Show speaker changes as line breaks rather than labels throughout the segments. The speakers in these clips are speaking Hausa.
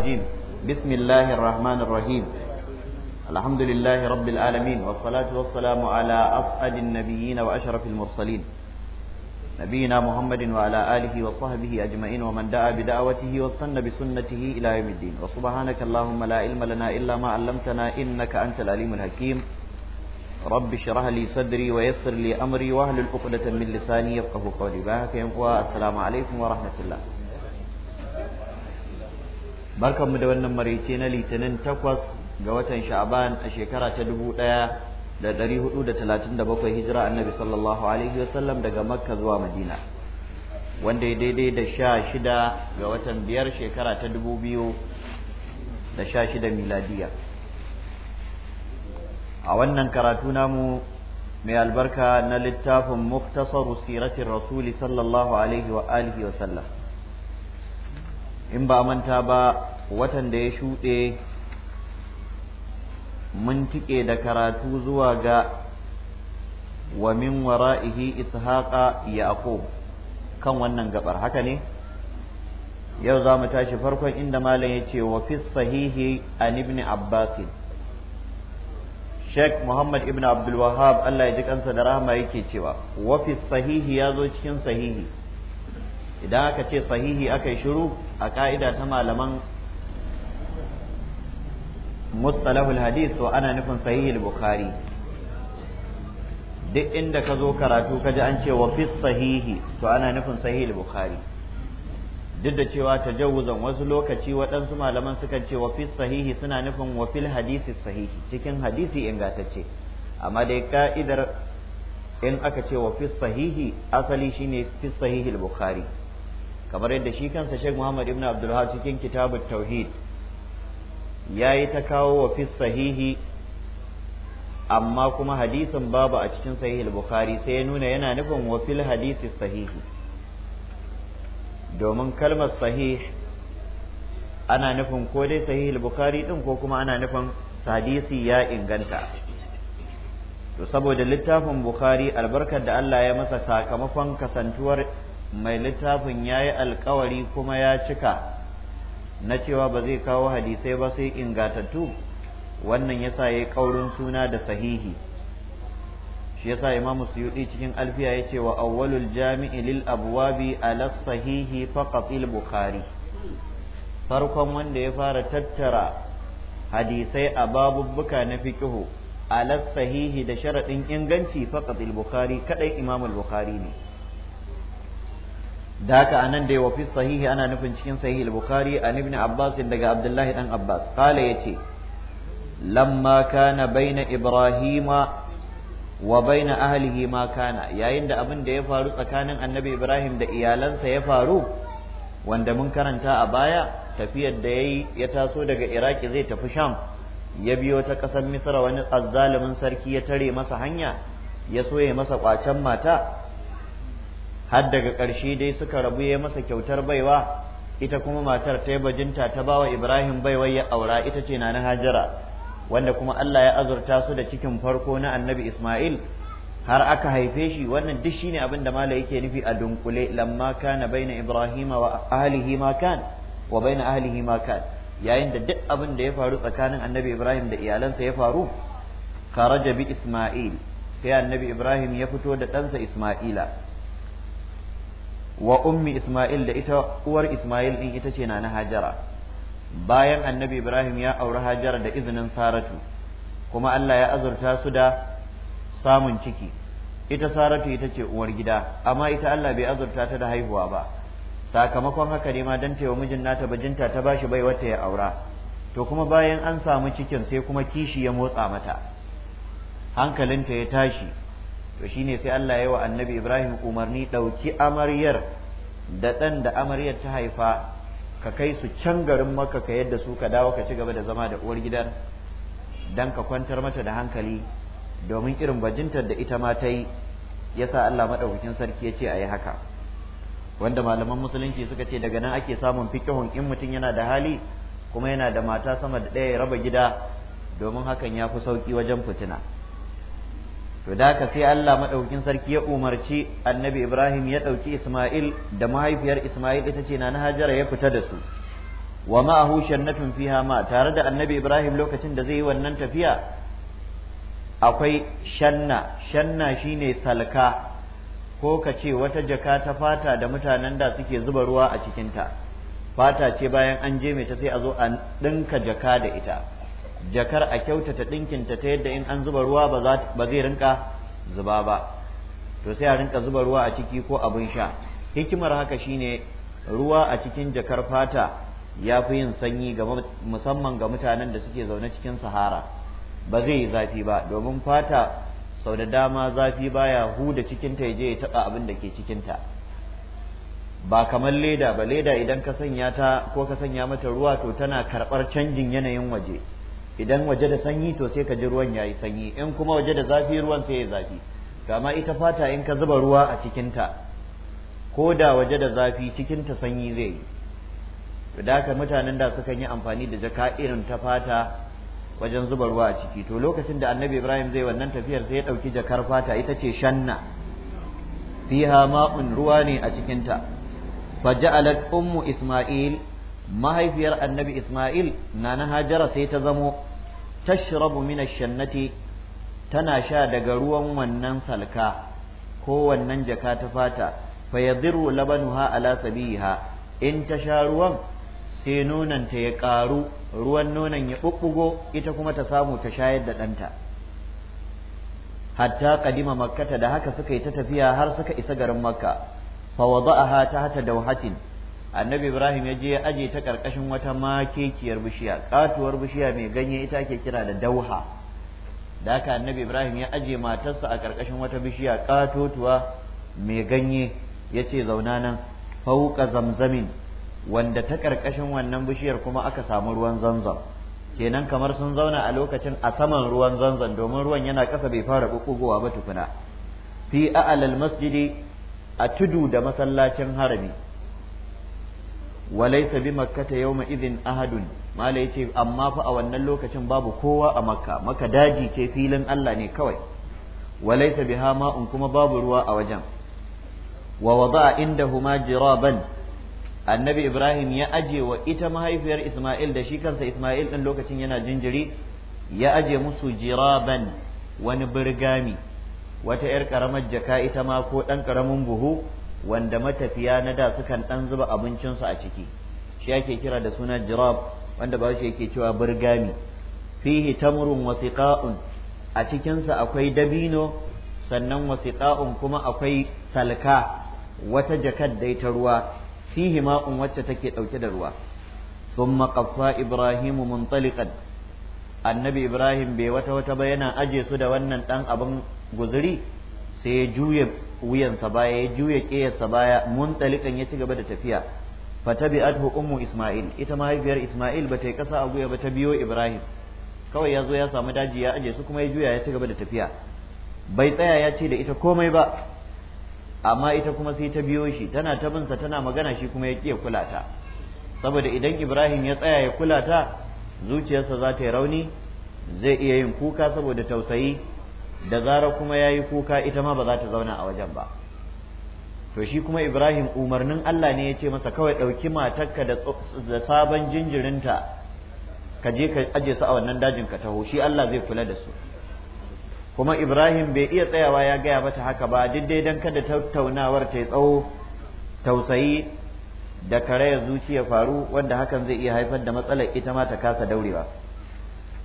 الرجيم بسم الله الرحمن الرحيم الحمد لله رب العالمين والصلاة والسلام على أسعد النبيين وأشرف المرسلين نبينا محمد وعلى آله وصحبه أجمعين ومن دعا بدعوته واستنى بسنته إلى يوم الدين وسبحانك اللهم لا علم لنا إلا ما علمتنا إنك أنت العليم الحكيم
رب اشرح لي صدري ويسر لي أمري واهل العقدة من لساني يفقه قولي باهك السلام عليكم ورحمة الله barkanmu da wannan maraice na litinin takwas ga watan shaban a shekara ta dubu ɗaya da ɗari hudu da talatin da bakwai hijira annabi sallallahu alaihi wasallam daga makka zuwa
madina wanda ya daidai da sha shida ga watan biyar shekara ta dubu biyu da sha shida miladiya a wannan karatu namu mai albarka na littafin muktasaru siratin rasuli sallallahu alaihi wa alihi wa in ba manta ba watan da ya shuɗe mun tike da karatu zuwa ga wa min wara'ihi ishaqa yaqub kan wannan gabar haka ne yau za mu tashi farkon inda malam ya ce wa fi sahihi an ibn abbas Sheikh Muhammad ibn Abdul Wahhab Allah ya ji kansa da rahama yake cewa wa fi sahihi ya zo cikin sahihi idan aka ce sahihi aka yi shiru a ka'ida ta malaman mustalahul hadis to ana nufin sahihul bukhari duk inda ka zo karatu ka ji an ce wa fi sahihi to ana nufin sahihul bukhari duk da cewa tajawuzan wasu lokaci waɗansu malaman suka ce wa fi sahihi suna nufin wa fil hadisi sahihi cikin hadisi ingantacce amma dai ka'idar in aka ce wa fi sahihi asali shine fi sahihul bukhari kamar yadda shi kansa Sheikh Muhammad ibn Abdul cikin kitabut tauhid yayi ta kawo wa fi sahihi amma kuma hadisin babu a cikin sahih bukhari sai ya nuna yana nufin wa fil hadisi sahihi domin kalmar sahih ana nufin ko dai sahihi bukhari din ko kuma ana nufin hadisi ya inganta to saboda littafin bukhari albarkar da Allah ya masa sakamakon kasantuwar mai littafin yayi alkawari kuma ya cika na cewa ba zai kawo hadisai ba sai ingatattu wannan yasa yayi kaurin suna da sahihi shi ya yasa imamu suyudi cikin alfiya ya ce wa awwalul jami'i lil abuwabi ala sahihi faqat il bukhari farkon wanda ya fara tattara hadisai a babubbuka na fiqhu ala sahihi da sharaɗin inganci faqat il bukhari kadai imamul al bukhari ne da haka anan da ya wafi sahihi ana nufin cikin sahihi al-bukhari an ibn abbas daga abdullahi dan abbas ya yace lamma kana baina ibrahima wa baina ahlihi ma kana yayin da abin da ya faru tsakanin annabi ibrahim da iyalansa ya faru wanda mun karanta a baya tafiyar da yayi ya taso daga iraki zai tafi sham ya biyo ta ƙasar misra wani azzalumin sarki ya tare masa hanya ya soye masa kwacen mata har daga ƙarshe dai suka rabu ya masa kyautar baiwa ita kuma matar ta bajinta ta bawa Ibrahim baiwar ya aura ita ce na Hajara wanda kuma Allah ya azurta su da cikin farko na Annabi Ismail har aka haife shi wannan duk shine abin da malai yake nufi a dunkule lamma kana baina Ibrahim wa ahlihi ma kan wa baina ahlihi ma kan yayin da duk abin da ya faru tsakanin Annabi Ibrahim da iyalansa ya faru raja bi Ismail sai Annabi Ibrahim ya fito da ɗansa Ismaila wa ummi Ismail da ita uwar Ismail din ita ce na na Hajara bayan annabi Ibrahim ya aure Hajara da izinin Saratu kuma Allah ya azurta su da samun ciki ita Saratu ita ce uwar gida amma ita Allah bai azurta ta da haihuwa ba sakamakon haka ne ma dan tewa mijin nata bajinta ta bashi bai wata ya aura to kuma bayan an samu cikin sai kuma kishi ya motsa mata hankalinta ya tashi to shine sai Allah ya wa annabi Ibrahim umarni ɗauki amaryar da ɗan da amaryar ta haifa ka kai su can garin maka ka yadda su ka dawo ka ci gaba da zama da uwar gidan dan ka kwantar mata da hankali domin irin bajintar da ita ma ta yi ya sa Allah maɗaukakin sarki ya ce a yi haka wanda malaman musulunci suka ce daga nan ake samun fikihun in mutum yana da hali kuma yana da mata sama da ɗaya ya raba gida domin hakan ya fi sauki wajen fitina to da ka sai Allah madaukin sarki ya umarci annabi Ibrahim ya ɗauki Ismail da mahaifiyar Ismail ita ce na Hajara ya fita da su wa ma'ahu shannatun fiha ma tare da annabi Ibrahim lokacin da zai yi wannan tafiya akwai shanna shanna shine salka ko ka ce wata jaka ta fata da mutanen da suke zuba ruwa a cikinta fata ce bayan an je mai ta sai a zo a ɗinka jaka da ita jakar a kyautata ɗinkinta ta yadda in an zuba ruwa ba zai rinka zuba ba to sai a rinka zuba ruwa a ciki ko abin sha
hikimar haka shine ruwa a cikin jakar fata ya fi yin sanyi musamman ga mutanen da suke zaune cikin sahara ba zai yi zafi ba domin
fata sau da dama zafi baya huda cikinta ya je ya taɓa abin da ke cikinta
ba kamar leda ba leda idan ka sanya ta ko ka
sanya mata ruwa to tana karɓar canjin yanayin waje idan waje da sanyi to sai ka ji ruwan yayi sanyi in kuma waje da zafi ruwan sai ya zafi to ita fata in ka zuba ruwa a cikinta ko da waje da zafi cikinta sanyi zai yi da mutanen da sukan yi amfani da jaka irin ta fata wajen zuba ruwa a ciki to lokacin da annabi ibrahim zai wannan tafiyar sai ya ɗauki jakar fata ita ce shanna fiha ma'un ruwa ne a cikinta faja'alat ummu isma'il mahaifiyar annabi isma'il na na hajara sai ta zamo tashrabu min ash-shannati tana sha daga ruwan wannan salka ko wannan jaka ta fata fa yadhiru labanuha ala sabiha in ta sha ruwan sai nonanta ya ƙaru ruwan nonon ya ɓuɓɓugo ita kuma ta samu ta shayar da danta. hatta kadima makkata da haka suka yi ta tafiya har suka isa garin makka fa wada'aha ta hata dawhatin annabi ibrahim ya je ya aje ta karkashin wata makekiyar bishiya katuwar bishiya mai ganye ita ake kira da dauha da haka annabi ibrahim ya aje matarsa a karkashin wata bishiya katotuwa mai ganye ya ce zauna nan fauka zamzamin wanda ta karkashin wannan bishiyar kuma aka samu ruwan zanzan kenan kamar sun zauna a lokacin a saman ruwan zanzan domin ruwan yana ƙasa bai fara bukugowa ba tukuna fi a'lal masjidi a tudu da masallacin harami walaysa bi makkata yawma idhin ahadun mala yace amma fa a wannan lokacin babu kowa a makka maka daji ce filin Allah ne kawai walaysa biha ma'un kuma babu ruwa a wajen wa wada'a indahuma jiraban annabi ibrahim ya aje ita mahaifiyar isma'il da shi kansa isma'il din lokacin yana jinjiri ya aje musu jiraban wani birgami wata 'yar karamar jaka ita ma ko ɗan karamin buhu wanda matafiya na da sukan ɗan zuba abincinsu a ciki shi ake kira da suna jirab wanda ba shi yake cewa Birgami, fihi tamrun wasiƙa'un a cikinsa akwai dabino sannan wasiƙa'un kuma akwai salka wata jakad dai ta ruwa fihi ma'un wacce take ɗauke da ruwa ثم قفى ibrahimu منطلقا annabi Ibrahim bai wata wata ba yana aje su da wannan ɗan abin guzuri sai ya wuyansa baya ya juya ƙeyarsa baya mun muntalikan ya ci gaba da tafiya Fa fatabi'athu ummu isma'il ita mahaifiyar isma'il ba ta yi kasa a guya ba ta biyo ibrahim kawai ya zo ya samu daji ya aje su kuma ya juya ya ci gaba da tafiya bai tsaya ya ce da ita komai ba amma ita kuma sai ta biyo shi tana ta binsa tana magana shi kuma ya ƙi kula ta saboda idan ibrahim ya tsaya ya kulata, zuciyarsa za ta yi rauni zai iya yin kuka saboda tausayi da zara kuma ya yi kuka ita ma ba za ta zauna a wajen ba to shi kuma ibrahim umarnin allah ne ya ce masa kawai ɗauki matarka da sabon jinjirinta ka je ka aje su a wannan dajin ka taho shi allah zai kula da su kuma ibrahim bai iya tsayawa ya gaya mata haka ba duk dai don kada tattaunawar ta yi tsawo tausayi da zuci zuciya faru wanda hakan zai iya haifar da matsalar ita ma ta kasa daurewa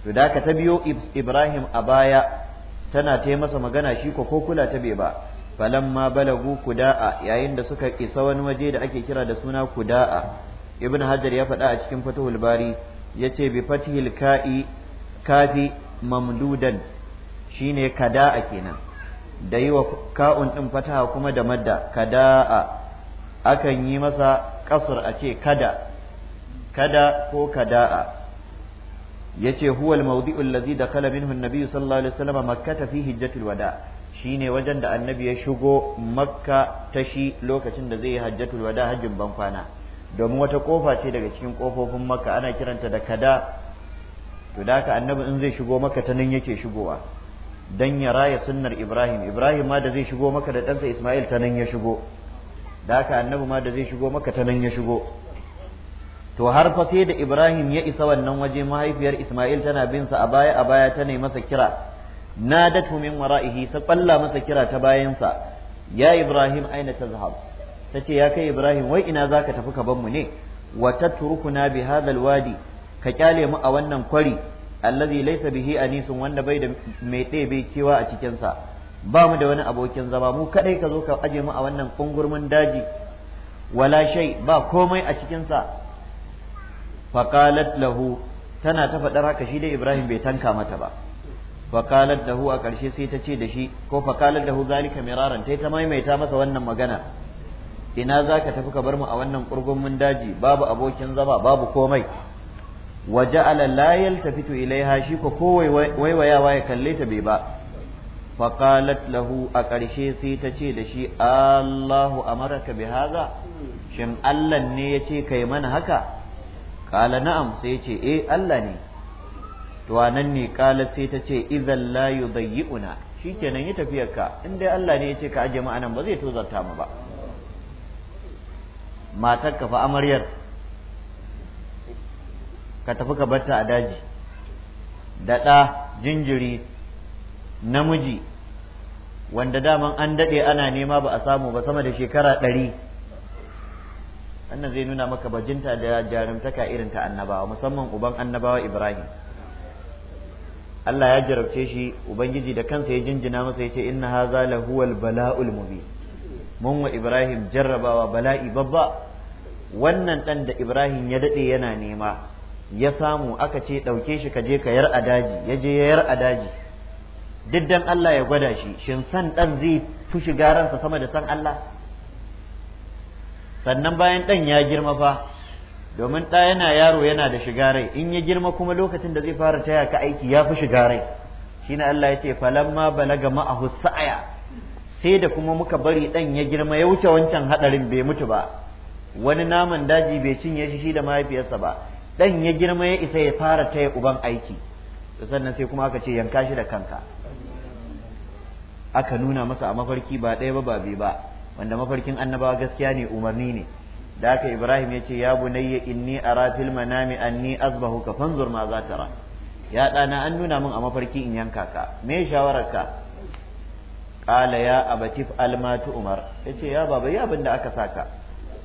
to da ka ta biyo ibrahim a baya tana ta masa magana shi ko ko kula ta bai ba ma balagu kuda'a yayin da suka isa wani waje da ake kira da suna kuda'a ibn hajar ya faɗa a cikin fatahul bari yace bi fatihil ka'i kafi mamdudan shine kada'a kenan da yi wa ka'un din fataha kuma da madda kada'a akan yi masa kasr a ce kada kada ko kada'a yace huwal mawdi'u allazi da minhu an-nabi sallallahu alaihi wasallam makkah fi hijjatil wada shine wajen da annabi ya shigo makka ta shi lokacin da zai yi hajjatul wada hajjin ban kwana domin wata kofa ce daga cikin kofofin makka ana kiranta da kada to da haka annabi in zai shigo makka ta nan yake shigowa dan ya raya sunnar ibrahim ibrahim ma da zai shigo maka da ɗansa isma'il ta nan ya shigo da haka annabi ma da zai shigo maka ta nan ya shigo to har fa sai da Ibrahim ya isa wannan waje mahaifiyar Ismail tana bin sa a baya a baya ta nemi masa kira nadatu min wara'ihi ta balla masa kira ta bayansa ya Ibrahim aina tazhab tace ya kai Ibrahim wai ina zaka tafi ka bar mu ne wa tatrukuna bi hadha alwadi ka kyale mu a wannan kwari allazi laysa bihi anisun wanda bai da mai ɗebe kewa a cikin sa ba mu da wani abokin zama mu kadai ka zo ka aje mu a wannan kungurmin daji wala shay ba komai a cikin sa faqalat lahu tana ta faɗar haka shi dai Ibrahim bai tanka mata ba faqalat lahu a ƙarshe sai ta ce da shi ko faqalat lahu zalika miraran tai ta maimaita masa wannan magana ina zaka tafi ka bar mu a wannan mun daji babu abokin zama babu komai wa ja'ala la yaltafitu ilaiha shi ko waiwayawa ya kalle ta bai ba a فقالت له أقرشي سيتشي دشي الله أمرك بهذا شن الله kai mana haka. kala na'am sai ya ce eh Allah ne Tuwa nan ne kala sai ta ce idan la ke nan yi tafiyar ka in dai Allah ne ya ce ka aje mu ba zai tozarta mu ba matar ka fa amaryar ka tafi ka ta a daji da jinjiri namiji wanda daman an daɗe ana nema ba a samu ba sama da shekara ɗari wannan zai nuna maka bajinta da jarumtaka irin ta annabawa musamman uban annabawa Ibrahim Allah ya jarabce shi ubangiji da kansa ya jinjina masa ya ce inna haza huwal bala'ul mubin mun wa Ibrahim jarrabawa bala'i babba wannan dan da Ibrahim ya dade yana nema ya samu aka ce ɗauke shi ka je ka yar a daji ya je yar a daji duk dan Allah ya gwada shi shin san dan zai fushi garansa sama da san Allah sannan bayan ɗan ya girma fa domin ɗa yana yaro yana da shiga rai in ya girma kuma lokacin da zai fara taya ka aiki ya fi shiga rai shine Allah ya ce falamma balaga ma'ahu sa'aya sai da kuma muka bari ɗan ya girma ya wuce wancan haɗarin bai mutu ba wani naman daji bai cinye shi shi da mahaifiyarsa ba ɗan ya girma ya isa ya fara taya uban aiki sannan sai kuma aka ce yanka shi da kanka aka nuna masa a mafarki ba ɗaya ba ba biyu ba wanda mafarkin annabawa gaskiya ne umarni ne da haka ibrahim ya ce ya bunayya inni ara fil manami anni ka fanzur ma za tara ya ɗana an nuna min a mafarki in yanka ka me shawararka qala ya abati almatu umar yace ya baba ya abinda aka saka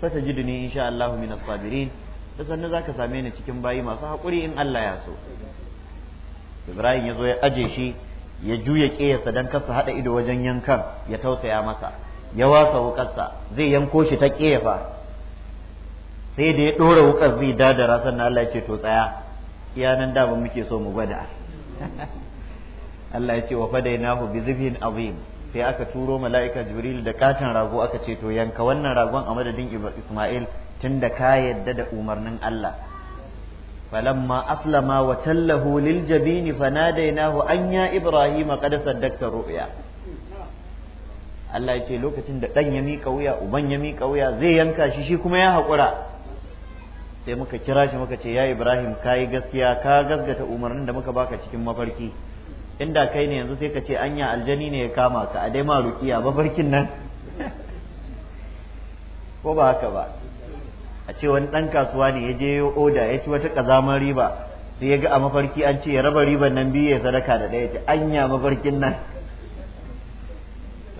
satajiduni insha Allah min as-sabirin da sanna zaka same ni cikin bayi masu hakuri in Allah ya so ibrahim ya zo ya aje shi ya juya ƙeyarsa dan kasa haɗa ido wajen yankan ya tausaya masa ya wasa wukarsa zai yanko shi ta kefa sai da ya ɗora wukar zai dadara sannan Allah ya ce to tsaya iya nan da muke so mu gwada Allah ya ce wa fadainahu bi zibhin azim sai aka turo mala'ika jibril da katin rago aka ce to yanka wannan ragon a madadin isma'il tun da ka yadda da umarnin Allah falamma aslama wa tallahu lil jabini fanadainahu an ya ibrahima qad saddaqta ru'ya Allah ya ce lokacin da ɗan ya miƙa wuya uban ya miƙa wuya zai yanka shi shi kuma ya haƙura sai muka kira shi muka ce ya Ibrahim ka yi gaskiya ka gasgata umarnin da muka baka cikin mafarki inda kai ne yanzu sai ka ce anya aljani ne ya kama ka a dai ma rukiya mafarkin nan ko ba haka ba a ce wani ɗan kasuwa ne ya je ya oda ya ci wata ƙazamar riba sai ya ga a mafarki an ce ya raba riban nan biyu ya sadaka da ɗaya ce anya mafarkin nan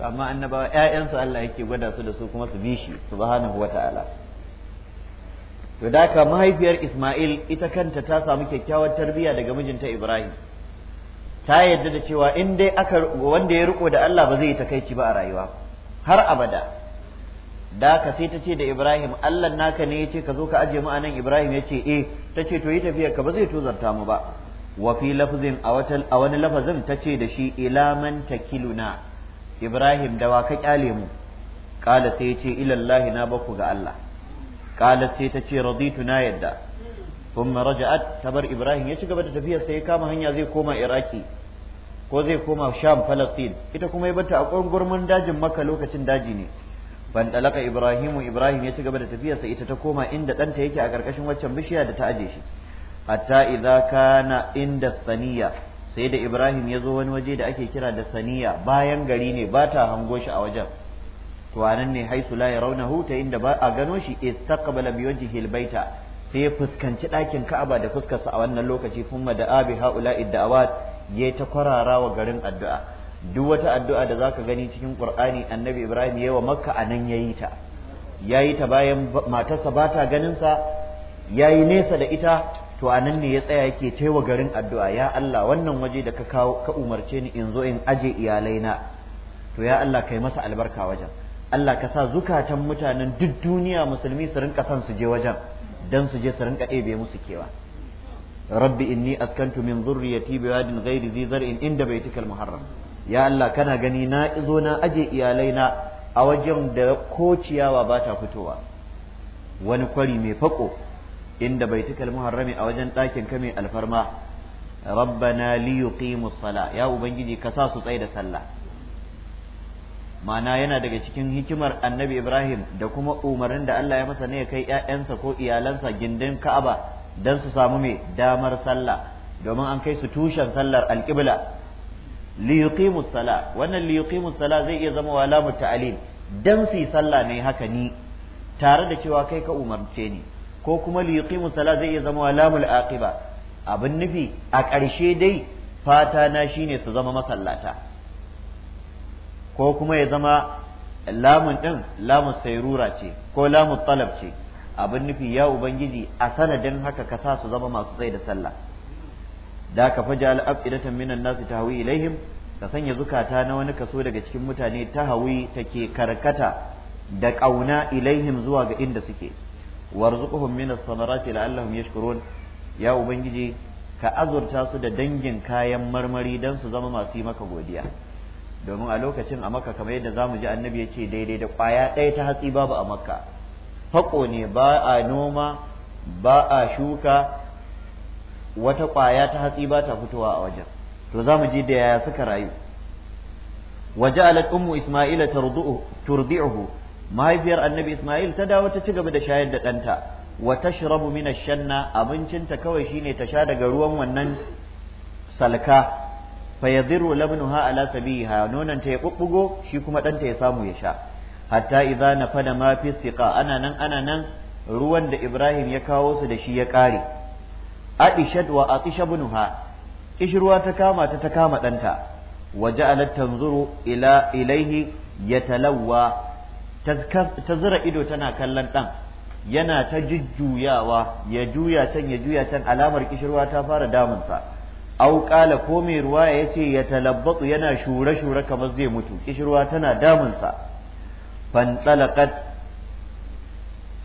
to amma annabawa ƴaƴansu Allah yake gwada su da su kuma su bi shi subhanahu wata'ala to da ka mahaifiyar Isma'il ita kanta ta samu kyakkyawar tarbiyya daga mijinta Ibrahim ta yarda da cewa in dai aka wanda ya riko da Allah ba zai yi takaici ba a rayuwa har abada da ka sai ta ce da Ibrahim Allah naka ne yace ka zo ka aje mu anan Ibrahim yace eh tace to yi tafiyar ka ba zai tozarta mu ba wa fi lafzin a wani lafazin tace da shi ila man takiluna ibrahim da wa ka kyale mu qala sai ya ce ilallahi na baku ga Allah qala sai ta ce raditu na yadda thumma raja'at tabar ibrahim ya ci gaba da tafiyar sai ya kama hanya zai koma iraki ko zai koma sham Falasɗin ita kuma ya bata a gurmin dajin makka lokacin daji ne ban dalaka ibrahimu ibrahim ya ci gaba da tafiyarsa ita ta koma inda ɗanta yake a ƙarƙashin waccan bishiya da ta aje shi hatta idza kana inda saniya sai da ibrahim ya zo wani waje da ake kira da saniya bayan gari ne ba ta hango shi a wajen to anan ne haisu la yarawnahu ta inda ba a gano shi istaqbala bi wajhihi albayta sai ya fuskanci dakin ka'aba da fuskarsa a wannan lokaci kuma da abi haula idda'awat ya ta kwarara wa garin addu'a duk wata addu'a da zaka gani cikin qur'ani annabi ibrahim yayi wa makka anan yayi ta yayi ta bayan matarsa ba ta ganin sa yayi nesa da ita to a nan ne ya tsaya yake taiwa garin addu'a ya Allah wannan waje da ka kawo ka umarce ni in zo in aje iyalaina to ya Allah kai masa albarka wajen Allah ka sa zukatan mutanen duk duniya musulmi su rinka san su je wajen dan su je su rinka ɗebe musu kewa rabbi inni askantu min zurriyati bi wadin ghairi zi zar'in inda baitikal muharram ya Allah kana gani na izo na aje iyalaina a wajen da ko ciyawa ba ta fitowa wani kwari mai fako inda bai tuka muharrami a wajen ɗakin ka mai alfarma rabbana li yuqimu sala ya ubangiji ka sa su tsaye da sallah ma'ana yana daga cikin hikimar annabi ibrahim da kuma umarnin da allah ya masa ne ya kai 'ya'yansa ko iyalansa gindin ka'aba don su samu mai damar sallah domin an kai su tushen sallar alƙibla li yuqimu sala wannan li yuqimu sala zai iya zama wa lamu ta'lil dan su yi sallah ne haka ni tare da cewa kai ka umarce ni ko kuma li musala zai iya zama lamul aqiba abin nufi a ƙarshe dai fata na shine su zama masallata ko kuma ya zama lamun ɗin lamun sairura ce ko lamun talab ce abin nufi ya ubangiji a sanadin haka ka sa su zama masu tsaye da sallah da ka faja al'abidatan minan nasu ta hawi ilaihim ka sanya zukata na wani kaso daga cikin mutane ta hawi take karkata da ƙauna ilaihim zuwa ga inda suke warzuqhum min as-samarati la'allahum yashkurun ya ubangiji ka azurta su da dangin kayan marmari dan su zama masu yi maka godiya domin a lokacin a makka kamar yadda zamu ji annabi ya ce daidai da kwaya ɗaya ta hatsi babu a makka fako ne ba a noma ba a shuka wata kwaya ta hatsi ba ta fitowa a wajen to za mu ji da yaya suka rayu وجعلت أم إسماعيل ترضعه mahaifiyar annabi Ismail ta dawo ta ci gaba da shayar da ɗanta wa tashrabu min Abincin shanna abincinta kawai shine ta sha daga ruwan wannan salka fa yadhiru labnuha ala nonon ta ya bubbugo shi kuma ɗanta ya samu ya sha hatta idza fada ma fi siqa ana nan ana nan ruwan da Ibrahim ya kawo su da shi ya ƙare aishat wa atisha bunuha kishirwa ta kama ta ta kama ɗanta wa ja'alat tanzuru ila ilaihi yatalawwa ta zira ido tana kallon ɗan yana ta jujjuyawa ya juya can ya juya can alamar kishirwa ta fara damunsa au kala ko mai ruwa ya ce ya talabbatu yana shure shure kamar zai mutu kishirwa tana damunsa karahi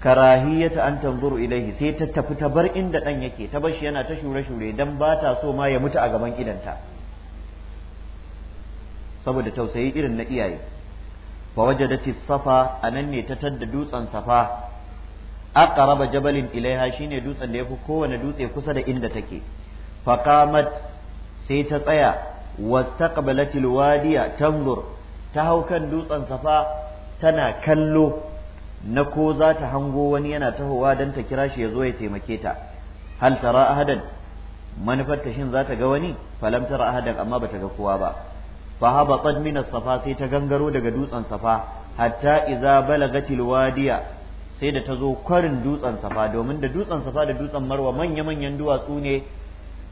karahiyata an tanzuru ilaihi sai ta tafi ta bar inda ɗan yake ta bashi yana ta shure shure dan ba ta so ma ya mutu a gaban idanta saboda tausayi irin na iyaye fa wajadati safa anan ne ta tadda dutsen safa aqraba jabalin ilaiha shine dutsen da yafi kowane dutse kusa da inda take fa qamat sai ta tsaya wastaqbalatil wadiya tanzur ta haukan kan dutsen safa tana kallo na ko za ta hango wani yana tahowa don ta kira shi ya zo ya taimake ta hal tara ahadan manufar ta shin za ta ga wani falam tara ahadan amma bata ga kowa ba fa habatat min safa sai ta gangaro daga dutsen safa hatta idza balagatil wadiya sai da ta zo kwarin dutsen safa domin da dutsen safa da dutsen marwa manya manyan duwatsu ne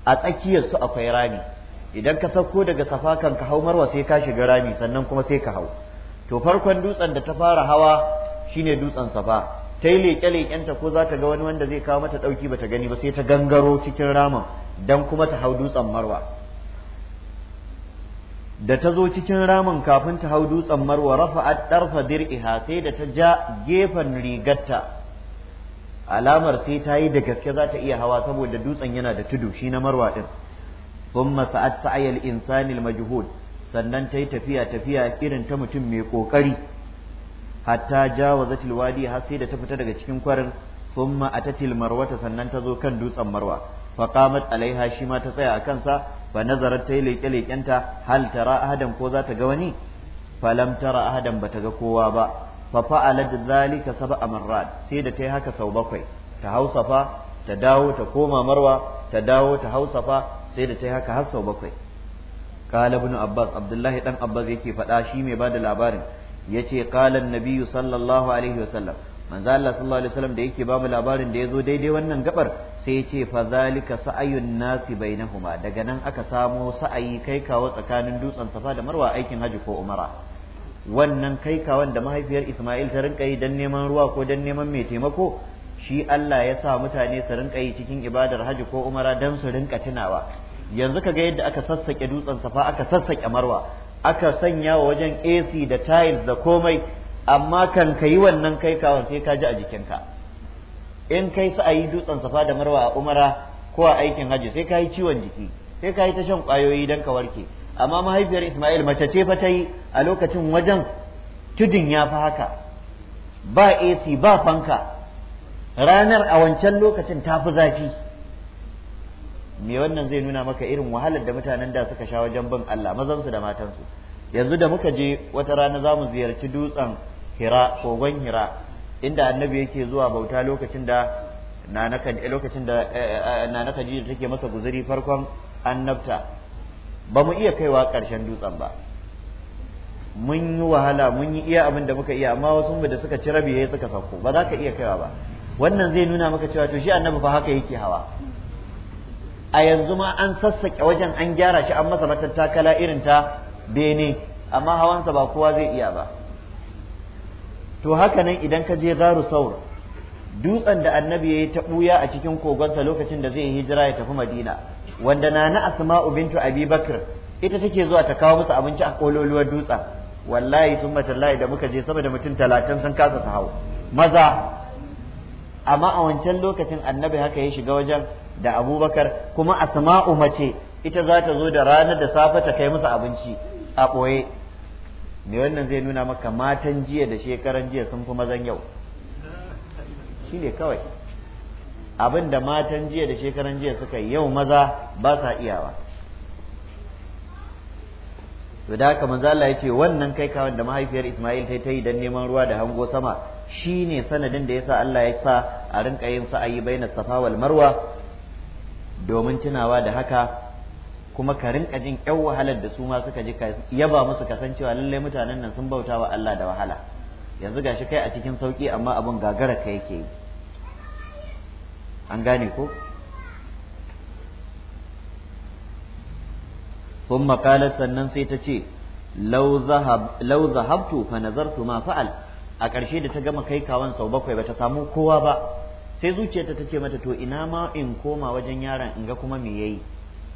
a tsakiyar su akwai rami idan ka sauko daga safa kan ka hau marwa sai ka shiga rami sannan kuma sai ka hau to farkon dutsen da ta fara hawa shine dutsen safa ta yi leƙe ta ko za ta ga wani wanda zai kawo mata ɗauki ba ta gani ba sai ta gangaro cikin ramin don kuma ta hau dutsen marwa da ta zo cikin ramin kafin ta hau dutsen marwa rafa'at darfa dir'iha sai da ta ja gefen rigarta alamar sai ta yi da gaske za ta iya hawa saboda dutsen yana da tudu shi na marwa ɗin thumma sa'at sa'ayal insanil majhud sannan ta yi tafiya tafiya irin ta mutum mai ƙoƙari hatta zatil wadi har sai da ta fita daga cikin kwarin sun ma'atatil marwata sannan ta zo kan dutsen marwa fa alaiha shi ma ta tsaya a kansa fa nazarat ta leke lekenta hal tara ahadan ko za ta ga wani falam tara ahadan bata ga kowa ba fa fa'alat dhalika sab'a marrat sai da ta yi haka sau bakwai ta hausafa ta dawo ta koma marwa ta dawo ta hausafa sai da ta yi haka har sau bakwai qala ibn abbas abdullahi dan abbas yake faɗa shi mai bada labarin yace qala an-nabiy sallallahu alaihi wasallam manzo Allah sallallahu alaihi wasallam da yake bamu labarin da yazo daidai wannan gabar sai ce fa zalika sa'ayun nasi bainahuma daga nan aka samo sa'ayi kai kawo tsakanin dutsen safa da marwa aikin haji ko umara wannan kai kawon da mahaifiyar Isma'il ta rinka yi dan neman ruwa ko dan neman mai taimako shi Allah ya sa mutane su rinka yi cikin ibadar haji ko umara dan su rinka tunawa yanzu kaga yadda aka sassake dutsen safa aka sassake marwa aka sanya wa wajen AC da tiles da komai amma kan yi wannan kai kawon sai ka ji a jikinka in kai su a yi dutsen safa da marwa a umara ko a aikin hajji sai ka yi ciwon jiki sai ka yi ta shan kwayoyi don ka warke amma mahaifiyar isma'il mace ce fa ta yi a lokacin wajen tudun ya fi haka ba ac ba fanka ranar a wancan lokacin ta fi zafi me wannan zai nuna maka irin wahalar da mutanen da suka sha wajen bin Allah mazansu da matansu yanzu da muka je wata rana za mu ziyarci dutsen hira kogon hira inda annabi yake zuwa bauta lokacin da lokacin da eh, eh, eh, Khadija take masa guzuri farkon annabta ba mu iya kaiwa ƙarshen dutsen ba mun yi wahala mun yi iya abin da muka iya amma wasu mu da suka ci rabi yayi suka sauko ba za ka iya kaiwa ba wannan zai nuna maka cewa to shi annabi fa haka yake hawa a yanzu ma an sassaƙe wajen an gyara shi an masa matattakala irin ta bene amma hawansa ba kowa zai iya ba to haka nan idan ka je garu saur dutsen da annabi ya yi ta ɓuya a cikin kogonsa lokacin da zai yi hijira ya tafi madina wanda na na asma'u bintu abi ita take zuwa ta kawo musu abinci a kololuwar dutsen wallahi sun matallahi da muka je saboda mutum talatin sun kasa su hau maza amma a wancan lokacin annabi haka ya shiga wajen da abubakar kuma asma'u mace ita za ta zo da ranar da safe ta kai musu abinci a ɓoye me wannan zai nuna maka matan jiya da shekaran jiya sun fi mazan yau shi ne kawai abin da matan jiya da shekaran jiya suka yi yau maza ba sa iyawa to da haka manzo Allah ya ce wannan kai kawan da mahaifiyar Ismail ta yi dan neman ruwa da hango sama shi ne sanadin da yasa Allah ya sa a rinka yin sa'ayi bainas safa wal marwa domin tunawa da haka kuma ka rinka jin ƴan wahalar da su ma suka ji ka yaba musu kasancewa lallai mutanen nan sun bauta wa Allah da wahala yanzu gashi kai a cikin sauki amma abin gagara ka yake yi an gane ko Kun makalar sannan sai ta ce lau zahabtu fa nazartu ma fa'al a ƙarshe da ta gama kai kawan sau bakwai bata samu kowa ba sai zuciyarta ta ce mata to ina ma in koma wajen yaron in ga kuma me yayi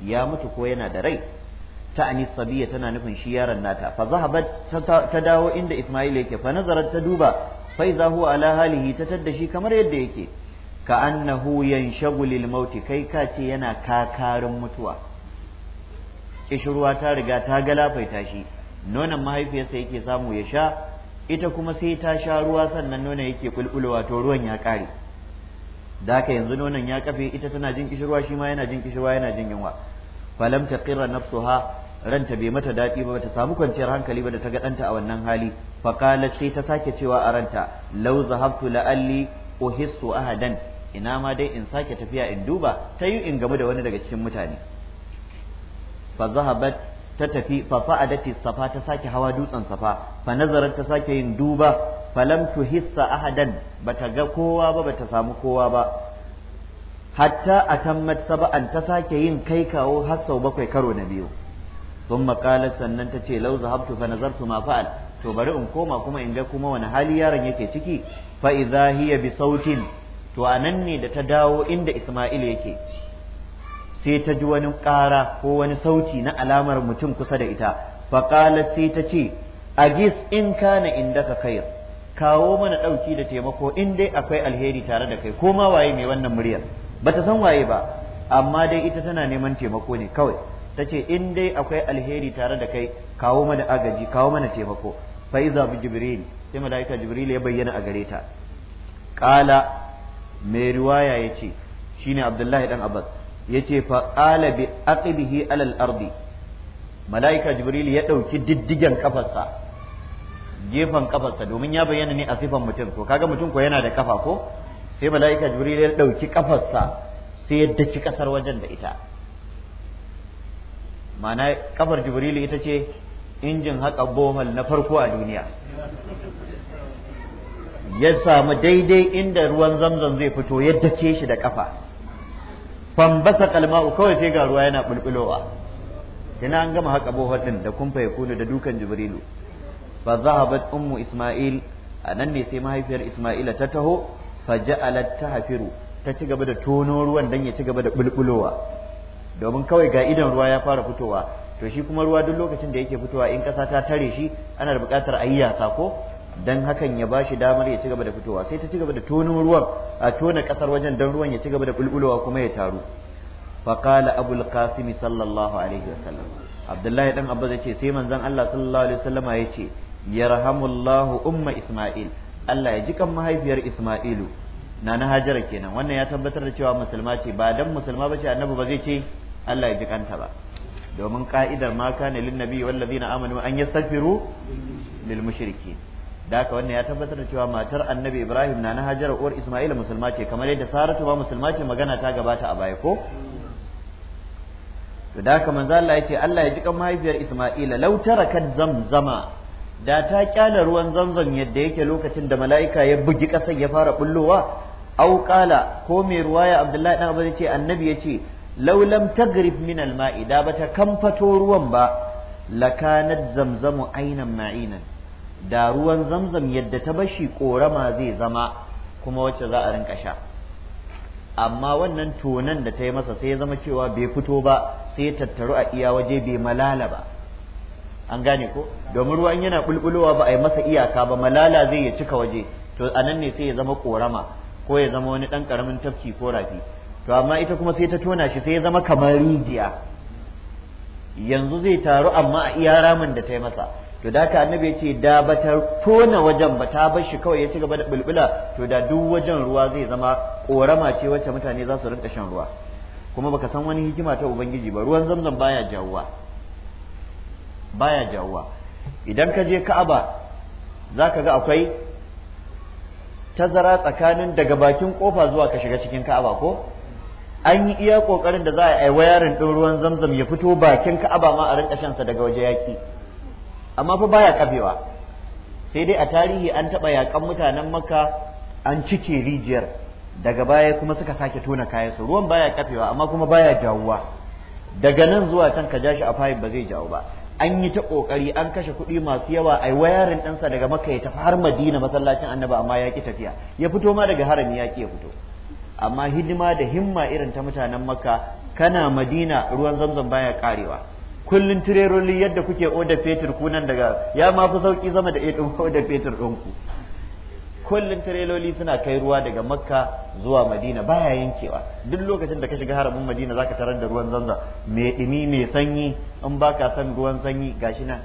ya mutu ko yana da rai ta ani sabiya tana nufin shi yaron nata fa zahabat ta dawo inda Isma'il yake fa nazarat ta duba fa iza huwa ala halihi ta tadda shi kamar yadda yake ka annahu yanshagu lil mauti kai ka ce yana kakarin mutuwa kishirwa ta riga ta galafaita shi nonon mahaifiyarsa yake samu ya sha ita kuma sai ta sha ruwa sannan nonon yake kulkulowa to ruwan ya kare da haka yanzu nonon ya kafe ita tana jin kishirwa shi ma yana jin kishirwa yana jin yunwa falam taqirra nafsuha ranta bai mata daɗi ba ta samu kwanciyar hankali ba da ta ga danta a wannan hali qalat sai ta sake cewa a ranta law zahabtu la'alli uhissu ahadan ina ma dai in sake tafiya in duba ta yi in gamu da wani daga cikin mutane fa zahabat ta tafi fa fa'adati safa ta sake hawa dutsen safa fa nazarat ta sake yin duba falam hissa ahadan bata ga kowa ba bata samu kowa ba hatta atammat an ta sake yin kai kawo har sau bakwai karo na biyu Sun makalar sannan tace law zahabtu fa nazartu ma fa'al to bari in koma kuma in ga kuma wani hali yaron yake ciki fa idza hiya bi sautin to anan ne da ta dawo inda Isma'il yake sai ta ji wani ƙara ko wani sauti na alamar mutum kusa da ita fa qalat sai ta ce agis in kana indaka khair kawo mana ɗauki da taimako in dai akwai alheri tare da kai ko ma waye mai wannan muryar ba ta san waye ba amma dai ita tana neman taimako ne kawai ta ce in dai akwai alheri tare da kai kawo mana agaji kawo mana taimako fa iza bi jibril sai malaika jibril ya bayyana a gare ta qala mai riwaya yace shine abdullahi dan abbas yace fa qala bi aqibihi alal ardi malaika jibril ya dauki diddigen kafarsa gefen kafarsa domin ya bayyana ne a sifan mutum to kaga mutum ko yana da kafa ko sai mala'ika jibril ya dauki kafarsa sai ya daki kasar wajen da ita ma'ana kafar jibril ita ce injin haka bohol na farko a duniya ya samu daidai inda ruwan zamzam zai fito ya dace shi da kafa fambasa kalma'u kawai sai ga ruwa yana bulbulowa tana an gama haka bohol din da kumfa ya kunu da dukan jibrilu fa zahabat ummu isma'il anan ne sai mahaifiyar isma'ila ta taho fa ja'alat tahfiru ta ci gaba da tono ruwan dan ya ci gaba da bulbulowa domin kawai ga idan ruwa ya fara fitowa to shi kuma ruwa duk lokacin da yake fitowa in kasa ta tare shi ana da buƙatar a yi ko dan hakan ya bashi damar ya ci gaba da fitowa sai ta ci gaba da tono ruwan a tona kasar wajen dan ruwan ya ci gaba da bulbulowa kuma ya taru faqala abul qasim sallallahu alaihi wasallam abdullahi dan abba zai ce sai manzon Allah sallallahu alaihi wasallama ya ce yarhamullahu umma isma'il Allah ya ji kan mahaifiyar isma'ilu na na hajara kenan wannan ya tabbatar da cewa musulma ce ba dan musulma bace annabi ba zai ce Allah ya ji kanta ba domin ka'idar ma kana lin nabi wal ladina amanu an yastaghfiru lil mushriki da haka wannan ya tabbatar da cewa matar annabi Ibrahim na na hajara uwar Isma'ila musulma ce kamar yadda Saratu ba musulma ce magana ta gabata a baya ko to da haka manzo Allah ya ce Allah ya ji kan mahaifiyar Isma'ila law tarakat zamzama da ta kyala ruwan zamzam yadda yake lokacin da mala'ika ya bugi ƙasar ya fara bullowa au kala ko mai ruwaya abdullahi dan abu yace annabi yace laulam tagrib min alma'i da bata kamfato ruwan ba lakanat zamzamu ainan ma'inan da ruwan zamzam yadda ta bashi korama zai zama kuma wacce za a rinka sha amma wannan tonan da ta yi masa sai ya zama cewa bai fito ba sai ya tattaru a iya waje bai malala ba an gane ko domin ruwa in yana bulbulowa ba a yi masa iyaka ba malala zai ya cika waje to a nan ne sai ya zama korama ko ya zama wani dan karamin tafki ko rafi to amma ita kuma sai ta tona shi sai ya zama kamar rijiya yanzu zai taru amma a iya ramin da ta yi masa to da ka annabi ya ce da ba ta tona wajen ba ta bar shi kawai ya ci gaba da bulbula to da duk wajen ruwa zai zama korama ce wacce mutane za su rinka shan ruwa kuma baka san wani hikima ta ubangiji ba ruwan zamzam baya jawuwa baya jawuwa idan ka je ka'aba za ka ga akwai tazara tsakanin daga bakin kofa zuwa ka shiga cikin ka'aba ko an yi iya kokarin da za a yi wayarin ɗin ruwan zamzam ya fito bakin ka'aba ma a rinka shansa daga waje yaƙi amma fa baya kafewa sai dai a tarihi an taɓa yaƙan mutanen maka an cike rijiyar daga baya kuma suka sake tona kayan su ruwan baya kafewa amma kuma baya jawuwa daga nan zuwa can ka ja shi a fahim ba zai jawo ba an yi ta kokari an kashe kuɗi masu yawa ai wayarin ɗansa daga maka ya tafi har madina masallacin annaba amma ya ki tafiya ya fito ma daga harami ya ki ya fito amma hidima da himma irin ta mutanen makka kana madina ruwan zamzam baya karewa kullun tireroli yadda kuke oda fetur kunan daga ya ma fi sauki zama da ɗin oda fetur ɗinku kullum tireloli suna kai ruwa daga makka zuwa madina baya yankewa duk lokacin da ka shiga haramin madina zaka tarar da ruwan zanza mai dumi mai sanyi in baka san ruwan sanyi gashi nan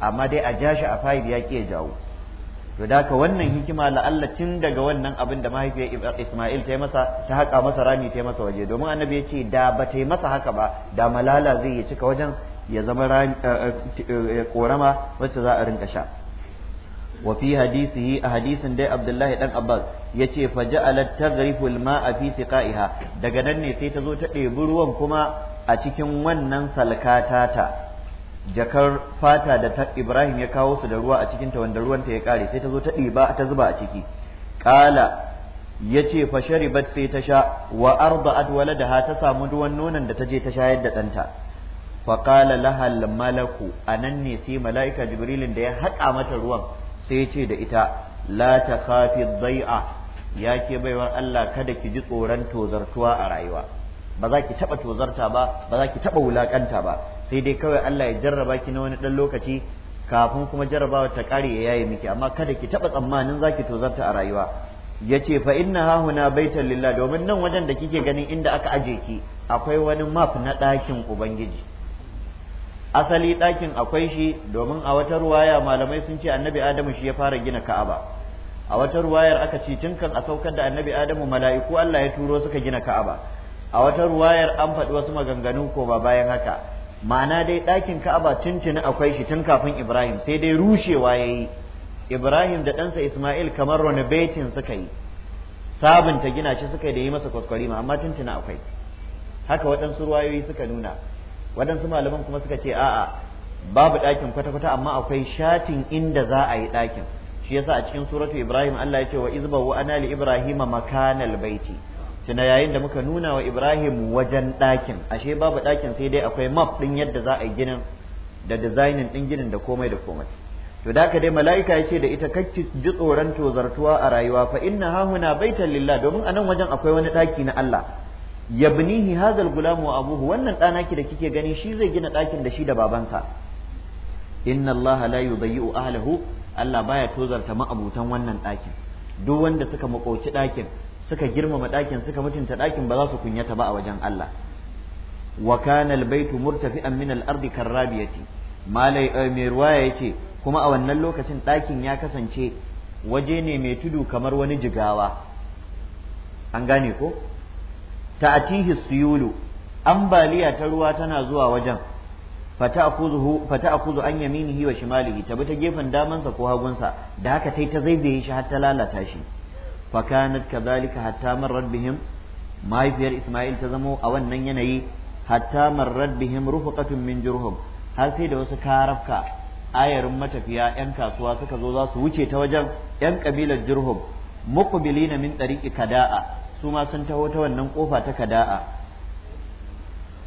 amma dai a ja shi a fayil ya ya jawo to da ka wannan hikima la'alla tun daga wannan abin da mahaifiyar Ismail ta yi masa ta haƙa masa rami ta yi masa waje domin annabi ya ce da ba ta yi masa haka ba da malala zai yi cika wajen ya zama korama eh, eh, eh, wacce za a rinka sha wa fi a hadisin dai Abdullahi dan Abbas yace fa ja'alat taghrifu al fi siqaiha daga nan ne sai ta zo ta ɗebi ruwan kuma a cikin wannan salkata ta jakar fata da ta Ibrahim ya kawo su da ruwa a cikin ta wanda ruwan ta ya kare sai ta zo ta ɗiba ta zuba a ciki qala yace fa sharibat sai ta sha wa arda'at waladaha ta samu ruwan nonon da ta je ta shayar da ɗanta. faƙala lahal malaku a nan ne sai mala'ika jibrilin da ya haƙa mata ruwan sai ce da ita la ta khafi zai'a, ya ke baiwar Allah kada ki ji tsoron tozartuwa a rayuwa ba za ki taɓa tozarta ba ba za ki taɓa wulaƙanta ba sai dai kawai Allah ya jarraba ki na wani ɗan lokaci kafin kuma jarrabawa ta ƙare ya yaye miki amma kada ki taɓa tsammanin za ki tozarta a rayuwa ya ce fa inna hahuna baitan lillah domin nan wajen da kike ganin inda aka aje ki akwai wani map na ɗakin ubangiji asali ɗakin akwai shi domin a wata ruwaya malamai sun ce annabi adamu shi ya fara gina ka'aba a wata ruwayar aka ce tun kan a saukar da annabi adamu mala'iku Allah ya turo suka gina ka'aba a wata ruwayar an faɗi wasu maganganu ko ba bayan haka ma'ana dai ɗakin ka'aba tuntuni akwai shi tun kafin ibrahim sai dai rushewa ya yi ibrahim da ɗansa isma'il kamar renovating suka yi sabunta gina shi suka yi da yi masa kwaskwarima amma tuntuni akwai haka waɗansu ruwayoyi suka nuna waɗansu malaman kuma suka ce a'a babu ɗakin kwata-kwata amma akwai shatin inda za a yi ɗakin shi yasa a cikin suratu ibrahim Allah ya ce wa izba wa ana li ibrahim makanal baiti tuna yayin da muka nuna wa ibrahim wajen ɗakin ashe babu ɗakin sai dai akwai map ɗin yadda za a yi ginin da designing ɗin ginin da komai da komai to da haka dai mala'ika ya ce da ita kacci ji tsoron tozartuwa a rayuwa fa inna hahuna baitan lillah domin anan wajen akwai wani ɗaki na Allah yabnihi hadal Gulamu, gulam wa abuhu wannan ɗanaki da kike gani shi zai gina ɗakin da shi da babansa inna layu la yudayyi'u ahlihu Allah baya tozarta ma'abutan wannan ɗakin duk wanda suka makoci ɗakin suka girmama ɗakin suka mutunta ɗakin ba za su kunyata ba a wajen Allah wa kana al-baytu murtafi'an min al-ardi karrabiyati malai eh, mai ruwaya yace kuma a wannan lokacin ɗakin ya kasance waje ne mai tudu kamar wani jigawa an gane ko ta ta'tihi suyulu ambaliya ta ruwa tana zuwa wajen fata fata'khudhu an yaminihi wa shimalihi bi ta gefen damansa ko hagunsa da haka tai ta zaizaye shi har ta lalata shi fa kanat kadhalika hatta bihim mahaifiyar Isma'il ta zamo a wannan yanayi hatta marrat bihim kafin min jurhum har sai da wasu karafka ayarin matafiya yan kasuwa suka zo za su wuce ta wajen yan kabilar jurhum muqbilina min tariqi kada'a su ma sun taho ta wannan kofa ta kada'a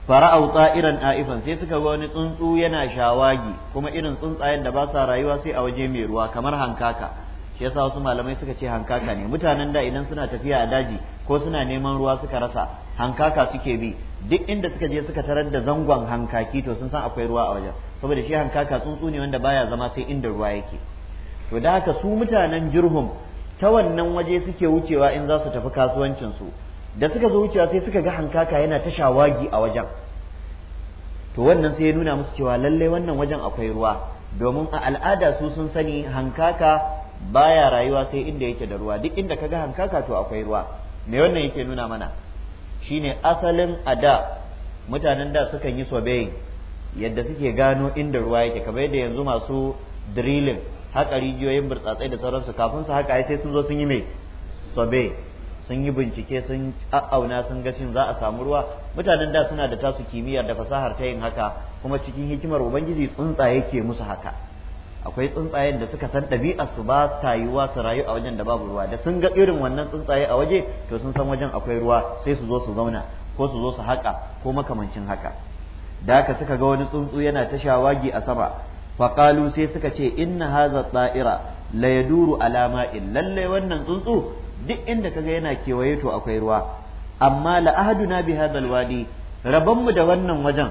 fara'au tsa'iran a'ifan sai suka ga wani tsuntsu yana shawagi kuma irin tsuntsayen da ba sa rayuwa sai a waje mai ruwa kamar hankaka shi yasa wasu malamai suka ce hankaka ne mutanen da idan suna tafiya a daji ko suna neman ruwa suka rasa hankaka suke bi duk inda suka je suka tarar da zangon hankaki to sun san akwai ruwa a wajen saboda shi hankaka tsuntsu ne wanda baya zama sai inda ruwa yake to da haka su mutanen jirhum ta wannan waje suke wucewa in za su tafi kasuwancinsu da suka zo wucewa sai suka ga hankaka yana ta shawagi a wajen to wannan sai ya nuna musu cewa lalle wannan wajen akwai ruwa domin a al'ada su sun sani hankaka baya rayuwa sai inda yake da ruwa duk inda kaga hankaka to akwai ruwa me wannan yake nuna mana shine asalin ada mutanen da sukan yi sobeyin yadda suke gano inda ruwa yake kamar yadda yanzu masu drilling Haka rijiyoyin burtsatsai da sauransu kafin su haka sai sun zo sun yi mai sobe sun yi bincike sun auna sun ga shin za a samu ruwa mutanen da suna da tasu kimiyyar da fasahar ta yin haka kuma cikin hikimar ubangiji tsuntsaye ke musu haka akwai tsuntsayen da suka san ɗabi'ar su ba ta wa su rayu a wajen da babu ruwa da sun ga irin wannan tsuntsaye a waje to sun san wajen akwai ruwa sai su zo su zauna ko su zo su haka ko makamancin haka da aka suka ga wani tsuntsu yana ta shawagi a sama faƙalu sai suka ce inna haza tsa'ira la ya duru alama in lallai wannan tsuntsu duk inda kaga yana kewaye to akwai ruwa amma la na bi hadzal wadi mu da wannan wajen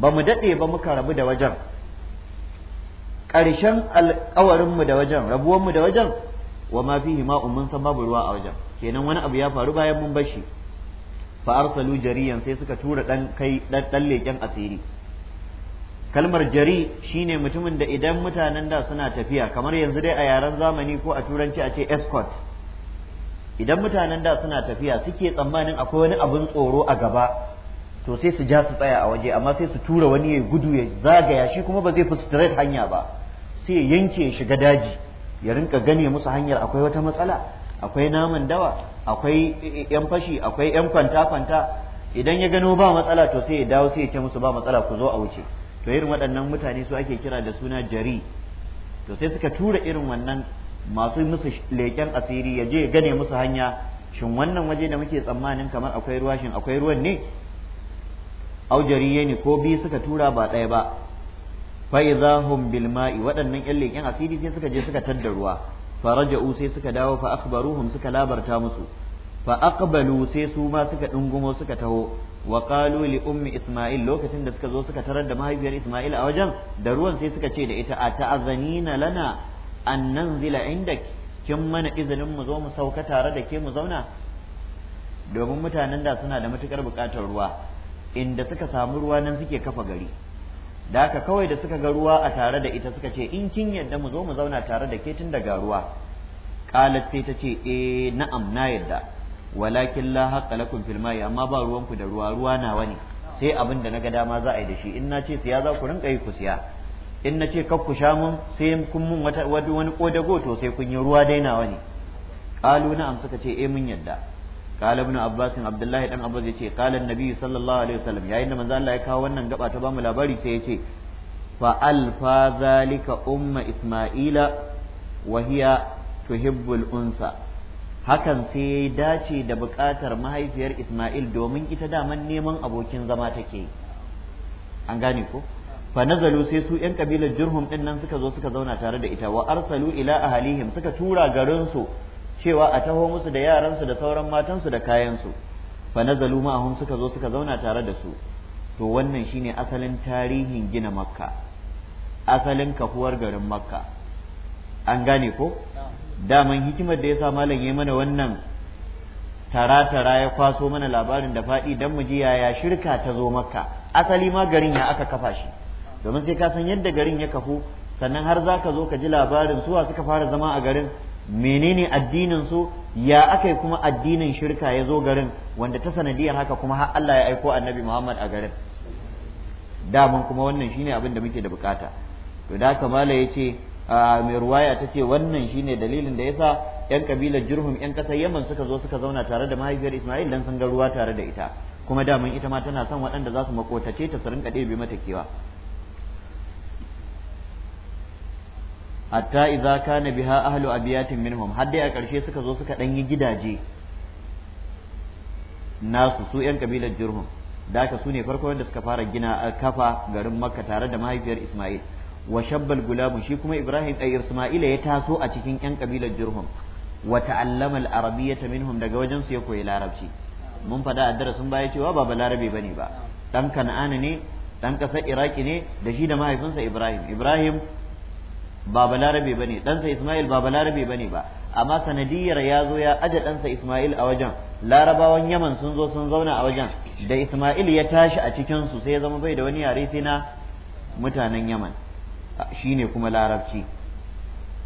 ba mu daɗe ba muka rabu da wajen ƙarshen alƙawarin mu da wajen rabuwan da wajen wa ma fihi ma mun san babu ruwa a wajen kenan wani abu ya faru bayan mun bashi fa arsalu jariyan sai suka tura dan kai dan leken asiri kalmar jari shine mutumin da idan mutanen da suna tafiya kamar yanzu dai a yaren zamani ko a turanci a ce escort idan mutanen da suna tafiya suke tsammanin akwai wani abin tsoro a gaba to sai su ja su tsaya a waje amma sai su tura wani ya gudu ya zagaya shi kuma ba zai fi straight hanya ba sai yanke ya shiga daji ya rinka gane musu hanyar akwai wata matsala akwai naman dawa akwai yan fashi akwai yan kwanta kwanta idan ya gano ba matsala to sai ya dawo sai ya ce musu ba matsala ku zo a wuce to irin waɗannan mutane su ake kira da suna jari to sai suka tura irin wannan masu musu leƙen asiri ya je gane musu hanya shin wannan waje da muke tsammanin kamar akwai ruwa shin akwai ruwan ne Au aujariye ne ko biyu suka tura ba ɗaya ba faizahum bil ma'i waɗannan ƴan leƙen asiri sai suka je suka tadda ruwa faraja'u sai suka dawo fa akhbaruhum suka labarta musu fa aqbalu sai su ma suka dungumo suka taho wa qalu li ummi isma'il lokacin da suka zo suka tarar da mahaifiyar isma'il a wajen da ruwan sai suka ce da ita a ta'azanina lana an nanzila indak kin mana izinin mu zo mu sauka tare da ke mu zauna domin mutanen da suna da matukar bukatar ruwa inda suka samu ruwa nan suke kafa gari da haka kawai da suka ga ruwa a tare da ita suka ce in kin yadda mu zo mu zauna tare da ke tun daga ruwa qalat sai ta ce eh na'am na yadda walakin la haqqa lakum fil ma'i amma ba ruwanku da ruwa ruwa na wani sai abin da naga dama za a yi da shi in na ce siya za ku rinka yi ku siya in na ce kar ku sha mun sai kun mun wani kodago to sai kun yi ruwa dai na wani. qalu na'am suka ce eh mun yadda قال ابن عباس عبد الله بن عباس yace قال النبي صلى الله عليه وسلم yayin da manzo kawo wannan gaba ta bamu labari sai yace fa alfa zalika umma isma'ila wa hiya tuhibbul unsa hakan sai ya dace da buƙatar mahaifiyar Ismail domin ita daman neman abokin zama take an gane ko fa nazalu sai su yan kabilar Jurhum din nan suka zo suka zauna tare da ita wa arsalu ila ahalihim suka tura garin su cewa a taho musu da yaran su da sauran matan su da kayansu fa nazalu hum suka zo suka zauna tare da su to wannan shine asalin tarihin gina makka asalin kafuwar garin makka an gane ko daman hikimar da ya sa malam ya mana wannan tara-tara ya kwaso mana labarin da faɗi don mu ji yaya shirka ta zo maka asali ma garin ya aka kafa shi domin sai ka san yadda garin ya kafu sannan har za ka zo ka ji labarin suwa suka fara zama a garin menene addinin su ya aka yi kuma addinin shirka ya zo garin wanda ta sanadiyar haka kuma har Allah ya aiko annabi Muhammad a garin daman kuma wannan shine abin da muke da bukata to da kamala ya ce mai ruwaya ta ce wannan shi ne dalilin da ya sa yan kabilar jurhum yan ƙasar yaman suka zo suka zauna tare da mahaifiyar isma'il don sun ga ruwa tare da ita kuma daman ita ma tana son waɗanda za su makotace ta su rinka ɗebe mata kewa hatta idza kana biha ahlu abiyatin minhum har dai a ƙarshe suka zo suka ɗan yi gidaje nasu su yan kabilar jurhum da ka su ne farko wanda suka fara gina kafa garin makka tare da mahaifiyar isma'il wa shabbal gulamu shi kuma ibrahim ɗan isma'ila ya taso a cikin yan kabilar jurhum wa ta'allama al-arabiyyata minhum daga wajen su ya koyi larabci mun fada a darasin baya cewa ba balarabe bane ba dan kan'ana ne dan ƙasar iraki ne da shi da mahaifinsa ibrahim ibrahim ba balarabe bane ɗansa isma'il ba balarabe bane ba amma sanadiyar ya zo ya aje ɗansa isma'il a wajen larabawan yaman sun zo sun zauna a wajen da isma'il ya tashi a cikinsu sai ya zama bai da wani yare sai na mutanen yaman shi ne kuma larabci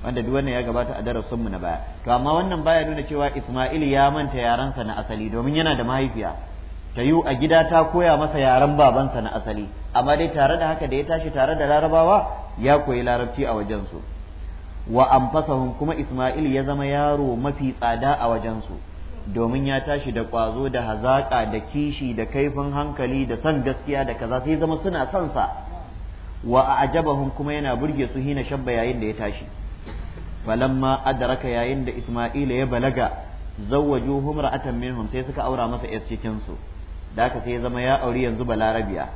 wanda duk wannan ya gabata a darasin mu na baya to amma wannan baya nuna cewa Isma'il ya manta yaransa na asali domin yana da mahaifiya ta yiwu a gida ta koya masa yaran babansa na asali amma dai tare da haka da ya tashi tare da larabawa ya koyi larabci a wajensu wa anfasahum kuma Isma'il ya zama yaro mafi tsada a wajen su. domin ya tashi da kwazo da hazaƙa da kishi da kaifin hankali da son gaskiya da kaza sai zama suna son sa wa a'jabahum kuma yana burge su hina shabba yayin da ya tashi falamma adraka yayin da Isma'ila ya balaga zawwajuhum ra'atan minhum sai suka aura masa yas cikin su da haka sai ya zama ya auri yanzu balarabiya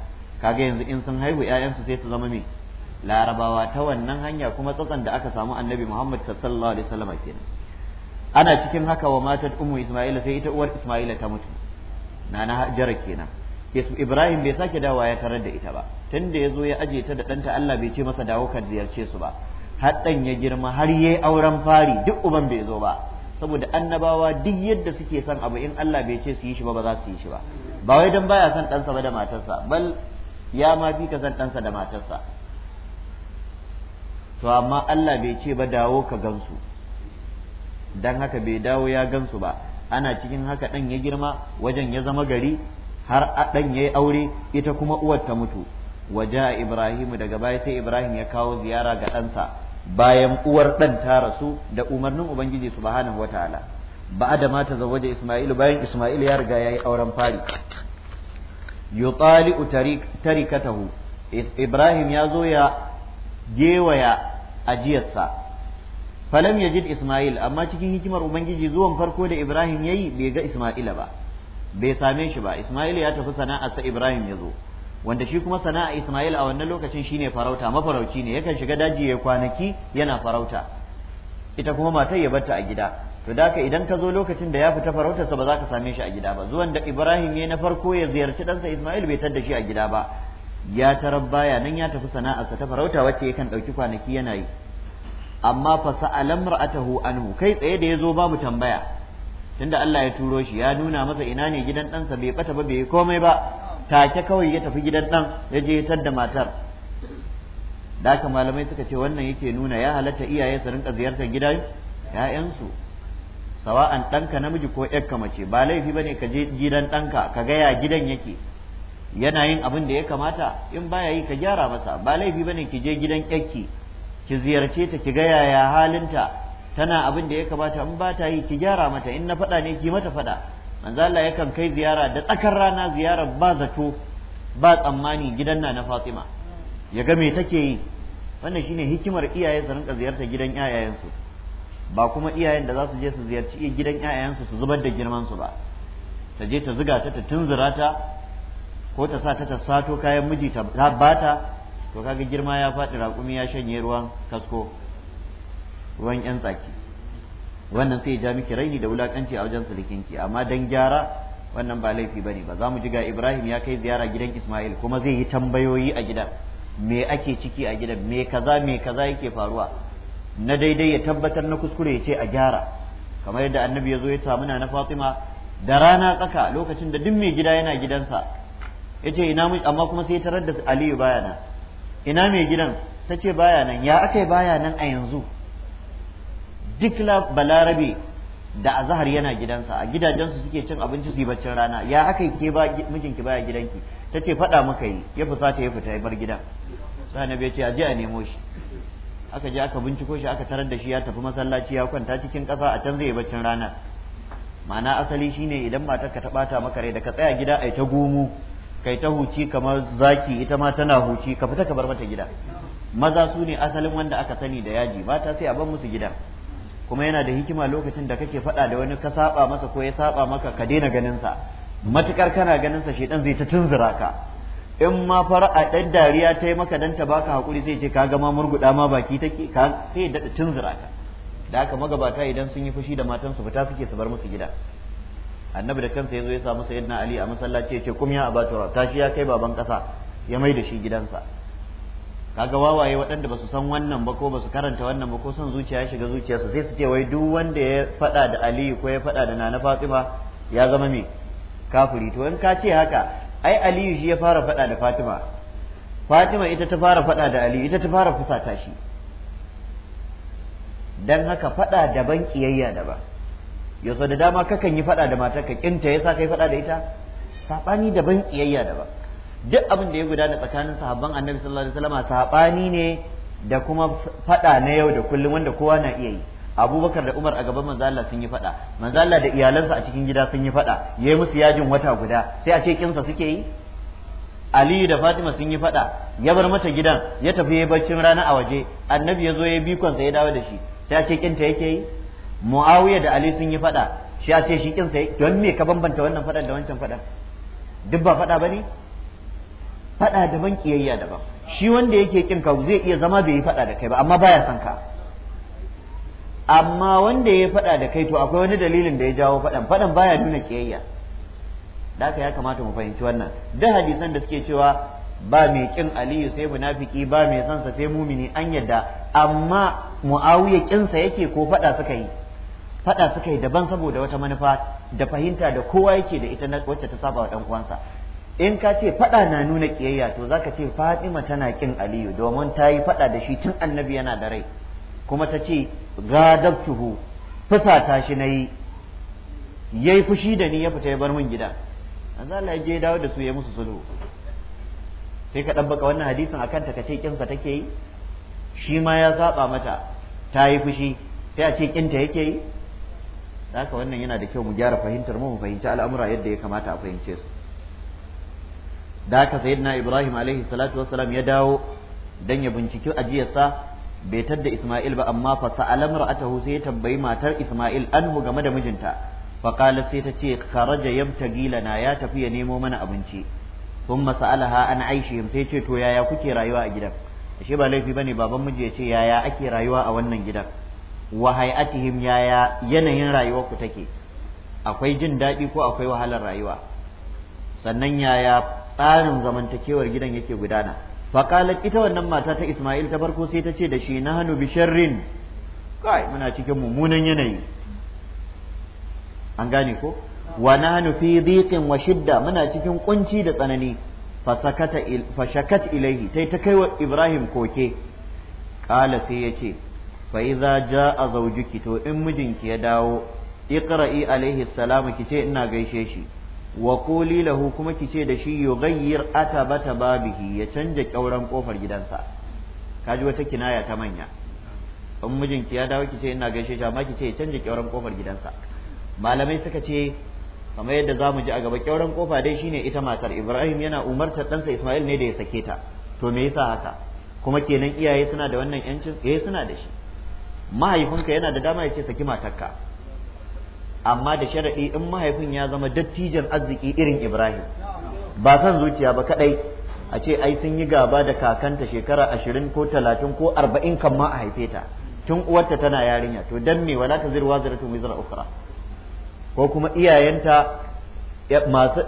kaga yanzu in sun haihu su sai su zama me larabawa ta wannan hanya kuma tsatsan da aka samu annabi Muhammad sallallahu alaihi wasallam kenan ana cikin haka wa matar ummu Isma'ila sai ita uwar Isma'ila ta mutu Na na Hajara kenan Ibrahim bai sake dawowa ya tarar da ita ba tunda ya zo ya aje ta da ɗanta Allah bai ce masa dawo ka ziyarce su ba har ya girma har yayi auren fari duk uban bai zo ba saboda annabawa duk yadda suke son abu in Allah bai ce su yi shi ba ba za su yi shi ba ba wai dan baya son ɗansa ba da matarsa bal ya ma fi ka son ɗansa da matarsa to amma Allah bai ce ba dawo ka gansu dan haka bai dawo ya gansu ba ana cikin haka ɗan ya girma wajen ya zama gari har ɗan ya yi aure ita kuma uwar ta mutu waja ibrahimu daga baya sai ibrahim ya kawo ziyara ga ɗansa bayan uwar ɗan ta rasu da umarnin ubangiji su ba wataala ba'ada ma waje isma'ilu bayan isma'ilu ya riga yayi auren fari yutali'u tarikatahu ibrahim ya zo ya gewaya ajiyarsa falam yajid isma'il amma cikin hikimar ubangiji zuwan farko da ibrahim yayi bai ga isma'ila ba bai same shi ba Ismail ya tafi sana'arsa Ibrahim ya zo wanda shi kuma sana'a Ismail a wannan lokacin shine farauta mafarauci ne yakan shiga daji ya kwanaki yana farauta ita kuma matar ya barta a gida to da idan ka zo lokacin da ya fita farautarsa ba za ka same shi a gida ba zuwan da Ibrahim ya na farko ya ziyarci ɗansa Ismail bai tar da shi a gida ba ya tarar nan ya tafi sa ta farauta wacce yakan ɗauki kwanaki yana yi amma fa sa'ala mar'atahu anhu kai tsaye da ya zo babu tambaya tunda Allah ya turo shi ya nuna masa ina ne gidan ɗansa bai bata ba bai yi komai ba take kawai ya tafi gidan ɗan ya je ya tadda matar da haka malamai suka ce wannan yake nuna ya halatta iyaye su rinka ziyartar gidan ‘ya'yansu sawa'an ɗanka namiji ko ‘yarka mace ba laifi ba ne ka je gidan ɗanka ka gaya gidan yake yana yin abin da ya kamata in baya yi ka gyara masa ba laifi bane ki je gidan ‘yarki ki ziyarce ta ki gayaya yaya halinta tana abin da ya kamata in ba ta yi ki gyara mata in na faɗa ne ki mata faɗa manzo Allah yakan kai ziyara da tsakar rana ziyara ba zato ba tsammani gidan na na Fatima ya ga me take yi wannan shine hikimar iyaye su rinka ziyartar gidan yayayensu ba kuma iyayen da za su je su ziyarci gidan 'ya'yansu su zubar da girman su ba ta je ta zuga ta ta tunzura ta ko ta sa ta ta sato kayan miji ta bata to kaga girma ya faɗi raƙumi ya shanye ruwan kasko ruwan yan tsaki wannan sai ya ja miki raini da wulakanci a wajen sulkinki amma dan gyara wannan ba laifi bane ba za mu ji ga Ibrahim ya kai ziyara gidan Ismail kuma zai yi tambayoyi a gidan me ake ciki a gidan me kaza me kaza yake faruwa na daidai ya tabbatar na kuskure ya ce a gyara kamar yadda annabi ya zo ya samu na Fatima da rana tsaka lokacin da duk mai gida yana gidansa yace ina mu amma kuma sai ya tarar da Aliyu baya nan ina mai gidan ta ce baya nan ya akai baya nan a yanzu duk balarabe da azahar yana gidansa a gidajensu suke cin abinci su yi baccin rana ya aka ke ba mijinki baya gidanki ta ce faɗa muka yi ya ta ya fita ya bar gidan sai ya ce a je a nemo shi aka je aka binciko shi aka tarar da shi ya tafi masallaci ya kwanta cikin ƙasa a can zai yi baccin rana ma'ana asali shine idan matar ka ta bata maka rai da ka tsaya gida ai ta gumu kai ta huci kamar zaki ita ma tana huci ka fita ka bar mata gida maza su ne asalin wanda aka sani da yaji mata sai a bar musu gida kuma yana da hikima lokacin da kake faɗa da wani ka saba masa ko ya saba maka ka daina ganin sa
matukar kana
ganin sa shedan zai ta tunzura ka in ma fara'a dan dariya ta yi maka dan ta baka hakuri zai ce kaga ma murguda ma baki take ka sai da tunzura ka da haka magabata idan sun yi fushi da matan su fita suke su bar musu gida annabi da kansa yazo ya samu sayyidina ali a masallaci ya ce kum ya abatura tashi ya kai baban kasa ya mai da shi gidansa kaga wawaye waɗanda ba su san wannan ba ko ba su karanta wannan ba ko son zuciya ya shiga zuciyarsu sai su ce wai duk wanda ya faɗa da aliyu ko ya faɗa da nana fatima ya zama me kafiri to in ka ce haka ai aliyu shi ya fara faɗa da fatima fatima ita ta fara faɗa da aliyu ita ta fara fusata shi dan haka faɗa daban kiyayya daban yau da dama kakan yi faɗa da matarka kinta yasa kai faɗa da ita saɓani daban kiyayya daban duk abin da ya gudana tsakanin sahabban annabi sallallahu alaihi wasallam sabani ne da kuma fada na yau da kullum wanda kowa na iya yi abubakar da umar a gaban manzo Allah sun yi fada manzo Allah da iyalansa a cikin gida sun yi fada yayi musu yajin wata guda sai a ce kinsa suke yi Aliyu da Fatima sun yi fada ya bar mata gidan ya tafi ya baccin rana a waje annabi ya zo ya bikon sa ya dawo da shi sai a ce kinta yake yi Muawiya da Ali sun yi fada shi a ce shi kinsa don me ka bambanta wannan fadan da wancan fadan duk ba fada bane faɗa daban kiyayya daban shi wanda yake kin ka zai iya zama bai yi faɗa da kai ba amma baya son ka amma wanda ya faɗa da kai to akwai wani dalilin da ya jawo faɗan faɗan baya nuna kiyayya da haka ya kamata mu fahimci wannan da hadisan da suke cewa ba mai kin aliyu sai munafiki ba mai son sai mumini an yadda amma muawiya kinsa yake ko faɗa suka yi faɗa suka yi daban saboda wata manufa da fahimta da kowa yake da ita wacce ta saba wa ɗan uwansa in ka ce faɗa na nuna ƙiyayya to zaka ce Fatima tana kin Aliyu domin ta yi faɗa da shi tun annabi yana da rai kuma ta ce gadabtuhu fusata shi na yi yayi fushi da ni ya fita ya bar mun gida manzo Allah ya je dawo da su ya musu sulhu sai ka ɗabbaka wannan hadisin akan ta kace kinsa take yi shi ma ya saba mata ta yi fushi sai a ce kinta yake yi haka wannan yana da kyau mu gyara fahimtar mu mu fahimci al'amura yadda ya kamata a fahimce su da haka na Ibrahim alaihi salatu salam ya dawo dan ya binciki ajiyarsa bai tadda Isma'il ba amma fa sa'alam hu sai ya tambayi matar Isma'il anhu game da mijinta fa qala sai ta ce kharaja yabtagi lana ya tafi ya nemo mana abinci thumma sa'alaha an aishihim sai ce to yaya kuke rayuwa a gidan ashe ba laifi bane baban miji ya ce yaya ake rayuwa a wannan gidan wa hay'atihim yaya yanayin rayuwar ku take akwai jin daɗi ko akwai wahalar rayuwa sannan yaya tsarin zamantakewar gidan yake gudana faƙalar ita wannan mata ta Isma'il ta farko sai ta ce da shi na hannu sharrin kai muna cikin mummunan yanayi an gane ko wa hannu fi wa shidda muna cikin kunci da tsanani fashakat ilaihi ta ta kai wa Ibrahim koke Ƙala sai yace fa ja a zaujiki to in mijinki ya dawo iqra'i alaihi salamu ki ce ina gaishe shi wa quli lahu kuma ki ce da shi yughayyir atabata babihi ya canja kyauran kofar gidansa kaji wata kinaya ta manya in mijinki ya dawo ki ce ina gaishe shi amma ki ce ya canja kyauran kofar gidansa malamai suka ce kamar yadda zamu ji a gaba kyauran kofa dai shine ita matar Ibrahim yana umartar ɗansa Ismail ne da ya sake ta to me yasa haka kuma kenan iyaye suna da wannan yancin eh suna da shi mahaifinka yana da dama ya ce saki matarka amma da sharaɗi in mahaifin ya zama dattijan arziki irin ibrahim ba san zuciya ba kadai a ce ai sun yi gaba da kakanta shekara ashirin ko talatin ko arba'in kan ma a haife ta tun uwarta tana yarinya to dan me wala ta zirwa ziratun wizra ukra ko kuma iyayenta masu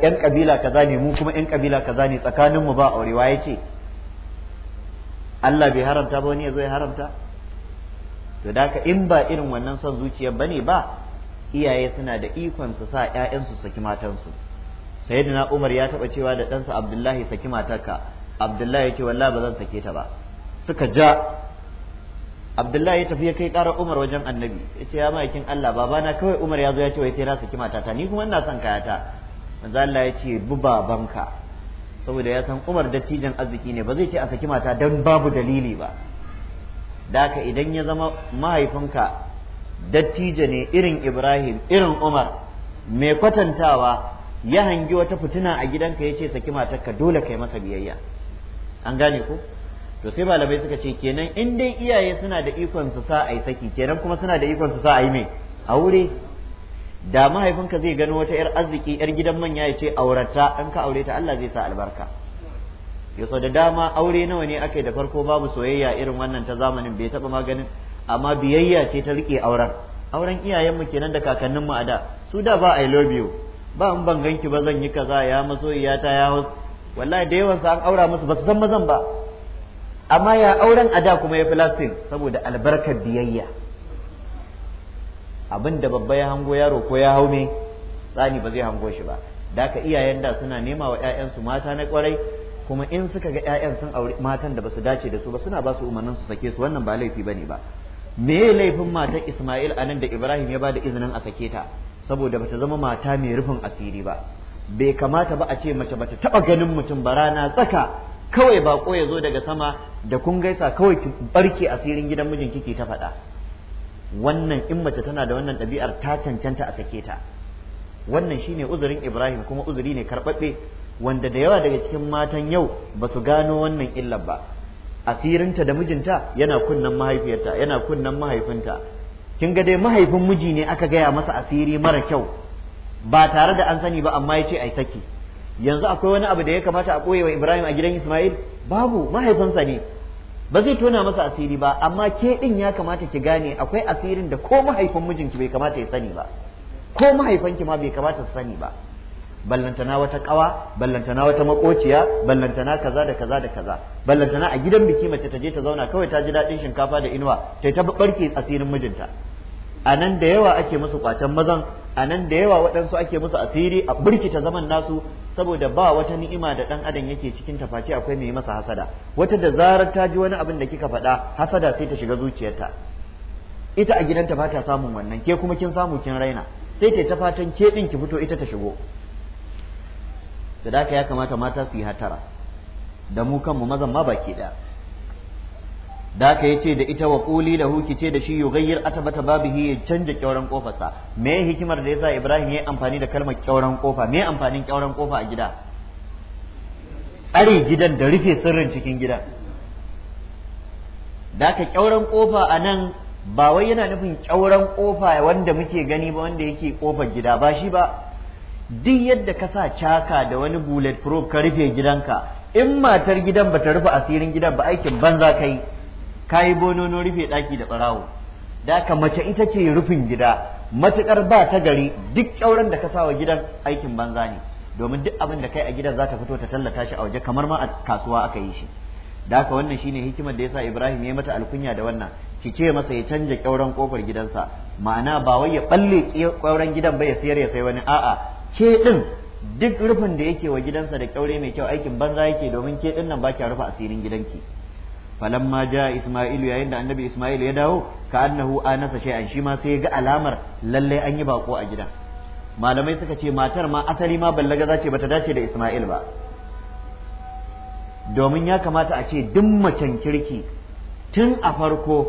yan kabila kaza ne mu kuma yan kabila kaza ne tsakanin mu ba aurewa ya ce Allah bai haramta ba wani ya zo ya haramta to da ka in ba irin wannan son zuciyar bane ba iyaye suna da ikon su sa 'ya'yansu saki matansu sayyidina Umar ya taba cewa da ɗansa Abdullahi saki matarka Abdullahi yake wallahi ba zan sake ta ba suka ja Abdullahi ya tafi ya kai ƙara Umar wajen Annabi yace ya ma'aikin Allah babana kawai Umar ya zo ya ce wai sai na saki matata ni kuma ina son kayata manzo Allah ya ce bu babanka saboda ya san Umar dattijan arziki ne ba zai ce a saki mata dan babu dalili ba Daka idan ya zama mahaifinka dattijo ne irin Ibrahim irin Umar mai kwatantawa ya hangi wata fituna a gidanka ya ce saki matarka dole kai masa biyayya an gane ko to sai malamai suka ce kenan in dai iyaye suna da ikon su sa a yi saki kenan kuma suna da ikon su sa a yi mai aure da mahaifinka zai gano wata yar arziki yar gidan manya ya ce aurata an ka aure ta Allah zai sa albarka yaso da dama aure nawa ne aka da farko babu soyayya irin wannan ta zamanin bai taba maganin amma biyayya ce ta rike auren auren iyayenmu kenan da kakanninmu a da su da ba I love you ba in ban ganki ba zan yi kaza ya masoyiya ta ya hos wallahi da yawan an aura musu ba su san mazan ba amma ya auren a da kuma ya fi lasting saboda albarkar biyayya abin da babba ya hango yaro ko ya hau me tsani ba zai hango shi ba da ka iyayen da suna nema wa 'ya'yansu mata na kwarai kuma in suka ga 'ya'yan sun aure matan da ba su dace da su ba suna ba su umarnin su sake su wannan ba laifi ne ba me laifin matar Ismail a nan da Ibrahim ya ba da izinin a sake ta saboda bata zama mata mai rufin asiri ba bai kamata ba a ce mace bata taba ganin mutum ba rana tsaka kawai bako ya zo daga sama da kun gaisa kawai ki barke asirin gidan mijin kike ta faɗa wannan in mace tana da wannan ɗabi'ar ta cancanta a sake ta wannan shine uzurin Ibrahim kuma uzuri ne karɓaɓɓe wanda da yawa daga cikin matan yau ba su gano wannan illar ba asirinta da mijinta yana kunnan mahaifiyarta yana kunnan mahaifinta kin ga dai mahaifin miji ne aka gaya masa asiri mara kyau ba tare da an sani ba amma ya ce ai saki yanzu akwai wani abu da ya kamata a koyewa Ibrahim a gidan Ismail babu mahaifinsa ne ba zai tona masa asiri ba amma ke din ya kamata ki gane akwai asirin da ko mahaifin mijinki bai kamata ya sani ba ko mahaifanki ma bai kamata su sani ba ballantana wata kawa ballantana wata makociya ballantana kaza da kaza da kaza ballantana a gidan biki mace ta je ta zauna kawai ta ji daɗin shinkafa da inuwa ta ta barke asirin mijinta a nan da yawa ake musu kwacen mazan a nan da yawa waɗansu ake musu asiri a ta zaman nasu saboda ba wata ni'ima da ɗan adam yake cikin tafaci akwai mai masa hasada wata da zarar ta ji wani abin da kika faɗa hasada sai ta shiga zuciyarta ita a gidanta ba ta samun wannan ke kuma kin samu kin raina sai ta fatan ke ɗin ki fito ita ta shigo to da ya kamata mata su yi hatara da mu kanmu mazan ma baki da. da haka yace da ita wa da lahu kice da shi yughayyir atabata babihi ya canja kyauran kofarsa me hikimar da yasa Ibrahim ya yayi amfani da kalmar kyauran kofa me amfanin kyauran kofa a gida tsare gidan da rufe sirrin cikin gida da haka kyauran kofa a nan ba wai yana nufin kyauran kofa wanda muke gani ba wanda yake kofar gida ba shi ba duk yadda ka sa caka da wani bullet proof ka rufe gidanka in matar gidan bata rufe asirin gidan ba aikin banza kai kayi bonono rufe daki da barawo da ka mace ita ce rufin gida matukar ba ta gari duk kyauran da ka sa wa gidan aikin banza ne domin duk abin da kai a gidan za ta fito ta tallata shi a waje kamar ma a kasuwa aka yi shi da ka wannan shine hikimar da yasa Ibrahim ya mata alkunya da wannan ki ce masa ya canja kyauran kofar gidansa ma'ana ba wai ya balle kyauran gidan ba ya sayar ya sai wani a'a ke din duk rufin da yake wa gidansa da kyaure mai kyau aikin banza yake domin ke din nan ba kya rufe asirin gidanki falamma ja Isma'il yayin da annabi isma'il ya dawo ka annahu anasa shay'an shi ma sai ga alamar lalle an yi bako a gidan malamai suka ce matar ma asali ma ballaga zace ce bata dace da isma'il ba domin ya kamata a ce duk macen kirki tun a farko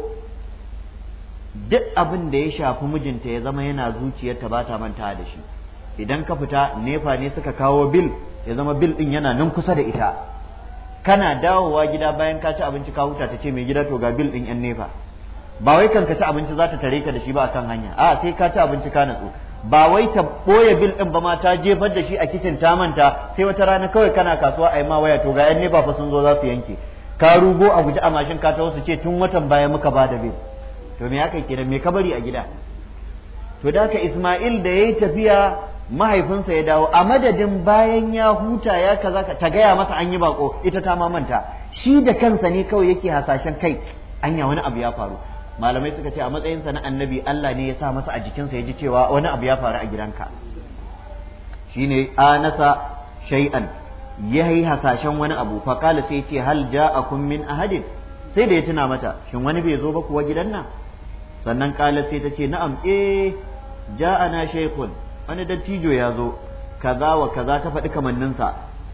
duk abin da ya shafi mijinta ya zama yana zuciyarta ba ta manta da shi idan ka fita nefa ne suka kawo bil ya zama bil din yana nan kusa da ita kana dawowa gida bayan ka ci abinci ka huta ta ce mai gida to ga bil din yan nefa ba wai kan ci abinci za ta tare ka da shi ba akan hanya a sai ka ci abinci ka natsu ba wai ta boye bil din ba ma ta jefar da shi a kicin ta manta sai wata rana kawai kana kasuwa ai ma waya to ga yan nefa fa sun zo za su yanke ka rugo a guji a mashin ka ta wasu ce tun watan baya muka ba da bil to me aka kenan me kabari a gida to da ka Isma'il da yayi tafiya mahaifinsa ya dawo a madadin bayan ya huta ya kaza ta gaya masa an yi bako ita ta mamanta shi da kansa ne kawai yake hasashen kai anya wani abu ya faru malamai suka ce a matsayinsa na annabi Allah ne ya sa masa a jikinsa ya ji cewa wani abu ya faru a gidanka shine anasa Shai'an, ya yi hasashen wani abu faƙala sai ce hal ja'akum min ahadin sai da ya tuna mata shin wani bai zo ba kuwa gidan nan sannan kala sai ta ce na'am eh ja'ana shaykhun wani dattijo ya zo kaza wa kaza ta faɗi kamanninsa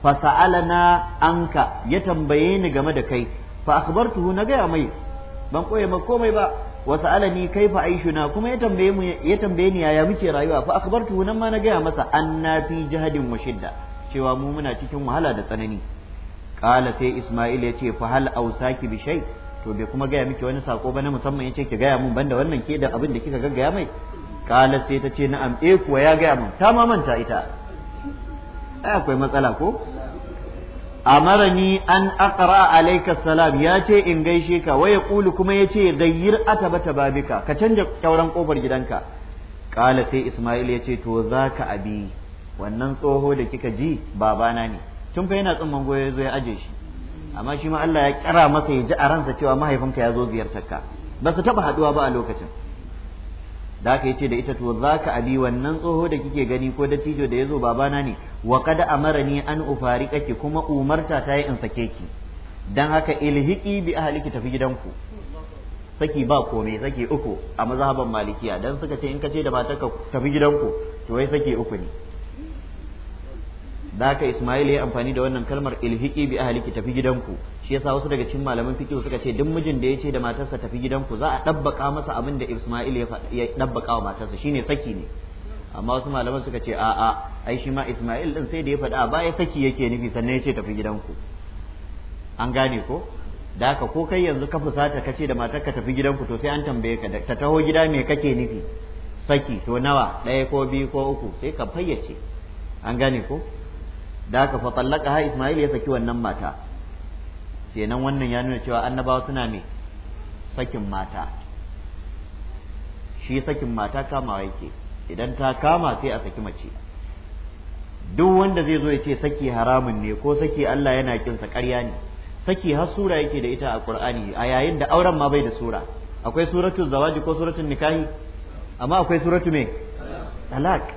fa sa'alana anka ya tambaye ni game da kai fa akhbartuhu na gaya mai ban koya ma komai ba wa sa'alani kaifa aishuna kuma ya tambaye mu ya tambaye ni yaya muke rayuwa fa akhbartuhu nan ma na gaya masa anna fi jahadin wa shidda cewa mu muna cikin wahala da tsanani qala sai isma'il ya ce fa hal ausaki bi shay to bai kuma gaya miki wani sako ba na musamman yace ki gaya mun banda wannan ke da abin da kika gaggaya mai kala sai ta ce na'am e kuwa ya gaya mun ta manta ita ai akwai matsala ko amarani an aqra alayka salam ya ce in gaishe ka waya kulu kuma ya ce gayyir atabata babika ka canja kyauran kofar gidanka kala sai isma'il ya ce to zaka abi wannan tsoho da kika ji babana ne tun fa yana tsumman ya zo ya aje shi amma shi ma Allah ya kira masa ya ji a ransa cewa mahaifinka ya zo ziyartarka ba su taba haduwa ba a lokacin da aka yace da ita to zaka abi wannan tsoho da kike gani ko dattijo da ya yazo babana ne wa kada amara ni an ufari ki kuma umarta ta yi in sake ki dan haka ilhiki bi ahliki tafi gidanku saki ba kome saki uku a mazhaban malikiya dan suka ce in ka ce da matarka tafi gidanku to wai saki uku ne da haka Ismail ya amfani da wannan kalmar ilhiki bi ahliki tafi gidanku shi yasa wasu daga cikin malaman fiqh suka ce duk mijin da ce da matarsa tafi gidanku za a dabbaka masa abin da Isma'il ya ya dabbaka wa matarsa shine saki ne amma wasu malaman suka ce a a ai shi ma Isma'il din sai da ya faɗa baya saki yake nufi sannan yace tafi gidanku an gane ko da haka ko kai yanzu ka fusata kace da matarka tafi gidanku to sai an tambaye ka ta taho gida me kake nufi saki to nawa ɗaya ko biyu ko uku sai ka fayyace an gane ko da haka fa tallaka ha Isma'il ya saki wannan mata kenan wannan ya nuna cewa annabawa suna ne sakin mata shi sakin mata kamawa yake idan ta kama sai a saki mace duk wanda zai zo ya ce saki haramun ne ko saki Allah yana kinsa ƙarya ne saki har sura yake da ita a Qur'ani a yayin da auren ma bai da sura akwai suratul zawaji ko suratul nikahi amma akwai suratu me talak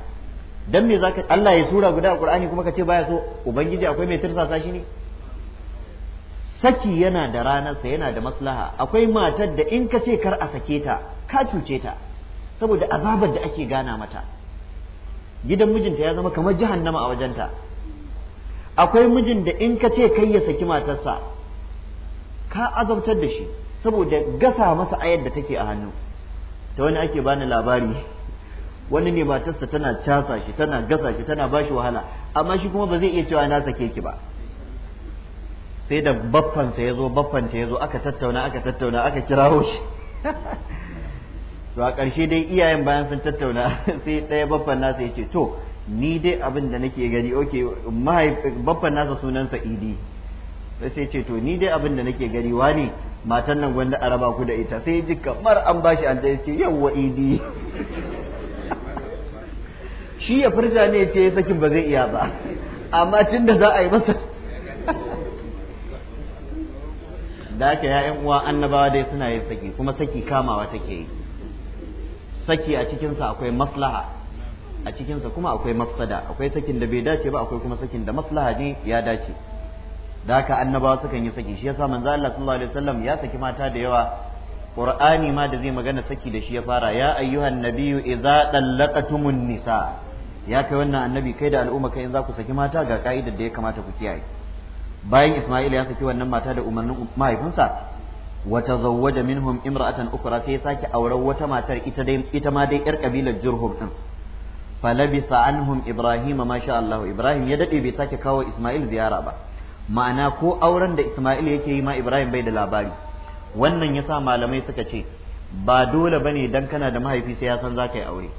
dan me zaka Allah ya sura guda a Qur'ani kuma ka ce baya so ubangiji akwai mai tirsasa shi ne saki yana da ranarsa yana da maslaha akwai matar da in ka ce kar a sake ta ka cuce ta saboda azabar da ake gana mata gidan mijinta ya zama kamar jahannama a wajenta akwai mijin da in ka ce kai ya saki matarsa ka azabtar da shi saboda gasa masa ayar da take a hannu ta wani ake bani labari wani ne matarsa tana casa shi tana gasa shi tana bashi wahala amma shi kuma ba zai iya cewa na sake ki ba sai da baffansa ya zo baffanta ya zo aka tattauna aka tattauna aka kirawo shi to a ƙarshe dai iyayen bayan sun tattauna sai ɗaya baffan nasa ya ce to ni dai abin da nake gani oke baffan nasa sunansa idi sai sai ce to ni dai abin da nake gani wani matan nan gwanda a raba ku da ita sai ji kamar an bashi an ta ce yawwa idi shi ya furta ne ce sakin ba zai iya ba amma tun da za a yi masa da ake ya'yan uwa annabawa dai suna yin saki kuma saki kamawa take yi saki a cikinsa akwai maslaha a cikinsa kuma akwai mafsada akwai sakin da bai dace ba akwai kuma sakin da maslaha ne ya dace da haka annabawa sukan yi saki shi yasa manzo Allah sallallahu alaihi wasallam ya saki mata da yawa qur'ani ma da zai magana saki da shi ya fara ya ayyuhan nabiyyu idza dallaqatumun nisa ya kai wannan annabi kai da al'umma kai in za ku saki mata ga ka'idar da ya kamata ku kiyaye bayan Isma'il ya saki wannan mata da umarnin um- mahaifinsa wa tazawwaja minhum imra'atan ukra sai ya sake auren wata matar ita dai ita ma dai yar kabilar Jurhum din falabisa anhum Ibrahim ma sha Allah Ibrahim ya dade bai sake kawo Isma'il ziyara ba ma'ana ko auren da Isma'il yake yi ma Ibrahim bai da labari wannan yasa malamai suka ce ba dole bane dan kana da mahaifi sai ya san zaka yi aure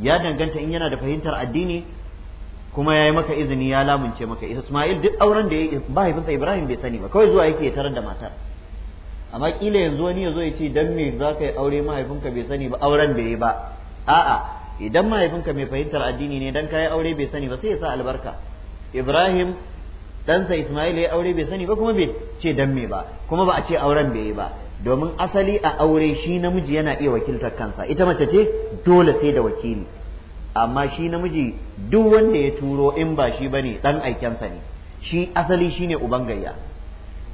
ya danganta in yana da fahimtar addini kuma yayi maka izini ya lamunce maka Isma'il duk auren da yi mahaifinsa Ibrahim bai sani ba kawai zuwa yake tarar da matar amma kila yanzu wani yazo ya ce dan me za ka yi aure mahaifinka bai sani ba auren bai yi ba a'a idan mahaifinka mai fahimtar addini ne dan kai aure bai sani ba sai ya sa albarka Ibrahim ɗansa Ismail ya aure bai sani ba kuma bai ce dan me ba kuma ba a ce auren bai yi ba domin asali a aure shi namiji yana iya wakiltar kansa ita mace ce dole sai da wakili amma shi namiji duk wanda ya turo in ba shi bane dan aikensa ne shi asali shine uban gayya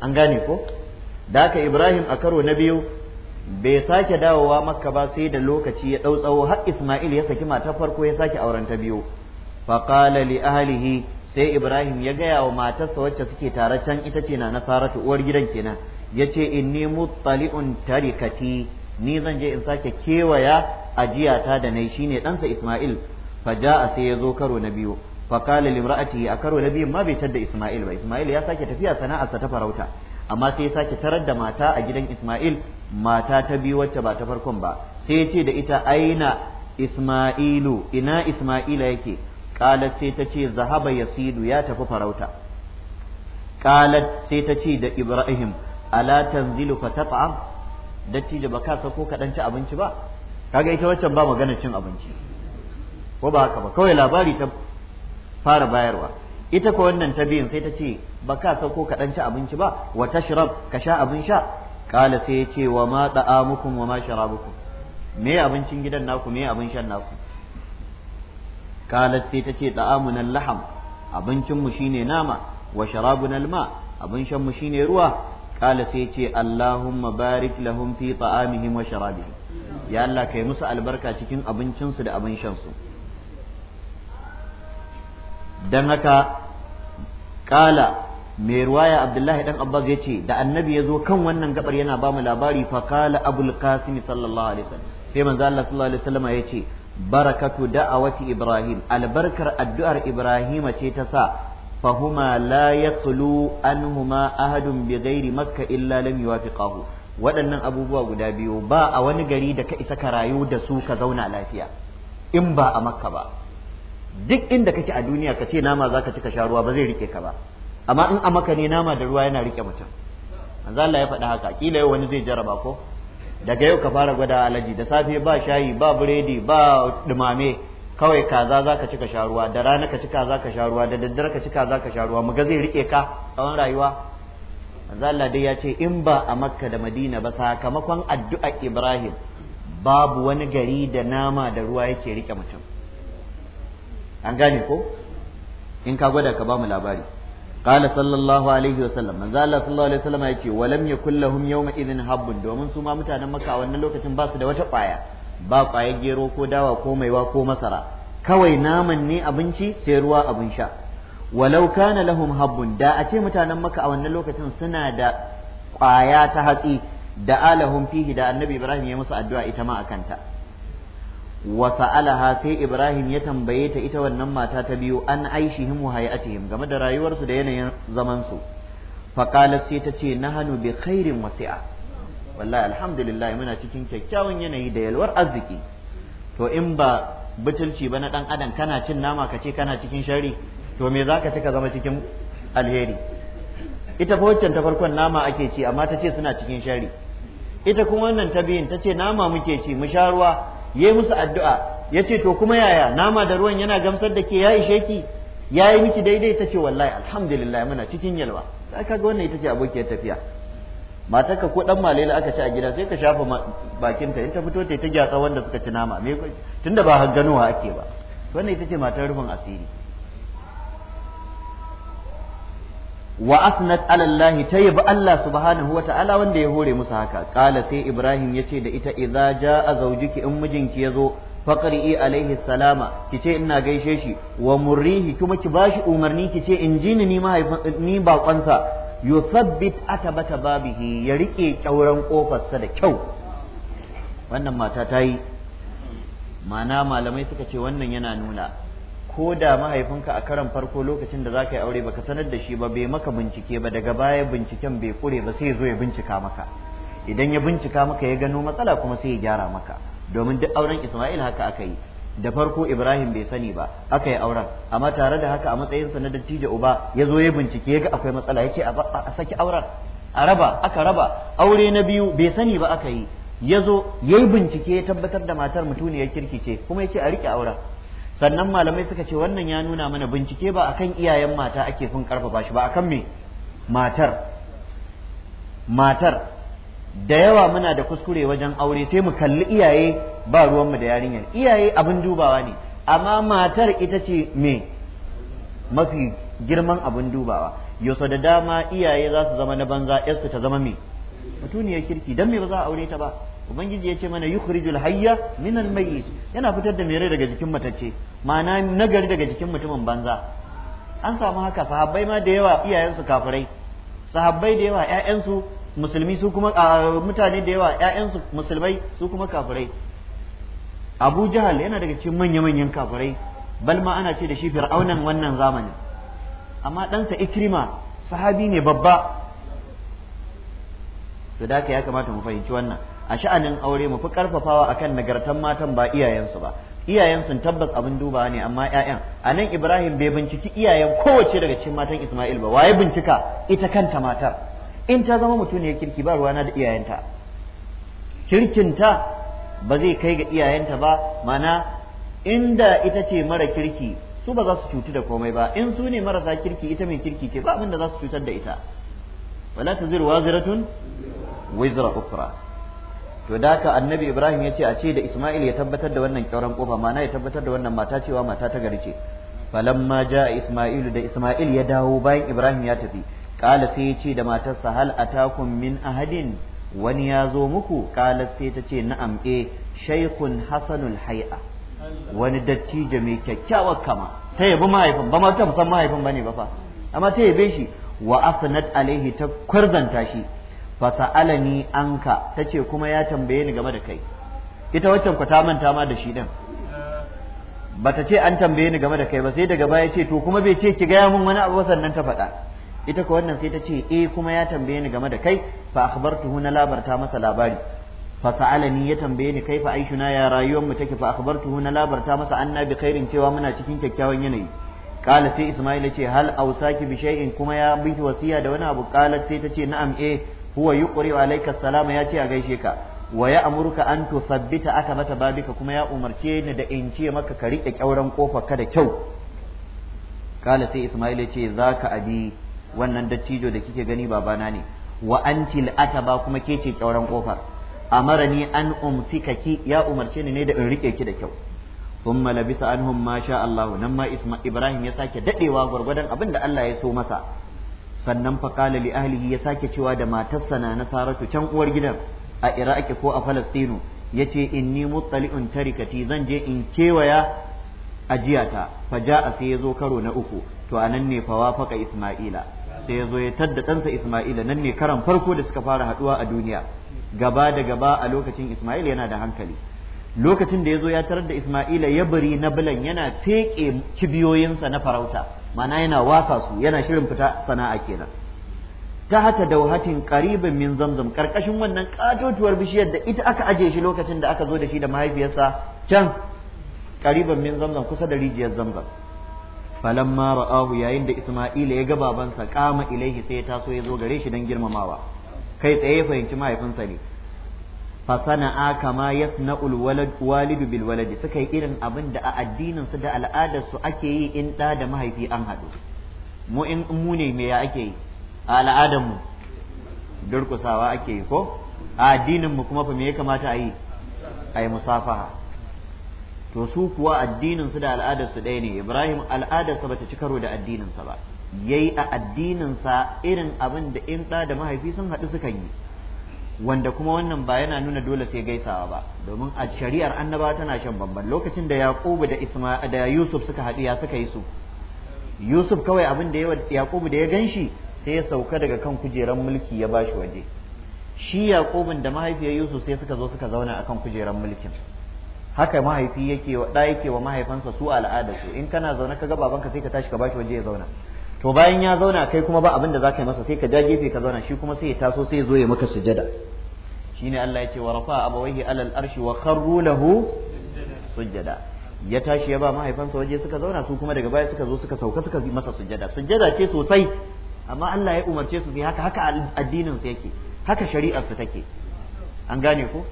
an gane ko da haka Ibrahim a karo na biyu bai sake dawowa makka ba sai da lokaci ya ɗau tsawo har Ismail ya saki mata farko ya sake auren ta biyu qala li ahlihi sai Ibrahim ya gaya wa matarsa wacce suke tare can ita ce na saratu uwar gidan kenan yace inni muttali'un tarikati ni zan je in sake kewaya ajiyata da nai shine ɗansa Ismail faja'a sai ya zo karo na biyu faqala limra'atihi a karo na biyun ma bai tadda Isma'il ba Isma'il ya sake tafiya sana'arsa ta farauta amma sai ya sake tarar da mata a gidan Isma'il mata ta biyu wacce ba ta farkon ba sai ya ce da ita aina Isma'ilu ina Isma'ila yake qalat sai ta ce zahaba yasidu ya tafi farauta qalat sai ta ce da Ibrahim ala tanzilu fatat'am dattijo ba kaka ko kaɗan ci abinci ba Ka ga ita waccan ba magana cin abinci ko ba haka ba kawai labari ta fara bayarwa ita ko wannan ta biyun sai ta ce ba ka sauko ka ci abinci ba wa tashrab ka sha abin sha kala sai ya ce wa ma da'amukum wa ma sharabukum me abincin gidan naku me abin shan naku kala sai ta ce da'amunan laham abincin mu shine nama wa sharabunal ma abin shan mu shine ruwa kala sai ya ce allahumma barik lahum fi ta'amihim wa sharabihim ya Allah kai musu albarka cikin abincinsu da abin shan su dan haka kala mai ruwaya abdullahi dan abbas ya ce da annabi ya zo kan wannan gabar yana ba mu labari fa qala abul qasim sallallahu alaihi wasallam sai ya ce barakatu da'awati ibrahim albarkar addu'ar ibrahim ce ta sa fahuma la yaqulu anhuma ahadun bighairi makka illa lam yuwafiqahu waɗannan abubuwa guda biyu ba a wani gari da ka isa ka rayu da su ka zauna lafiya in ba a makka ba duk inda kake a duniya ka ce nama za ci ka sha ruwa ba zai rike ka ba amma in a maka ne nama da ruwa yana rike mutum manzo Allah ya faɗi haka kila yau wani zai jaraba ko daga yau ka fara gwada alaji da safe ba shayi ba biredi ba dumame kawai kaza za ka ci ka sha ruwa da rana ka ci za ka sha ruwa da daddare ka ci za ka sha ruwa ga zai rike ka tsawon rayuwa manzo Allah dai ya ce in ba a Makka da Madina ba sakamakon addu'a Ibrahim babu wani gari da nama da ruwa yake rike mutum an gane ko in ka gwada ka ba mu labari qala sallallahu alaihi wa sallam manzo Allah sallallahu alaihi sallam yace wa lam yakul lahum yawma idhin habbun domin su ma mutanen makka wannan lokacin ba su da wata kwaya ba kwaya gero ko dawa ko maiwa ko masara kawai naman ne abinci sai ruwa abin sha walau kana lahum habbun da a ce mutanen maka a wannan lokacin suna da kwaya ta hatsi da alahum fihi da annabi ibrahim ya musu addu'a ita ma akanta wa sa'alaha sai Ibrahim ya tambaye ta ita wannan mata ta biyu an aishihim wa hayatihim game da rayuwarsu da yanayin zaman su fa qalat sai ta ce nahanu bi khairin wasi'a wallahi alhamdulillah muna cikin kyakkyawan yanayi da yalwar arziki to in ba butulci ba na dan adam kana cin nama kace kana cikin shari to me zaka ci ka zama cikin alheri ita fa ta farkon nama ake ci amma ta ce suna cikin shari ita kuma wannan ta biyun ta ce nama muke ci mu sha ruwa yayi musu addu'a ya ce to kuma yaya nama da ruwan yana gamsar da ke ya ishe ki yi miki daidai ce wallahi alhamdulillah muna cikin yalwa aka ga wannan ita ce abokiyar tafiya matarka ko dan malela aka ci a gida sai ka shafa bakinta in ta fito ta ta gyatsa wanda suka ci nama tun tunda ba ganowa ake ba wannan ita ce matar rufin asiri wa asnat ala Allah ta Allah subhanahu wata'ala wanda ya hore musu haka qala sai Ibrahim yace da ita idza jaa zawjiki in mijinki yazo faqri'i alaihi salama kice ina gaishe shi wa murrihi kuma ki bashi umarni kice in ji ni mahaifin ni bakonsa yuthabbit atabata babihi ya rike kyauran kofarsa da kyau wannan mata ta yi ma'ana malamai suka ce wannan yana nuna ko da mahaifinka a karan farko lokacin da zaka yi aure baka sanar da shi ba bai maka bincike ba daga baya binciken bai kure ba sai ya zo ya bincika maka idan ya bincika maka ya gano matsala kuma sai ya gyara maka domin duk auren Isma'il haka aka yi da farko Ibrahim bai sani ba aka yi auren amma tare da haka a matsayinsa na dattijo uba ya zo ya bincike ya ga akwai matsala ya ce a saki auren a raba aka raba aure na biyu bai sani ba aka yi ya zo ya yi bincike ya tabbatar da matar mutuniyar ya ce kuma ya ce a rike auren sannan malamai suka ce wannan ya nuna mana bincike ba akan iyayen mata ake fin karfafa shi ba akan me matar matar da yawa muna da kuskure wajen aure sai mu kalli iyaye ba ruwanmu da yarinyar iyaye abin dubawa ne amma matar ita ce me mafi girman abin dubawa yoso da dama iyaye za su zama na banza yarsu ta zama me mutuniyar kirki don me ba za a aure ta ba ubangiji ya ce mana yukhrijul hayya min al mayyit yana fitar da mere daga jikin matacce ma'ana nagari daga jikin mutumin banza an samu haka sahabbai ma da yawa iyayensu kafirai sahabbai da yawa ƴaƴansu musulmi su kuma mutane da yawa ƴaƴansu musulmai su kuma kafirai Abu Jahal yana daga cikin manya-manyan kafirai bal ma ana ce da shi fir'aunan wannan zamanin amma ɗansa Ikrima sahabi ne babba to da ya kamata mu fahimci wannan a sha'anin aure mu fi karfafawa akan nagartan matan ba iyayensu ba iyayensu tabbas abin duba ne amma ƴaƴan anan Ibrahim bai binciki iyayen kowace daga cikin matan Isma'il ba waye bincika ita kanta matar in ta zama mutum kirki ba ruwana da iyayenta kirkinta ba zai kai ga iyayenta ba mana inda ita ce mara kirki su ba za su cutu da komai ba in su ne marasa kirki ita mai kirki ce ba abin da za su cutar da ita wala taziru waziratun wizra ukra to da haka annabi ibrahim ya ce a ce da isma'il ya tabbatar da wannan kyauran kofa mana ya tabbatar da wannan mata cewa mata ta gari ce falamma ja isma'ilu da isma'il ya dawo bayan ibrahim ya tafi qala sai ya ce da matarsa hal atakum min ahadin wani ya zo muku qala sai ta ce na'am eh shaykhun hasanul hay'a wani dattijo mai kyakkyawar kama ta yabi mahaifin ba ma ta musan mahaifin bane ba fa amma ta yabe shi wa afnat alaihi ta kwarzanta shi fasa'alani anka tace kuma ya tambaye ni game da kai ita waccan ku ta manta ma da shi din bata ce an tambaye ni game da kai ba sai daga baya ce to kuma bai ce ki gaya mun wani abu sannan ta faɗa ita ko wannan sai ta ce eh kuma ya tambaye ni game da kai fa akhbartuhu na labarta masa labari Fasa'alani ya tambaye ni kaifa aishuna ya rayuwar mu take fa akhbartuhu na labarta masa anna bi khairin cewa muna cikin kyakkyawan yanayi kala sai isma'il ce hal ausaki bi shay'in kuma ya biki wasiya da wani abu kala sai ta ce na'am eh huwa yuqri alayka salama ya ce a gaishe ka wa ya amurka an to sabbita aka mata babika kuma ya umarce ni da in ce maka ka rike kyauran kofar ka da kyau kala sai isma'il ya ce zaka abi wannan dattijo da kike gani babana ne wa antil ataba kuma ke ce kyauran kofar amarani an umsika ki ya umarce ni ne da in rike ki da kyau thumma labisa anhum ma sha Allah nan ma Ibrahim ya sake dadewa gwargwadon abin da Allah ya so masa sannan faƙala li ahlihi ya sake cewa da matarsa na Saratu can uwar gidan a iraki ko a falastinu ya ce inni muttali'un tarikati zan je in kewaya ajiyata fa ja'a sai ya zo karo na uku to a nan ne fa wafaqa isma'ila sai ya zo ya tadda ɗansa isma'ila nan ne karan farko da suka fara haɗuwa a duniya gaba da gaba a lokacin isma'ila yana da hankali lokacin da ya zo ya tarar da isma'ila ya bari na bilan yana feƙe kibiyoyinsa na farauta mana yana wasa su yana shirin fita sana'a kenan ta hata da wahatin qaribin min zamzam karkashin wannan katotuwar bishiyar da ita aka aje shi lokacin da aka zo da shi da mahaifiyarsa can qaribin min zamzam kusa da rijiyar zamzam falamma ra'ahu yayin da isma'ila ya ga babansa kama ilaihi sai ya taso ya zo gare shi dan girmamawa kai tsaye ya fahimci mahaifinsa ne fasana'a kama yasna'ul walidu bil waladi suka yi irin abin da a addinin su da al'adar su ake yi in da da mahaifi an haɗu mu in mu ne me ya ake yi a al'adar mu durkusawa ake yi ko a addinin mu kuma fa me ya kamata a yi a yi musafaha to su kuwa addinin su da al'adar su ɗaya ne Ibrahim al'adar sa bata ci karo da addinin sa ba yayi a addinin sa irin abin da in da da mahaifi sun haɗu sukan yi wanda kuma wannan ba yana nuna dole sai gaisawa ba domin a shari'ar annaba tana shan bamban lokacin da yaqubu da isma da yusuf suka haɗu ya suka yi su yusuf kawai abin da yaqubu da ya ganshi sai ya sauka daga kan kujeran mulki ya bashi waje shi yaqubun da mahaifiyar yusuf sai suka zo suka zauna akan kujeran mulkin haka mahaifi yake wa da yake wa mahaifansa su al'ada su in kana zaune kaga ga babanka sai ka tashi ka bashi waje ya zauna to bayan ya zauna kai kuma ba abin da zaka yi masa sai ka ja gefe ka zauna shi kuma sai ya taso sai ya zo ya maka sujada shine Allah yake wa rafa abawaihi alal arshi wa kharru lahu sujada ya tashi ya ba mahaifansa waje suka zauna su kuma daga baya suka zo suka sauka suka yi masa sujada sujada ce sosai amma Allah ya umarce su sai haka haka addinin su yake haka shari'ar su take an gane ko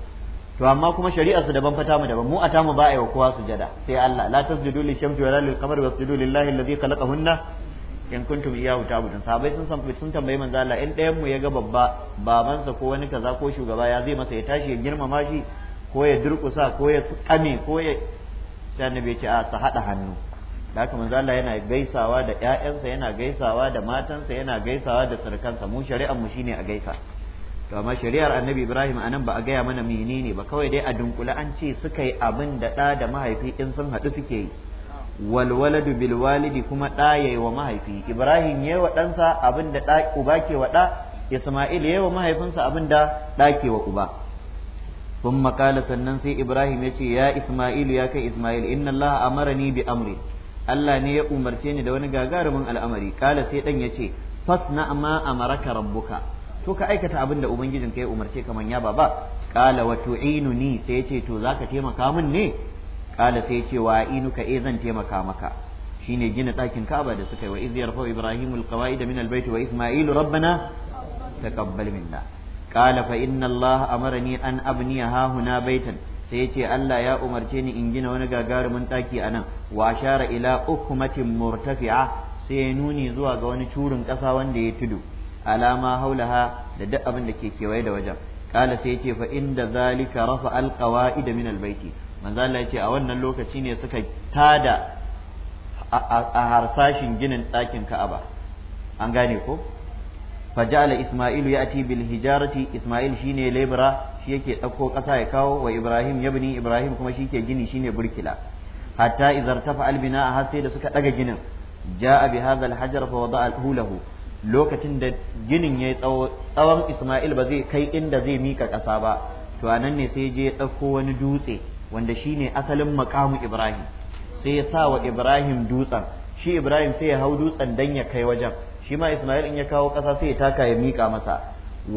to amma kuma shari'ar su daban fata mu daban mu a tamu ba a yi wa kowa sujada sai Allah la tasjudu lishamsi wala lilqamari wasjudu lillahi alladhi khalaqahunna in kuntum iyahu ta'budun sahabbai sun san sun tambayi manzo Allah in ɗayan mu ya ga babba babansa ko wani kaza ko shugaba ya zai masa ya tashi ya girmama shi ko ya durkusa ko ya kame ko ya sai annabi ce a su haɗa hannu da haka manzo yana gaisawa da ƴaƴansa yana gaisawa da matansa yana gaisawa da sarkansa mu shari'ar mu shine a gaisa to amma shari'ar annabi Ibrahim anan ba a gaya mana menene ba kawai dai a dunkule an ce suka yi abin da ɗa da mahaifi in sun haɗu suke yi wal waladu bil walidi kuma ɗa yayi wa mahaifi ibrahim yayi wa ɗansa abinda da uba ke wa ɗa isma'il yayi wa mahaifinsa abinda da ke wa uba ثم makala sannan sai Ibrahim ya ce ya Isma'il ya kai Isma'il inna Allah ni bi amri Allah ne ya umarce ni da wani gagarumin al'amari kala sai dan yace fasna ma amaraka rabbuka to ka aikata abin da ubangijin ka ya umarce kaman ya baba kala wa tu'inuni sai yace to zaka taimaka mun ne kala sai ce wa inuka e zan taimaka maka shine gina ɗakin Ka'aba da suka yi wa iz yarfa Ibrahim alqawaida min albayt wa Isma'il rabbana taqabbal minna kala fa inna Allah amarani an abniya huna baitan sai yace Allah ya umarce ni in gina wani gagarumin ɗaki anan wa ashara ila ukmatin murtafi'a sai ya nuni zuwa ga wani curin ƙasa wanda ya tudu alama haulaha da duk abin da ke kewaye da wajen kala sai ce fa inda zalika rafa alqawaida min albayti manzo Allah a wannan lokaci ne suka tada a harsashin ginin ɗakin Ka'aba an gane ko faja'ala Isma'il ya'ti bil hijarati Isma'il shine lebra shi yake ɗauko ƙasa ya kawo wa Ibrahim yabni Ibrahim kuma shi ke gini shine burkila hatta idzar tafa albina har sai da suka ɗaga ginin ja'a bi hadha hajar fa wada'a lahu lokacin da ginin yayi tsawo tsawon Isma'il ba zai kai inda zai mika ƙasa ba to anan ne sai je ya ɗauko wani dutse wanda shine asalin makamu Ibrahim sai ya sa wa Ibrahim dutsen shi Ibrahim sai ya hau dutsen dan ya kai wajen shi ma Ismail in ya kawo ƙasa sai ya taka ya miƙa masa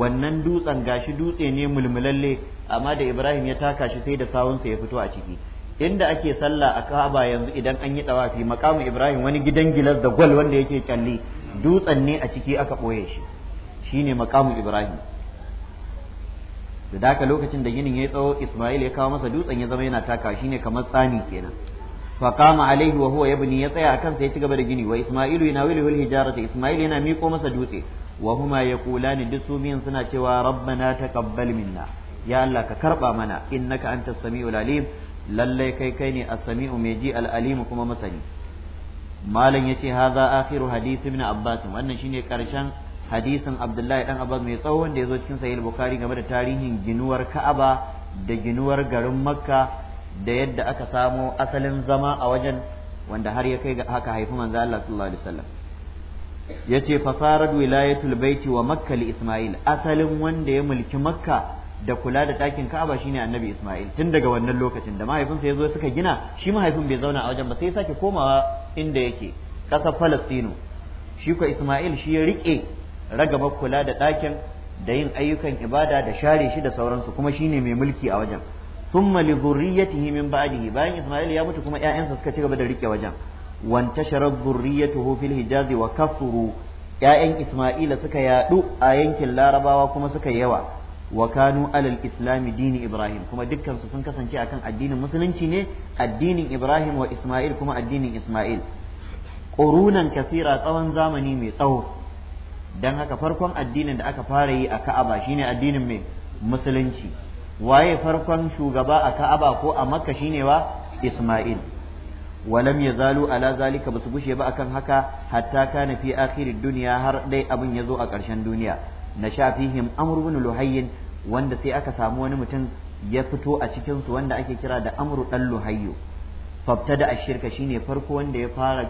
wannan dutsen gashi dutse ne mulmulalle amma da Ibrahim ya taka shi sai da sawunsa ya fito a ciki inda ake sallah a Ka'aba yanzu idan an yi tawafi makamu Ibrahim wani gidan gilas da gwal wanda yake kyalli dutsen ne a ciki aka ɓoye shi shine makamu Ibrahim to da haka lokacin da ginin ya tsawo Isma'il ya kawo masa dutsen ya zama yana taka shi ne kamar tsani kenan fa qama alaihi wa huwa yabni ya tsaya akan sai ya ci gaba da gini wa Isma'ilu yanawilu al hijarata Isma'il yana miko masa dutse wa huma yaqulani duk su suna cewa rabbana taqabbal minna ya Allah ka karba mana innaka antas samiul alim lallai kai kai ne as-sami'u mai ji al-alim kuma masani malam yace hadha akhiru hadith ibn abbas wannan shine karshen hadisin abdullahi dan abbas mai tsawo wanda ya zo cikin sahih bukhari game da tarihin ginuwar ka'aba da ginuwar garin makka da yadda aka samo asalin zama a wajen wanda har ya kai ga haka haifi manzo Allah sallallahu alaihi wasallam yace fasarat wilayatul baiti wa makka li isma'il asalin wanda ya mulki makka da kula da ɗakin Ka'aba shine Annabi Ismail tun daga wannan lokacin da mahaifinsa ya zo suka gina shi mahaifin bai zauna a wajen ba sai ya sake komawa inda yake ƙasar Falastinu shi ko Ismail shi ya rike ragaba kula da ɗakin da yin ayyukan ibada da share shi da sauransu kuma shine mai mulki a wajen thumma li dhurriyyatihi min ba'dihi bayan Isma'il ya mutu kuma ƴaƴansa suka ci gaba da rike wajen wantashara dhurriyyatuhu fil hijaz wa kasuru ƴaƴan Isma'ila suka yadu a yankin Larabawa kuma suka yawa wa kanu alal islami dini Ibrahim kuma dukkan su sun kasance akan addinin musulunci ne addinin Ibrahim wa Isma'il kuma addinin Isma'il qurunan kasira tsawon zamani mai tsawo dan haka farkon addinin da aka fara yi a Ka'aba shine addinin mai musulunci waye farkon shugaba a Ka'aba ko a Makka shine wa Isma'il walam yazalu ala zalika basu gushe ba akan haka hatta kana fi akhirid duniya har dai abin ya zo a ƙarshen duniya na shafihim amru bin luhayyin wanda sai aka samu wani mutum ya fito a cikin su wanda ake kira da amru dan luhayyu fabtada ashirka shine farko wanda ya fara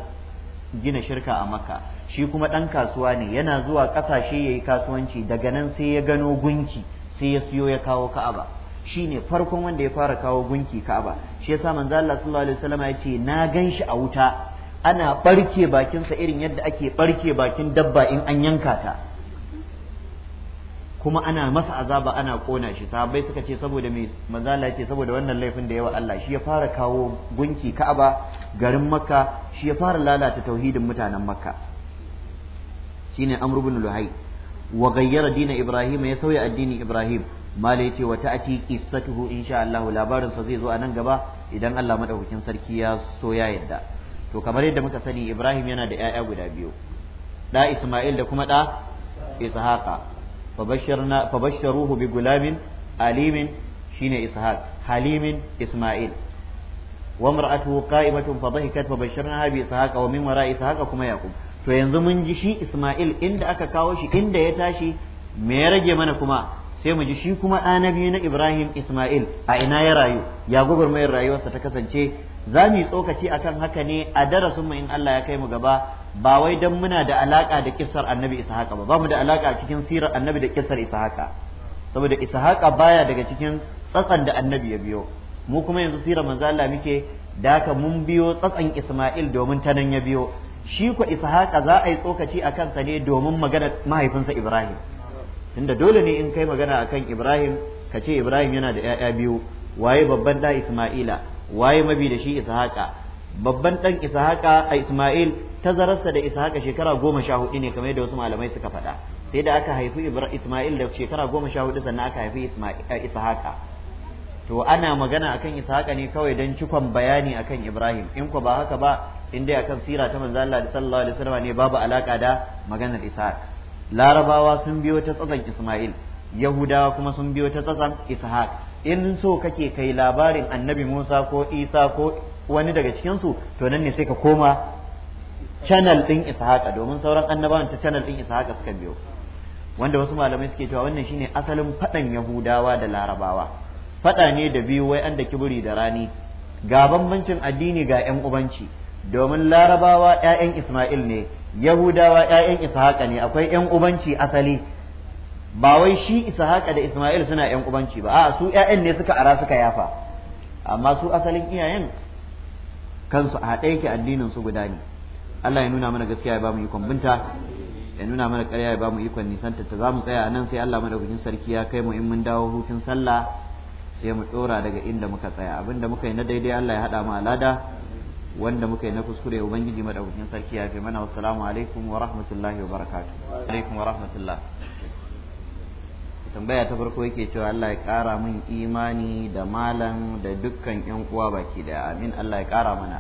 gina shirka a makka shi kuma ɗan kasuwa ne yana zuwa ƙasashe ya yi kasuwanci daga nan sai ya gano gunki sai ya siyo ya kawo ka'aba shi ne farkon wanda ya fara kawo gunki ka'aba shi yasa manzo Allah sallallahu alaihi wasallam ya ce na gan shi a wuta ana barke bakinsa irin yadda ake barke bakin dabba in an yanka ta kuma ana masa azaba ana kona shi sahabbai suka ce saboda mai mazala ce saboda wannan laifin da yawa Allah shi ya fara kawo gunki Ka'aba garin Makka shi ya fara lalata tauhidin mutanen Makka shine amr ibn luhai wa gayyara ibrahim ya sauya addinin ibrahim mala yace wa ta'ati qissatuhu insha Allah labarin sa zai zo a nan gaba idan Allah madaukakin sarki ya so ya yadda to kamar yadda muka sani ibrahim yana da 'ya'ya guda biyu da isma'il da kuma da ishaqa fabashsharna fabashsharuhu bi gulamin alimin shine ishaq halimin isma'il wa mar'atuhu qa'imatun fadhahikat fabashsharnaha bi ishaqa wa min wara'i kuma yaqub to yanzu mun ji shi Ismail inda aka kawo shi inda ya tashi me ya rage mana kuma sai mu ji shi kuma ɗa na biyu na Ibrahim Ismail a ina ya rayu ya gwagwarmayar rayuwarsa ta kasance za mu yi tsokaci akan haka ne a darasin mu in Allah ya kai mu gaba ba wai dan muna da alaka da kissar Annabi Ishaqa ba ba mu da alaka cikin sirar Annabi da kissar Ishaqa saboda Ishaqa baya daga cikin tsatsan da Annabi ya biyo mu kuma yanzu sirar manzo Allah muke da haka mun biyo tsatsan Ismail domin ta nan ya biyo shi ko ishaqa za a yi tsokaci a kansa ne domin magana mahaifinsa ibrahim tunda dole ne in kai magana akan ibrahim ka ce ibrahim yana da 'ya'ya biyu waye babban da isma'ila waye mabi da shi ishaqa babban dan ishaqa a isma'il tazararsa da ishaqa shekara goma sha hudu ne kamar yadda wasu malamai suka faɗa sai da aka haifi isma'il da shekara goma sha hudu sannan aka haifi eh, ishaqa to ana magana akan ishaqa ne kawai don cikon bayani akan ibrahim in ko ba haka ba in dai akan sira ta manzo Allah sallallahu alaihi wasallam ne babu alaka da maganar Ishaq larabawa sun biyo ta tsatsan Isma'il yahudawa kuma sun biyo ta tsatsan Ishaq in so kake kai labarin annabi Musa ko Isa ko wani daga cikinsu to nan ne sai ka koma channel din Ishaq domin sauran annabawan ta channel din Ishaq suka biyo wanda wasu malamai suke cewa wannan shine asalin faɗan yahudawa da larabawa faɗa ne da biyu wai an da kiburi da rani ga bambancin addini ga yan ubanci domin larabawa 'ya'yan isma'il ne yahudawa 'ya'yan ishaqa ne akwai 'yan ubanci asali ba wai shi ishaqa da isma'il suna 'yan ubanci ba a'a su 'ya'yan ne suka ara suka yafa amma su asalin iyayen kansu a haɗe yake addinin su guda ne Allah ya nuna mana gaskiya ya ba mu ikon binta ya nuna mana ƙarya ya ba mu ikon nisanta ta za mu tsaya a nan sai Allah madaukakin sarki ya kai mu in mun dawo hutun sallah sai mu ɗora daga inda muka tsaya abinda muka yi na daidai Allah ya haɗa mu alada wanda muka yi na kuskure ubangiji madaukakin sarki ya fi mana wassalamu alaikum wa rahmatullahi wa barakatuh alaikum wa rahmatullah tambaya ta farko yake cewa Allah ya ƙara min imani da malam da dukkan yan uwa baki daya amin Allah ya ƙara mana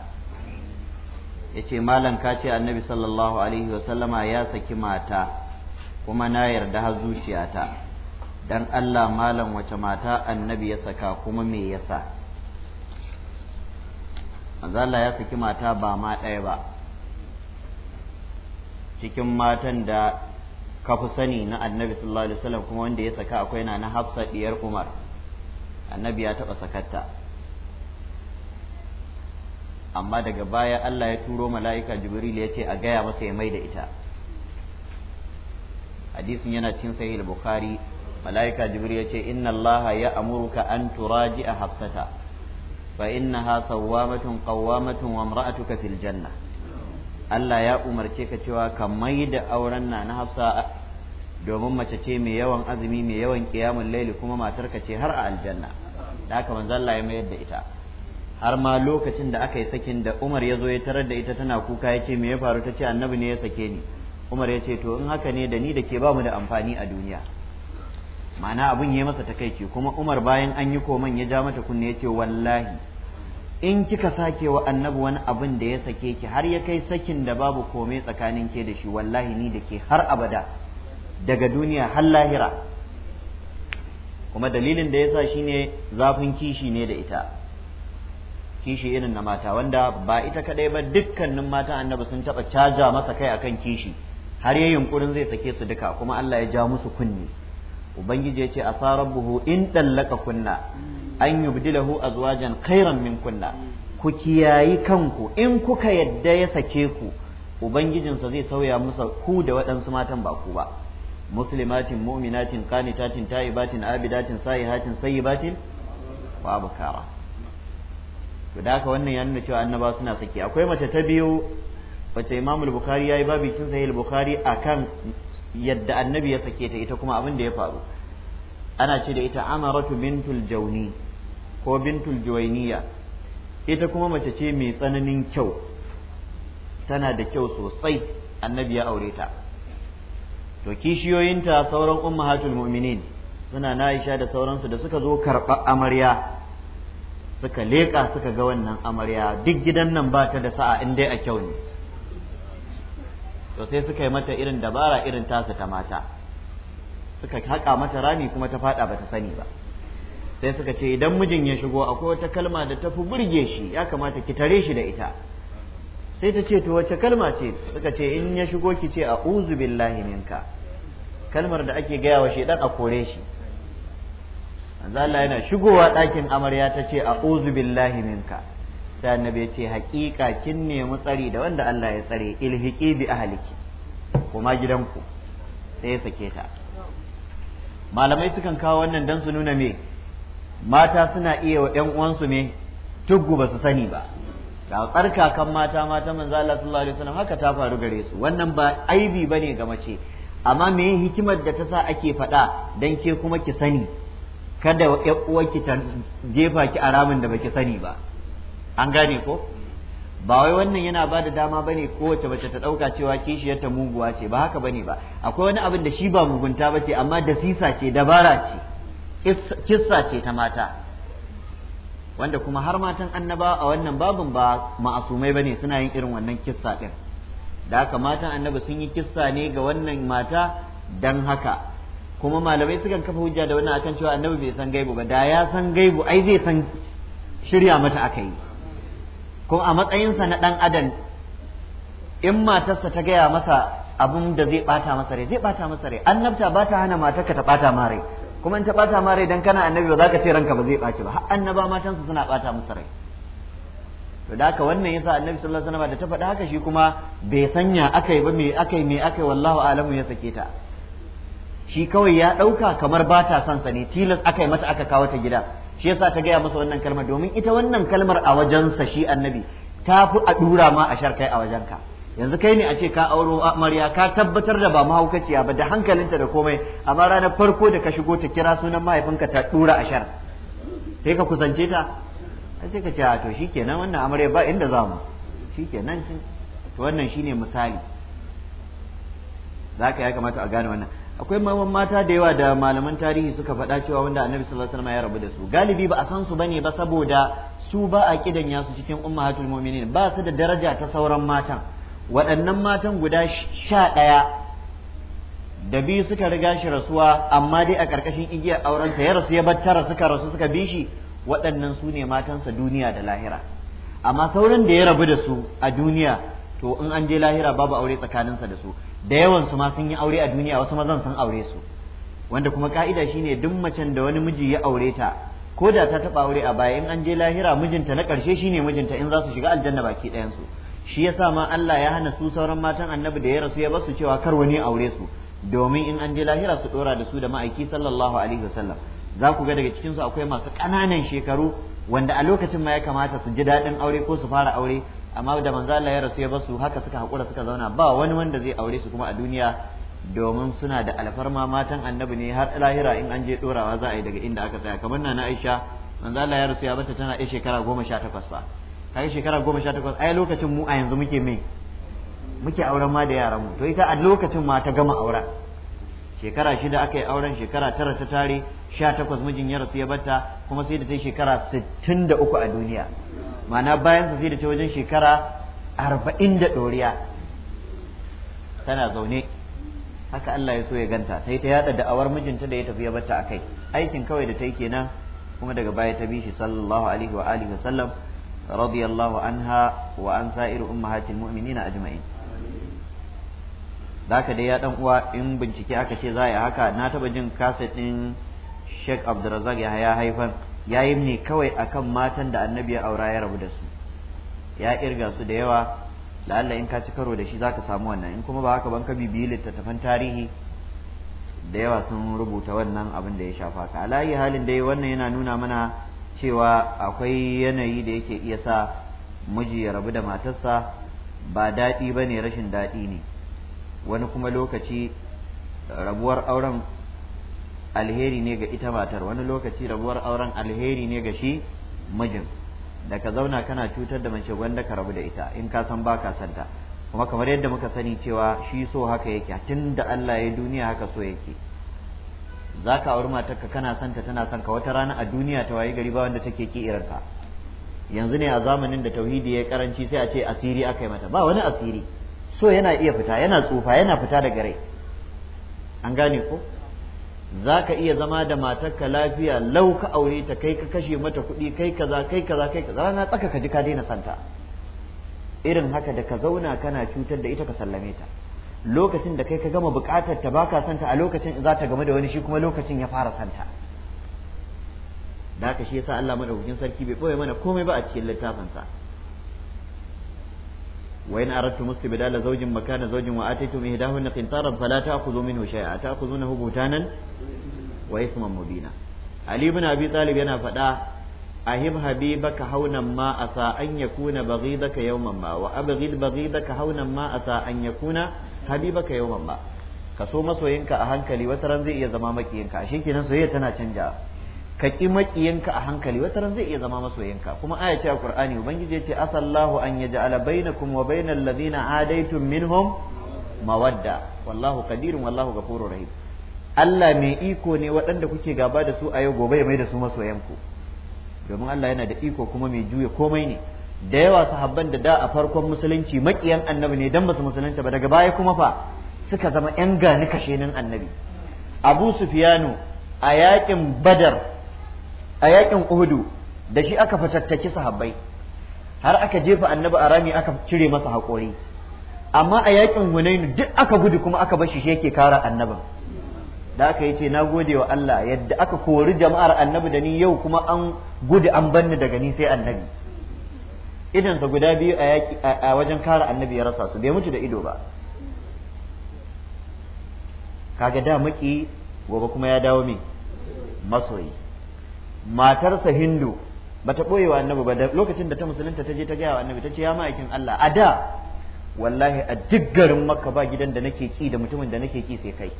yace malam ka ce annabi sallallahu alaihi wa sallama ya saki mata kuma na yarda har zuciyata dan Allah malam wace mata annabi ya saka kuma me yasa manzo Allah ya saki mata ba ma ɗaya ba cikin matan da ka fi sani na annabi sallallahu alaihi wasallam kuma wanda ya saka akwai na na hafsa diyar umar annabi ya taɓa sakatta amma daga baya Allah ya turo mala'ika jibril ya ce a gaya masa ya mai da ita hadisin yana cikin sahih bukhari mala'ika jibril ya ce inna allaha ya amuruka an turaji a hafsata فإنها صوامة قوامة وامرأتك في الجنة Allah ya umarce ka cewa ka mai da auren na na hafsa domin mace ce mai yawan azumi mai yawan kiyamun laili kuma matar ka ce har a aljanna da haka manzo Allah ya mayar da ita har ma lokacin da aka yi sakin da Umar ya zo ya tarar da ita tana kuka ya ce me ya faru ta ce annabi ne ya sake ni Umar ya ce to in haka ne da ni da ke ba mu da amfani a duniya ma'ana abin ya masa ta takaici kuma umar bayan an yi koman ya ja mata kunne ya ce wallahi in kika sake wa annabi wani abin da ya sake ki har ya kai sakin da babu komai tsakanin ke da shi wallahi ni da ke har abada daga duniya har lahira kuma dalilin da ya sa shi ne zafin kishi ne da ita kishi irin na mata wanda ba ita kadai ba dukkanin mata annabi sun taba caja masa kai akan kishi har ya yunkurin zai sake su duka kuma Allah ya ja musu kunni ubangiji ya ce asa rabbuhu in dallaka kunna an yubdilahu azwajan khairan min kunna ku kiyayi kanku in kuka yadda ya sake ku ubangijinsa zai sauya musa ku da waɗansu matan ba ku ba muslimatin mu'minatin qanitatin ta'ibatin abidatin sayihatin sayyibatin wa abkara to da haka wannan ya nuna cewa annaba suna saki akwai mace ta biyu wacce imamul bukhari yayi babi cin sahih bukhari akan yadda annabi ya sake ta ita kuma abin da ya faru ana ce da ita amaratu bintul jauni ko bintul juwainiya ita kuma mace ce mai tsananin kyau tana da kyau sosai annabi ya aure ta to kishiyoyinta sauran ummahatul mu'minin suna na Aisha da sauransu da suka zo karɓar amarya suka leƙa suka ga wannan amarya duk gidan nan ba ta da sa'a in dai a kyau ne to sai suka yi mata irin dabara irin tasa ta mata suka haƙa mata rami kuma ta faɗa bata sani ba sai suka ce idan mijin ya shigo akwai wata kalma da ta fi burge shi ya kamata ki tare shi da ita sai ta ce to wacce kalma ce suka ce in ya shigo ki ce a uzu billahi minka kalmar da ake gaya wa shedan a kore shi manzo Allah yana shigowa ɗakin amarya ta ce a uzubin billahi minka sai annabi ya ce haƙiƙa kin nemi tsari da wanda Allah ya tsare ilhiki bi ahliki kuma gidanku sai ya sake ta malamai sukan kawo wannan dan su nuna me mata suna iya wa ƴan uwansu me tuggu ba su sani ba ga tsarkakan mata mata manzo Allah sallallahu alaihi wasallam haka ta faru gare su wannan ba aibi bane ga mace amma me hikimar da ta sa ake faɗa dan ke kuma ki sani kada ƴan ki ta jefa ki a ramin da baki sani ba an gane ko ba wai wannan yana ba da dama ba ne kowace mace ta ɗauka cewa kishiyar ta muguwa ce ba haka ba ne ba akwai wani abin da shi ba mugunta ba ce amma da sisa ce dabara ce kissa ce ta mata wanda kuma har matan annaba a wannan babin ba ma'asumai ne suna yin irin wannan kissa din da haka matan annaba sun yi kissa ne ga wannan mata dan haka kuma malamai sukan kafa hujja da wannan akan cewa annabi bai san gaibu ba da ya san gaibu ai zai san shirya mata aka yi ko a matsayinsa na ɗan adam in matarsa ta gaya masa abin da zai ɓata masa rai zai ɓata masa rai annabta ba ta hana matarka ta ɓata ma rai kuma in ta ɓata ma rai dan kana annabi ba za ka ce ranka ba zai ɓaci ba har annaba matansa suna ɓata masa rai to da haka wannan yasa annabi sallallahu alaihi wasallam da ta faɗa haka shi kuma bai sanya akai ba me akai me akai wallahu alamu ya sake ta shi kawai ya ɗauka kamar ba ta son sa ne tilas akai mata aka kawo ta gida shi yasa ta gaya masa wannan kalmar domin ita wannan kalmar a wajensa shi annabi ta fi a dura ma a sharkai a wajenka yanzu kai ne a ce ka auro amarya ka tabbatar da ba mahaukaciya ba da hankalinta da komai amma ranar farko da ka shigo ta kira sunan mahaifinka ta dura a shar sai ka kusance ta sai ka ce a to shikenan wannan amarya ba inda za mu shikenan to wannan shine misali za ka ya kamata a gane wannan akwai maman mata da yawa da malaman tarihi suka faɗa cewa wanda annabi sallallahu alaihi wasallam ya rabu da su galibi ba a san su bane ba saboda su ba a kidan yasu cikin ummatul mu'minin ba su da daraja ta sauran matan waɗannan matan guda sha ɗaya da biyu suka riga shi rasuwa amma dai a ƙarƙashin igiyar aurenta ya rasu ya battara suka rasu suka bi shi waɗannan su ne matansa duniya da lahira amma sauran da ya rabu da su a duniya to in an je lahira babu aure tsakaninsa da su da yawan su ma sun yi aure a duniya wasu mazan sun aure su wanda kuma ka'ida shine duk macen da wani miji ya aure ta ko da ta taba aure a baya in an je lahira mijinta na karshe shine mijinta in za su shiga aljanna baki ɗayan su shi yasa ma Allah ya hana su sauran matan annabi da ya rasu ya basu cewa kar wani aure su domin in an je lahira su dora da su da ma'aiki sallallahu alaihi wasallam za ku ga daga cikin su akwai masu ƙananan shekaru wanda a lokacin ma ya kamata su ji daɗin aure ko su fara aure amma da manzo Allah ya rasu ya basu haka suka hakura suka zauna ba wani wanda zai aure su kuma a duniya domin suna da alfarma matan annabi ne har lahira in an je dorawa za a yi daga inda aka tsaya kamar na na Aisha manzo Allah ya rasu ya bata tana ai shekara 18 ba kai shekara 18 ai lokacin mu a yanzu muke mai muke auren ma da yaran mu to ita a lokacin ma ta gama auren shekara shida aka yi auren shekara tara ta tare sha takwas mijin ya rasu ya bata kuma sai da ta shekara sittin da uku a duniya ma'ana bayan da ta wajen shekara arba'in da ɗoriya tana zaune haka Allah ya so ya ganta sai ta yada da'awar mijinta da ya tafi ya bata akai aikin kawai da ta yi kenan kuma daga baya ta bi shi sallallahu alaihi wa alihi wasallam radiyallahu anha wa an sa'ir ummahatil mu'minina ajma'in zaka dai ya dan uwa in bincike aka ce za a yi haka na taba jin kaset din Sheikh Abdulrazak ya haifan yayi ne kawai akan matan da annabi ya aura ya rabu da su ya kirga su da yawa Allah in ka ci karo da shi zaka samu wannan in kuma ba haka ban ka bibiyi littattafan tarihi da yawa sun rubuta wannan abin da ya shafa ka alayi halin dai wannan yana nuna mana cewa akwai yanayi da yake iya sa miji ya rabu da matarsa ba daɗi ba ne rashin daɗi ne wani kuma lokaci rabuwar auren alheri ne ga ita matar wani lokaci rabuwar auren alheri ne ga shi mijin da ka zauna kana cutar da mace gwanda ka rabu da ita in ka san baka santa kuma kamar yadda muka sani cewa shi so haka yake tun da Allah ya duniya haka so yake za ka auri ka kana santa tana san ka wata rana a duniya ta wayi gari ba wanda take ki ka yanzu ne a zamanin da tauhidi ya karanci sai a ce asiri aka yi mata ba wani asiri so yana iya fita yana tsufa yana fita daga rai an gane ko za ka iya zama da matarka lafiya lau ka aure ta kai ka kashe mata kuɗi kai kaza kai kaza kai kaza rana tsaka ka ji ka daina santa irin haka da ka zauna kana cutar da ita ka sallame ta lokacin da kai ka gama buƙatar ta baka santa a lokacin za ta game da wani shi kuma lokacin ya fara santa da haka shi yasa Allah madaukakin sarki bai boye mana komai ba a cikin littafinsa wa in aradtum istibdala zawjin makana zawjin wa ataytum ihdahunna qintaran fala ta'khudhu minhu shay'a ta'khudhunahu butanan wa isman mubina ali ibn abi talib yana faɗa ahib habibaka haunan ma asa an yakuna baghidaka yawman ma wa abghid baghidaka haunan ma asa an yakuna habibaka yawman ma ka so masoyinka a hankali wata ran zai iya zama makiyinka kenan soyayya tana canja ka ki maƙiyinka a hankali wata ran zai iya zama masoyinka kuma aya ce a Qur'ani ubangiji yace asallahu an yaj'ala bainakum wa bainal ladina adaitum minhum mawadda wallahu qadirun wallahu ghafurur rahim Allah mai iko ne waɗanda kuke gaba da su a yau gobe ya mai da su masoyanku domin Allah yana da iko kuma mai juya komai ne da yawa sahabban da da a farkon musulunci maƙiyan annabi ne dan su musulunci ba daga baya kuma fa suka zama yan gani kashenin annabi Abu Sufiyanu a yaƙin Badar a yakin uhudu da shi aka fatattaki sahabbai har aka jefa annabi a rami aka cire masa haƙori amma a yakin hunainu duk aka gudu kuma aka bar shi shi yake kara annabin da aka yi ce na gode wa Allah yadda aka kori jama'ar annabi da ni yau kuma an gudu an banni daga ni sai annabi idansa guda biyu a wajen kara annabi ya rasa su bai mutu da ido ba kaga da maki gobe kuma ya dawo me masoyi matarsa hindu bata ɓoye wa annabi ba lokacin da ta musulunta ta je ta gaya wa annabi ta ce ya ma'aikin Allah a da wallahi a duk garin makka ba gidan da nake ki da mutumin da nake ki sai kai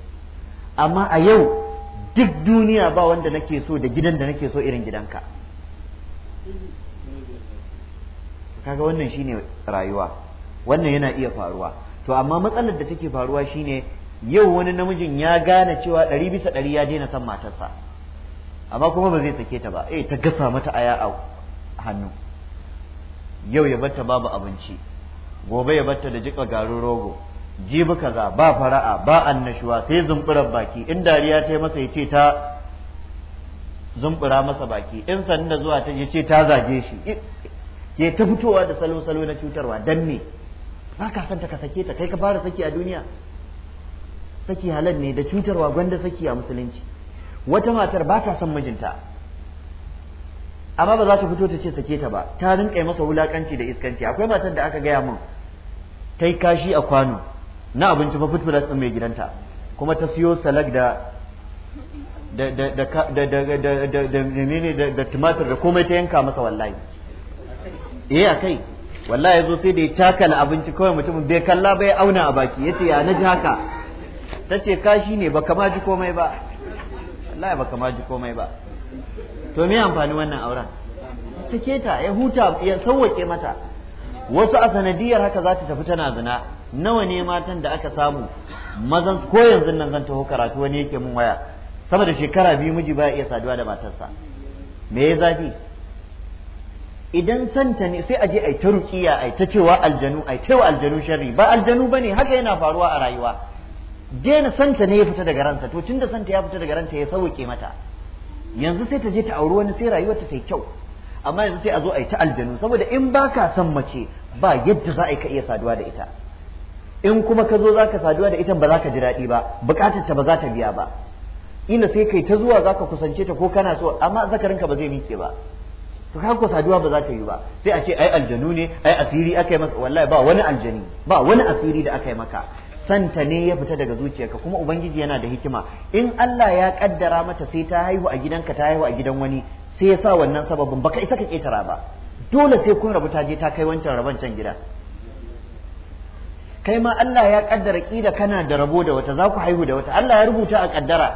amma a yau duk duniya ba wanda nake so da gidan da nake so irin gidanka kaga wannan shine rayuwa wannan yana iya faruwa to amma matsalar da take faruwa shine yau wani namijin ya gane cewa ɗari bisa ɗari ya daina son matarsa amma kuma ba zai sake ta ba eh ta gasa mata aya a hannu yau ya batta babu abinci gobe ya batta da jika garin rogo jibi kaza ba fara'a ba annashuwa sai zumburar baki in dariya ta yi masa ya ce ta zumbura masa baki in sanda zuwa ta ce ta zage shi ke ta fitowa da salo-salo na cutarwa dan me ba ka santa ka sake ta kai ka fara saki a duniya saki halal ne da cutarwa gwanda saki a musulunci wata matar ba ta son mijinta amma ba za ta fito ta ce sake ta ba ta rinka masa wulakanci da iskanci akwai matar da aka gaya min ta yi kashi a kwano na abinci ba fit ɗin mai gidanta kuma ta siyo salak da da tumatir da komai ta yanka masa wallahi eh akai wallahi yazo sai da ya takala abinci kawai mutumin bai kalla bai auna a baki yace ya naji haka tace kashi ne ba kama ji komai ba wallahi ba ma ji komai ba to me amfani wannan auren sake ta ya huta ya sauwake mata wasu a sanadiyar haka za ta tafi tana zina nawa ne matan da aka samu mazan ko yanzu nan zan taho karatu wani yake mun waya sama da shekara biyu miji baya iya saduwa da matarsa me ya zafi idan santa ne sai a je ai ta rukiya ai ta cewa aljanu ai ta aljanu sharri ba aljanu bane haka yana faruwa a rayuwa daina santa ne ya fita daga ransa to tunda santa ya fita daga ranta ya sauke mata yanzu sai ta je ta auri wani sai rayuwarta ta yi kyau amma yanzu sai a zo a yi ta aljanu saboda in ba ka son mace ba yadda za a ka iya saduwa da ita in kuma ka zo za ka saduwa da ita ba za ka ji daɗi ba buƙatar ta ba za ta biya ba ina sai kai ta zuwa za ka kusance ta ko kana so amma zakarinka ba zai miƙe ba to ka ko saduwa ba za ta yi ba sai a ce ai aljanu ne ai asiri aka yi wallahi ba wani aljani ba wani asiri da aka yi maka santa ne ya fita daga zuciyarka kuma ubangiji yana da hikima in Allah ya kaddara mata sai ta haihu a gidanka ta haihu a gidan wani sai ya sa wannan sababin baka isa ka ketara ba dole sai kun rabu ta je ta kai wancan rabon can gida kai ma Allah ya kaddara kila kana da rabo da wata za ku haihu da wata Allah ya rubuta a kaddara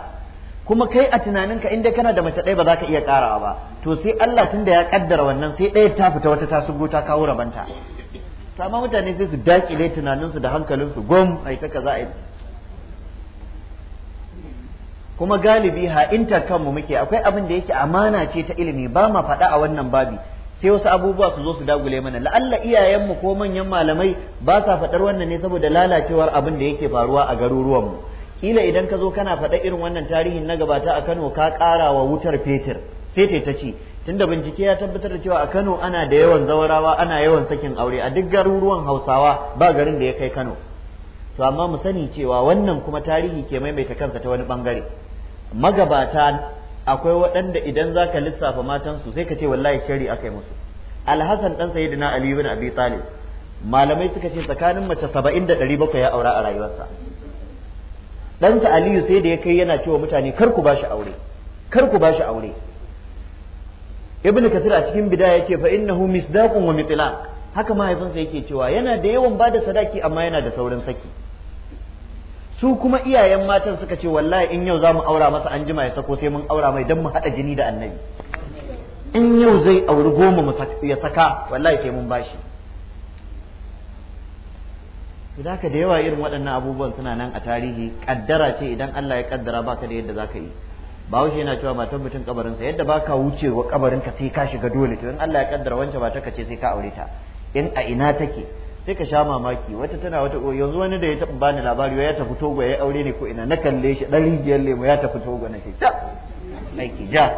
kuma kai a tunaninka inda kana da mace ɗaya ba za ka iya karawa ba to sai Allah tunda ya kaddara wannan sai ɗaya ta fita wata ta shigo ta kawo rabanta to amma mutane sai su dakile tunaninsu da hankalinsu gom yi ta ai kuma galibi ha intar kanmu muke akwai abin da yake amana ce ta ilimi ba ma faɗa a wannan babi sai wasu abubuwa su zo su dagule mana la'alla iyayenmu ko manyan malamai ba sa faɗar wannan ne saboda lalacewar abin da yake faruwa a garuruwanmu kila idan ka zo kana faɗa irin wannan tarihin na gabata a Kano ka ƙara wa wutar fetur sai ta ci tunda bincike ya tabbatar da cewa a Kano ana da yawan zawarawa ana yawan sakin aure a duk garuruwan Hausawa ba garin da ya kai Kano to amma mu sani cewa wannan kuma tarihi ke maimaita kansa ta wani bangare magabata akwai waɗanda idan zaka ka lissafa su sai ka ce wallahi shari aka yi musu alhassan dan sayyidina ali bin abi talib malamai suka ce tsakanin mace saba'in da ɗari bakwai ya aura a rayuwarsa ɗansa aliyu sai da ya kai yana cewa mutane kar ku ba shi aure kar ku ba shi aure ibn kasir a cikin bidaya yace fa innahu misdaqun wa mitlaq haka mahaifinsa yake cewa yana da yawan bada sadaki amma yana da saurin saki su kuma iyayen matan suka ce wallahi in yau zamu aura masa an jima ya sako sai mun aura mai dan mu hada jini da annabi in yau zai auri goma mu ya saka wallahi sai mun bashi idan ka da yawa irin waɗannan abubuwan suna nan a tarihi kaddara ce idan Allah ya kaddara baka da yadda zaka yi ba bahaushe yana cewa matan mutum kabarin sa yadda ba ka kabarin ka sai ka shiga dole to in Allah ya kaddara wancan ba ta ce sai ka aure ta in a ina take sai ka sha mamaki wata tana wata oh, yanzu wani da ya taba bani labari ya tafi togo ya aure ne ko ina na kalle shi dan rijiyar lemo ya tafi togo na shi ta aiki ja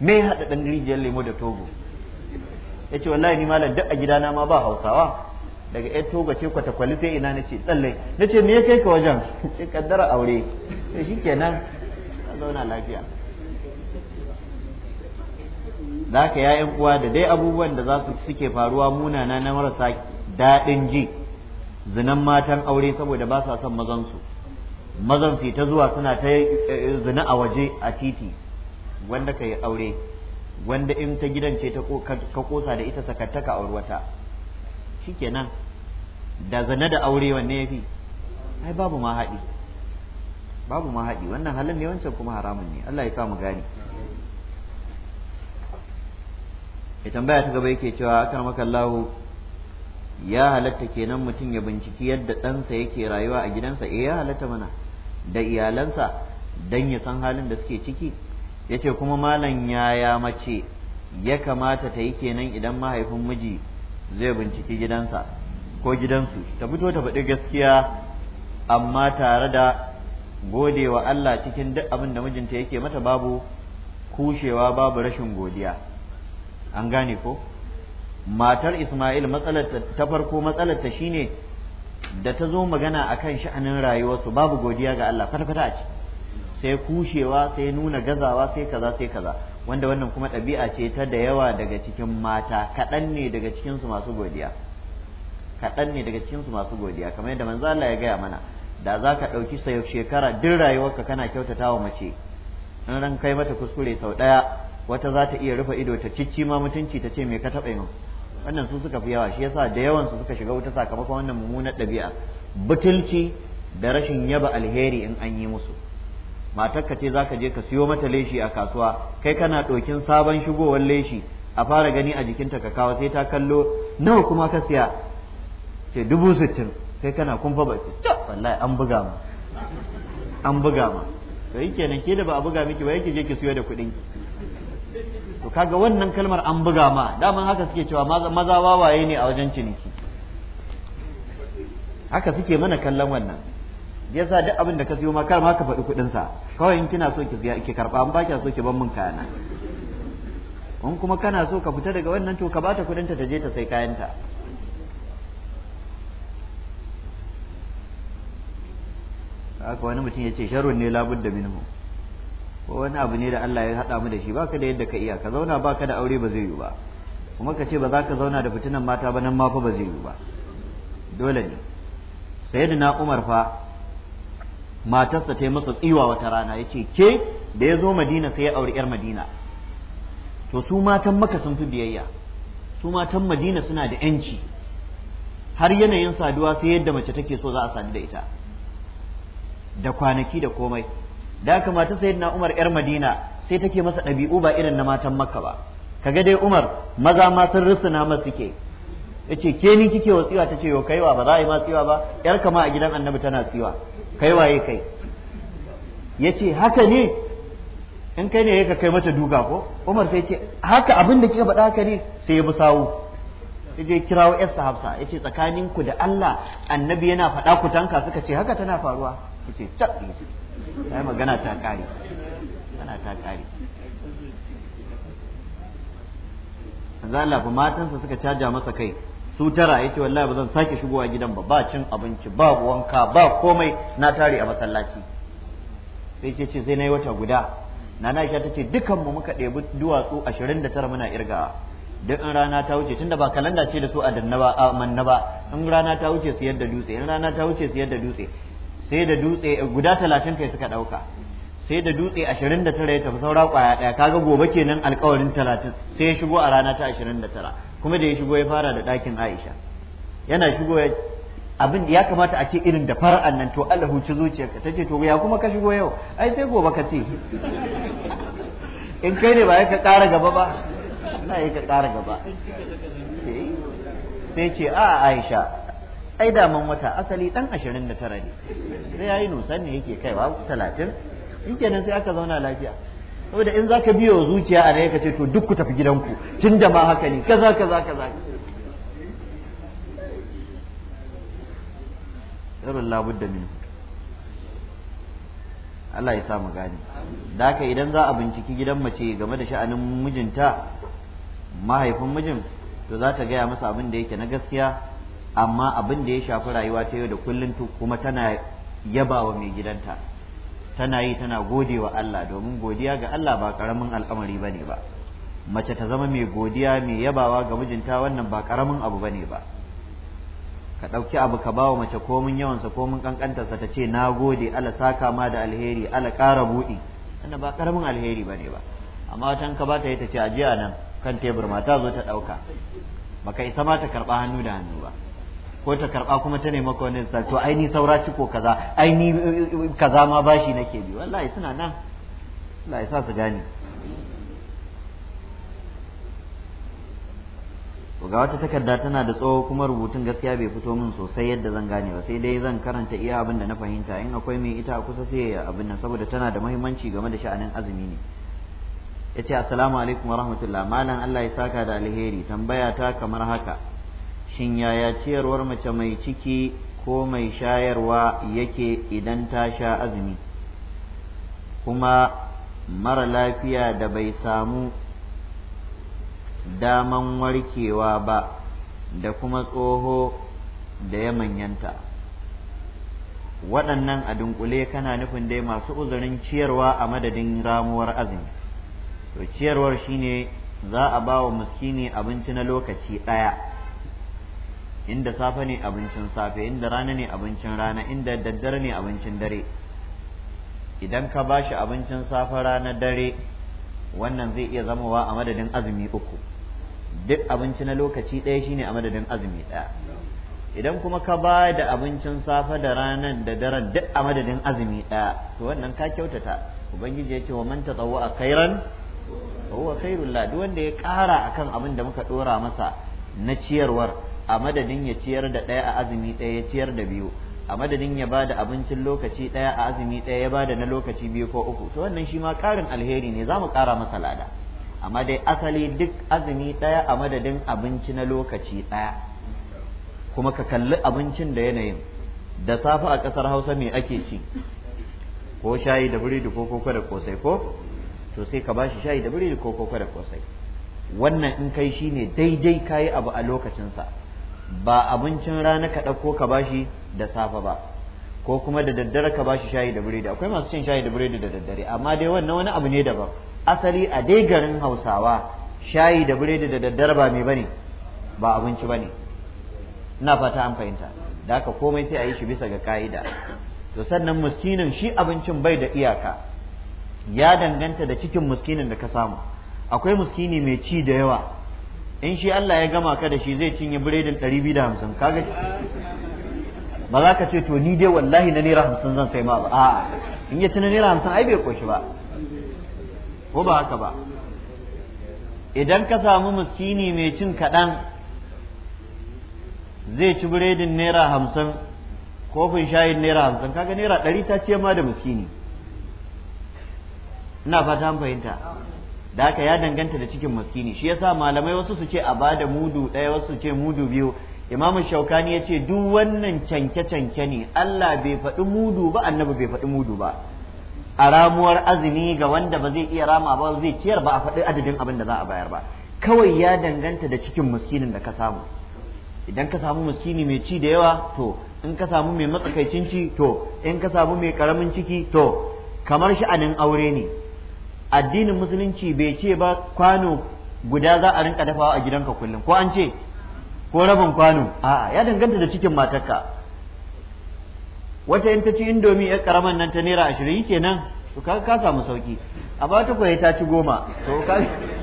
me haɗa ɗan rijiyar lemo da togo ya wallahi ni malam duk a gidana ma ba hausawa daga ya toga ce kwatakwali sai ina na ce tsalle na me ya kai ka wajen ce kaddara aure shi kenan zauna lafiya da ka ya uwa da dai abubuwan da za su suke faruwa munana na marasa daɗin ji zinan matan aure saboda ba sa son mazansu mazan su ta zuwa suna ta eh, zina a waje a titi wanda ka yi aure wanda in ta gidan ce ka kosa da ita sakattaka a wata shikenan da zane da aure wanne ya fi ai babu ma haɗi babu ma wannan halin ne wancan kuma haramun ne Allah ya sa mu gane ya tambaya ta gaba yake cewa akar makallahu ya halatta kenan mutum ya binciki yadda ɗansa yake rayuwa a gidansa eh ya halatta mana da iyalansa dan ya san halin da suke ciki ya ce kuma malam yaya mace ya kamata ta yi kenan idan mahaifin miji zai binciki gidansa ko gidansu ta fito ta faɗi gaskiya amma tare da gode wa Allah cikin duk abin da mijinta yake mata babu kushewa babu rashin godiya an gane ko matar Ismail matsalar ta farko matsalar ta shine da ta zo magana akan sha'anin rayuwarsu babu godiya ga Allah farfata ce a sai kushewa sai nuna gazawa sai kaza sai kaza wanda wannan kuma ɗabi'a ce ta da yawa daga cikin mata kaɗan ne daga cikinsu masu godiya kaɗan ne daga cikinsu masu godiya kamar yadda manzo Allah ya gaya mana da za ka ɗauki sayo shekara duk rayuwarka kana kyautata wa mace in ran kai mata kuskure sau ɗaya wata za ta iya rufe ido ta cicci ma mutunci ta ce me ka taɓa yin wannan su suka fi yawa shi yasa da yawan su suka shiga wuta sakamakon wannan mummunar ɗabi'a butulci da rashin yaba alheri in an yi musu matar ka ce za ka je ka siyo mata leshi a kasuwa kai kana ɗokin sabon shigowar leshi a fara gani a jikinta ka kawo sai ta kallo nawa kuma ka siya ce dubu sittin kai kana kumfa baki wallahi an buga mu an buga mu to yake nan ke da ba a buga miki ba yake je ki siyo da kuɗin ki to kaga wannan kalmar an buga ma daman haka suke cewa maza wawaye ne a wajen ciniki haka suke mana kallon wannan yasa duk abin da ka siyo ma kar ma ka faɗi kuɗin sa kawai in kina so ki siya ki karɓa an baki so ki ban min kayana in kuma kana so ka fita daga wannan to ka bata kuɗin ta ta je ta sai kayanta haka wani mutum ya ce sharrun ne da minhu ko wani abu ne da Allah ya haɗa mu da shi baka da yadda ka iya ka zauna baka da aure ba zai yi ba kuma ka ce ba za ka zauna da fitinan mata ba nan ma fa ba zai yi ba dole ne sayyidina Umar fa matarsa ta yi masa tsiwa wata rana yace ke da ya zo Madina sai ya auri yar Madina to su matan maka sun fi biyayya su matan Madina suna da yanci har yanayin saduwa sai yadda mace take so za a sadu da ita da kwanaki da komai da kamata na Umar yar Madina sai take masa ɗabi'u ba irin na matan Makka ba kaga dai Umar maza ma sun rusuna masa suke yace ke ni kike wa tsiwa tace yo kaiwa ba za a yi ma tsiwa ba yar kama a gidan Annabi tana tsiwa kai waye kai yace haka ne in kai ne ka kai mata duga ko Umar sai ce haka abin da kika faɗa haka ne sai ya bi sawu yace kirawo yarsa sahabsa yace tsakaninku da Allah annabi yana faɗa ku tanka suka ce haka tana faruwa yace cak yace ai magana ta kare magana ta kare manzo Allah fa matansa suka caja masa kai su tara yace wallahi ba zan sake shigowa gidan ba ba cin abinci ba wanka ba komai na tare a masallaci sai ce ce sai na yi wata guda nana Aisha tace dukan mu muka ɗebi duwatsu 29 muna irga duk in rana ta wuce tunda ba kalanda ce da su a danna ba a manna ba in rana ta wuce su yadda dutse in rana ta wuce su yadda dutse sai da dutse guda talatin kai suka ɗauka sai da dutse ashirin da tara ya tafi saura kwaya ɗaya kaga gobe kenan alkawarin talatin sai ya shigo a rana ta ashirin da tara kuma da ya shigo ya fara da ɗakin aisha yana shigo ya abin da ya kamata a ce irin da fara'an nan to Allah huci zuciyarka ta ce to ya kuma ka shigo yau ai sai gobe ka ce
in kai ne ba ya ka ƙara gaba ba na ya ka ƙara gaba sai ce a
aisha ai daman wata asali dan ashirin da tara ne sai ya yi nusan ne yake kaiwa talatin shikenan sai aka zauna lafiya saboda in zaka biyo zuciya a rai ka ce to duk ku tafi gidanku tun da ma haka ne kaza kaza kaza irin labudda min Allah ya sa mu gane da haka idan za a binciki gidan mace game da sha'anin mijinta mahaifin mijin to za ta gaya masa abin da yake na gaskiya amma abin da ya shafi rayuwa ta yau da kullum kuma tana yabawa mai gidanta tana yi tana gode wa Allah domin godiya ga Allah ba karamin al'amari bane ba mace ta zama mai godiya mai yabawa ga mijinta wannan ba karamin abu bane ba ka ɗauki abu ka bawa mace komin yawansa komin ƙanƙantarsa ta ce na gode ala saka ma da alheri ala ƙara buɗi wannan ba karamin alheri bane ba amma watan ka ba ta yi ta ce ajiya nan kan tebur mata zo ta ɗauka baka isa ma ta karɓa hannu da hannu ba ko ta karba kuma ta nema ka wannan to ai ni saura ciko kaza ai ni eh, eh, kaza ma bashi nake bi wallahi suna nan Allah ya sa su gane ga wata takarda tana da tsawo kuma rubutun gaskiya bai fito min sosai yadda zan gane ba sai dai zan karanta iya abin da na fahimta in akwai mai ita a kusa sai ya abin nan saboda tana da muhimmanci game da sha'anin azumi ne yace assalamu alaikum wa rahmatullah malam Allah ya saka da alheri tambaya ta kamar haka shin yaya ciyarwar mace mai ciki ko mai shayarwa yake idan ta sha azumi kuma mara lafiya da bai samu daman warkewa ba da kuma tsoho da ya manyanta waɗannan a dunkule kana nufin dai masu uzurin ciyarwa a madadin ramuwar azumi to ciyarwar shine za a ba wa miskini abinci na lokaci ɗaya inda safe ne abincin safe inda rana ne abincin rana inda daddare ne abincin dare idan ka ba shi abincin safe rana dare wannan zai iya zamowa a madadin azumi uku duk abinci na lokaci ɗaya shine a madadin azumi ɗaya idan kuma ka ba da abincin safe da ranar da daren duk a madadin azumi ɗaya to wannan ka kyautata ubangiji ya ce wa tsawo a kairan. huwa wa kairun duk wanda ya ƙara akan abin da muka ɗora masa na ciyarwar a madadin ya ciyar da ɗaya a azumi ɗaya ya ciyar da biyu a madadin ya ba da abincin lokaci ɗaya a azumi ɗaya ya ba da na lokaci biyu ko uku to wannan shi ma ƙarin alheri ne za mu ƙara masa lada amma dai asali duk azumi ɗaya a madadin abinci na lokaci ɗaya kuma ka kalli abincin da yanayin da safe a ƙasar hausa me ake ci ko shayi da biredi ko koko da kosai ko to sai ka bashi shayi da biredi ko koko da kosai wannan in kai shi shine daidai kayi abu a lokacinsa ba abincin rana ka ɗauko ka bashi da safe ba ko kuma da daddare ka bashi shayi da biredi akwai masu cin shayi da biredi da daddare amma dai wannan wani abu ne daban asali a dai garin hausawa shayi da biredi da daddare ba mai bane ba abinci bane ina fata an fahimta da haka komai sai a yi shi bisa ga ka'ida to sannan muskinin shi abincin bai da iyaka ya danganta da cikin miskinin da ka samu akwai miskini mai ci da yawa in shi Allah ya gama ka da shi zai cinye biredin 250 biyu da hamsin kaga ba za ka ce to ni dai wallahi na naira hamsin zan sai ma ba a'a in ya ci na naira hamsin ai bai koshi ba ko ba haka ba idan ka samu miskini mai cin kaɗan zai ci biredin naira hamsin kofin shayin naira hamsin kaga naira ɗari ta ce ma da miskini ina fata an fahimta da haka ya danganta da cikin miskini shi yasa malamai wasu su ce a bada mudu ɗaya wasu su ce mudu biyu imamu shaukani ya ce duk wannan canke-canke ne Allah bai faɗi mudu ba annabi bai faɗi mudu ba a ramuwar azumi ga wanda ba zai iya rama ba zai ciyar ba a faɗi adadin abin da za a bayar ba kawai ya danganta da cikin miskinin da ka samu idan ka samu miskini mai ci da yawa to in ka samu mai matsakaicin ci to in ka samu mai karamin ciki to kamar sha'anin aure ne addinin musulunci bai ce ba kwano guda za a rinka dafawa a gidanka kullum ko an ce ko rabin kwano a'a ya danganta da cikin matarka wata in ta ci indomi yar karaman nan ta naira ashirin kenan to ka ka samu sauki a ba ta ta ci goma to ka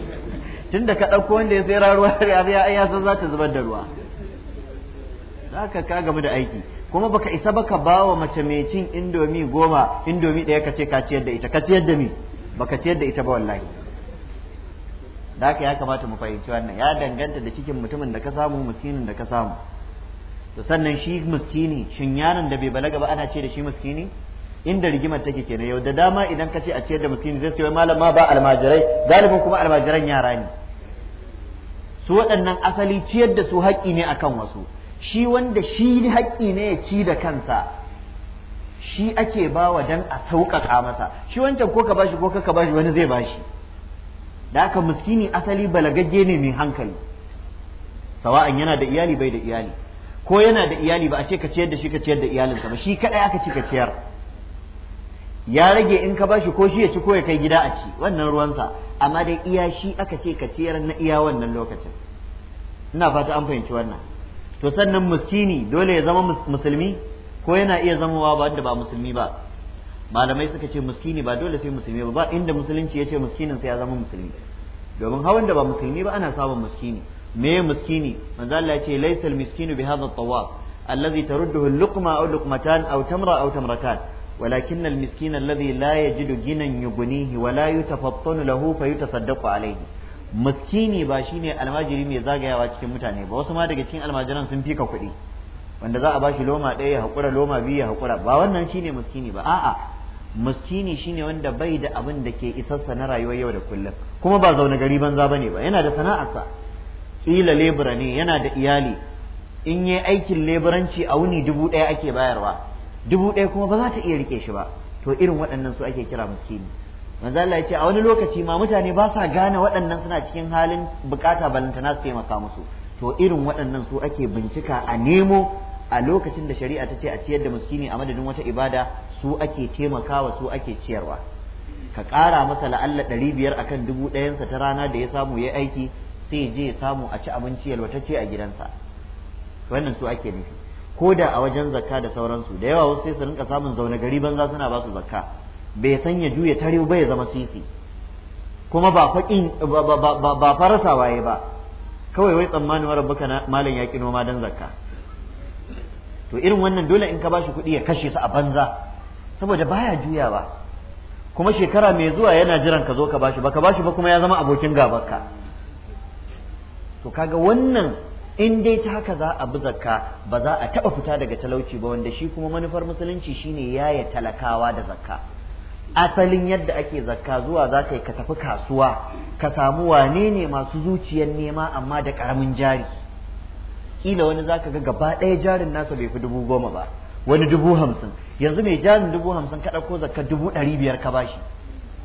tunda ka ɗauko wanda ya sai ruwa ya ya san za ta zubar da ruwa zaka ka gamu da aiki kuma baka isa baka wa mace mai cin indomi goma indomi ɗaya ka ce ka ciyar da ita ka ciyar da mi baka ciyar da ita ba wallahi da haka ya kamata mu fahimci wannan ya danganta da cikin mutumin da ka samu miskinin da ka samu to sannan shi miskini shin yaron da bai balaga ba ana ce da shi miskini inda rigimar take kenan yau da dama idan ka ce a ciyar da miskini zai ce wai malam ma ba almajirai galibin kuma almajiran yara ne su waɗannan asali ciyar da su haƙƙi ne akan wasu shi wanda shi haƙƙi ne ya ci da kansa shi ake bawa dan a sauƙaƙa masa shi wancan ko ka bashi ko ka bashi wani zai bashi da haka miskini asali balagagge ne mai hankali sawa'an yana da iyali bai da iyali ko yana da iyali ba a ce ka ciyar da shi ka ciyar da iyalinsa ba shi kadai aka ci ka ciyar ya rage in ka bashi ko shi ya ci ko ya kai gida a ci wannan ruwansa amma dai iya shi aka ce ka ciyar na iya wannan lokacin ina fata an fahimci wannan to sannan muskini dole ya zama musulmi ko yana iya zamowa ba wanda ba musulmi ba malamai suka ce muskini ba dole sai musulmi ba ba inda musulunci ya ce muskinin sai ya zama musulmi domin hawan da ba musulmi ba ana samun muskini me muskini manzo Allah ya ce laysal miskinu bi hadha at-tawaf alladhi tarudduhu al-luqma aw luqmatan aw tamra aw tamratan ولكن المسكين الذي لا يجد جنا يغنيه ولا يتفطن له فيتصدق عليه miskini ba shine almajiri mai zagayawa cikin mutane ba wasu ma daga cikin almajiran sun fika kuɗi wanda za a ba shi loma ɗaya ya haƙura loma biyu ya haƙura ba wannan shine muskini ba a'a shi shine wanda bai da abin da ke isarsa na rayuwar yau da kullum kuma ba zaune gari banza ba ne ba yana da sana'arsa ƙila lebura ne yana da iyali in yi aikin leburanci a wuni dubu ɗaya ake bayarwa dubu ɗaya kuma ba za ta iya rike shi ba to irin waɗannan su ake kira muskini manzo Allah ya ce a wani lokaci ma mutane ba sa gane waɗannan suna cikin halin bukata balantana su taimaka musu to irin waɗannan su ake bincika a nemo a lokacin da shari'a ta ce a ciyar da miskini a madadin wata ibada su ake taimakawa su ake ciyarwa ka ƙara masa la'alla ɗari biyar a kan dubu ɗayansa ta rana da ya samu ya aiki sai je ya samu a ci abinci yalwatacce a gidansa wannan su ake nufi ko da a wajen zakka da sauransu da yawa wasu sai su rinka samun zaune gari banza suna ba su zakka bai sanya juya tare ba ya zama sisi kuma ba faƙin ba farasa waye ba kawai wai tsammanin rabbuka malam ya kino noma don zakka to irin wannan dole in ka ba shi kuɗi ya kashe su a banza saboda baya juyawa kuma shekara mai zuwa yana jiran ka zo ka bashi baka bashi ba kuma ya zama abokin gabarka to kaga wannan in dai ta haka za a bi zakka ba za a taɓa fita daga talauci ba wanda shi kuma manufar musulunci shine yaya talakawa da zakka asalin yadda ake zakka zuwa za ka yi ka tafi kasuwa ka samu wane ne masu zuciyar nema amma da ƙaramin jari kila wani zaka ga gaba ɗaya jarin nasa bai fi dubu goma ba wani dubu hamsin yanzu mai jarin dubu hamsin ka ɗauko zakka dubu ɗari biyar ka bashi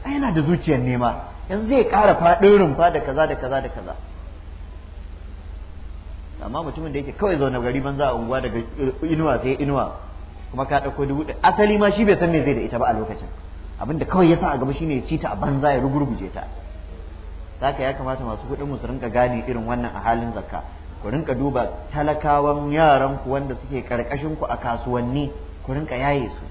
ai yana da zuciyar nema yanzu zai ƙara faɗin rumfa da kaza da kaza da kaza amma mutumin da yake kawai zaune gari banza a unguwa daga inuwa sai inuwa kuma ka ɗauko dubu ɗari asali ma shi bai san me zai da ita ba a lokacin abinda kawai ya sa a gaba shine ya ci ta a banza ya rugurguje ta Zaka ya kamata masu kuɗin mu su rinka gane irin wannan a halin zakka ku rinka duba talakawan yaran ku wanda suke karkashin ku a kasuwanni ku rinka yaye su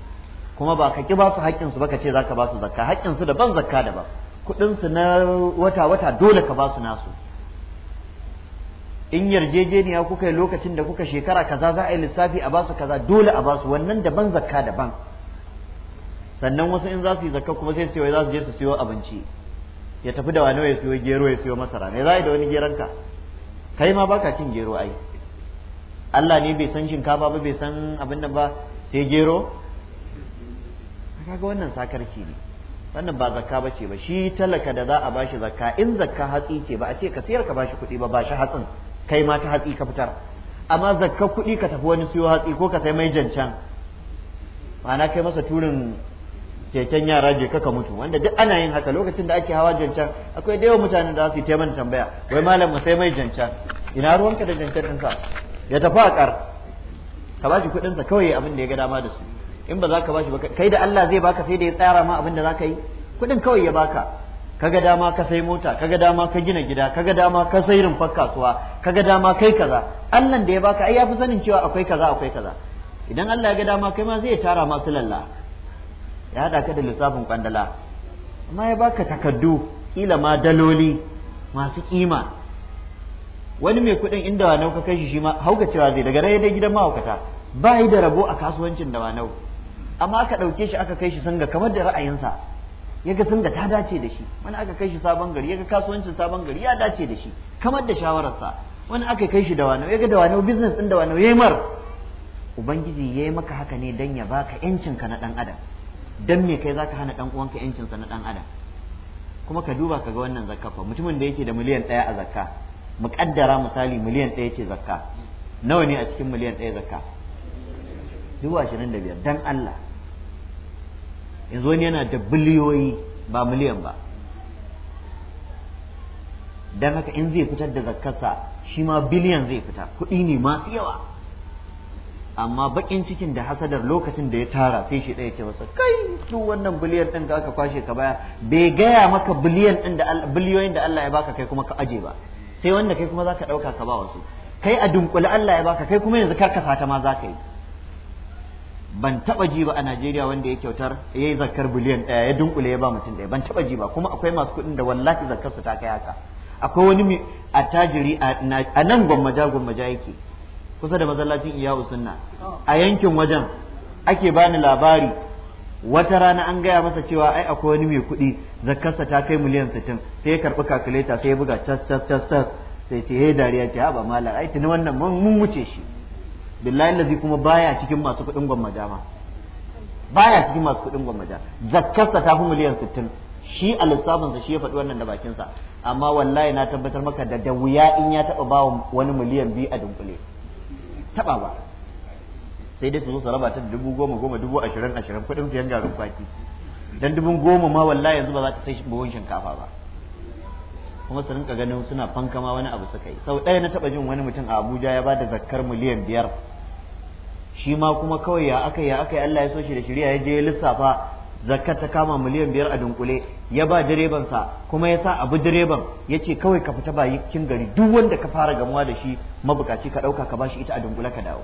kuma ba ka ki ba su haƙƙin su ba ka ce zaka ba su zakka haƙƙin su daban zakka daban kuɗin su na wata wata dole ka ba su nasu in yarjejeniya kuka yi lokacin da kuka shekara kaza za a yi lissafi a basu kaza dole a basu wannan daban zakka daban sannan wasu in za su yi zakka kuma sai su za su je su siyo abinci ya tafi da wani ya siyo gero ya siyo masara me za a yi da wani geron ka kai ma baka cin gero ai Allah ne bai san shinkafa ba bai san abin nan ba sai gero kaga wannan sakarci ne wannan ba zakka bace ba shi talaka da za a bashi zakka in zakka hatsi ce ba a ce ka sayar ka bashi kuɗi ba bashi hatsin kai ma ta hatsi ka fitar amma zakka kuɗi ka tafi wani siyo hatsi ko ka sai mai jancan ma'ana kai masa turin keken yara je kaka mutu wanda duk ana yin haka lokacin da ake hawa jancan akwai da yawan mutanen da za su yi taimaka tambaya wai malam mu sai mai jancan ina ruwanka da jancan ɗinsa ya tafi a kar. ka ba shi kuɗinsa kawai abin da ya ga dama da su in ba za ka ba ba kai da Allah zai baka sai da ya tsara ma abin da za ka yi kuɗin kawai ya baka kaga dama ka sai mota kaga dama ka gina gida kaga dama ka sai rumfar kasuwa kaga dama kai kaza Allah da ya baka ai ya fi sanin cewa akwai kaza akwai kaza idan Allah ya ga dama kai ma zai tara masu lalla ya haɗa ka da lissafin kwandala amma ya baka takaddu kila ma daloli masu kima wani mai kuɗin inda wanau ka kai shi shi ma cewa zai daga rai dai gidan mahaukata ba yi da rabo a kasuwancin da wanau amma aka ɗauke shi aka kai shi sanga kamar da ra'ayinsa ya ga sanga ta dace da shi wani aka kai shi sabon gari ya ga kasuwancin sabon gari ya dace da shi kamar da shawararsa wani aka kai shi da wanau ya ga da wanau business ɗin da wanau ya yi mar ubangiji ya yi maka haka ne don ya baka 'yancinka na ɗan adam dan me kai zaka hana dan uwanka yancin sa na dan adam kuma ka duba ka ga wannan zakka fa mutumin da yake da miliyan ɗaya a zakka muƙaddara misali miliyan ɗaya ce zakka nawa ne a cikin miliyan ɗaya zakka dubu ashirin da biyar dan Allah yanzu wani yana da biliyoyi ba miliyan ba dan haka in zai fitar da zakkarsa shi ma biliyan zai fita kuɗi ne masu yawa amma bakin cikin da hasadar lokacin da ya tara sai shi ɗaya ce masa kai duk wannan biliyan ɗin da aka kwashe ka baya bai gaya maka biliyan ɗin da biliyoyin da Allah ya baka kai kuma ka aje ba sai wanda kai kuma zaka ɗauka ka ba wasu kai a dunkule Allah ya baka kai kuma yanzu karkasa ta ma zaka yi ban taba ji ba a Najeriya wanda ya kyautar ya yi zakar biliyan ɗaya ya dunkule ya ba mutum ɗaya ban taba ji ba kuma akwai masu kuɗin da wallahi zakkar su ta kai haka akwai wani attajiri a nan gwammaja gwammaja yake kusa da masallacin iyawu sunna oh. a yankin wajen ake bani labari wata rana an gaya masa cewa ai akwai wani mai kuɗi zakarsa ta kai miliyan sittin sai ya karɓi kakuleta sai ya buga cas cas cas cas sai ce he dariya ce ba malam ai tuni wannan mun wuce shi billahi lazi kuma baya cikin masu kuɗin gwamma ma baya cikin masu kuɗin gwammaja zakkarsa ta fi miliyan sittin shi a lissafinsa shi ya faɗi wannan da bakinsa amma wallahi na tabbatar maka da da wuya in ya taɓa ba wani miliyan biyu a dunkule. taba ba sai dai su zo su raba ta dubu goma goma dubu ashirin ashirin kuɗin siyan garin kwaki dan dubu goma ma walla yanzu ba za ta sai buhun shinkafa ba kuma su rinka ganin suna fankama wani abu suka yi sau ɗaya na taba jin wani mutum a abuja ya ba da zakkar miliyan biyar shi ma kuma kawai ya aka ya aka Allah ya so shi da shirya ya je ya lissafa zakka ta kama miliyan biyar a dunkule ya ba direbansa kuma ya sa abu direban ya ce kawai ka fita bakin gari duk wanda ka fara gamuwa da shi mabukaci ka ɗauka ka bashi ita a dunkule ka dawo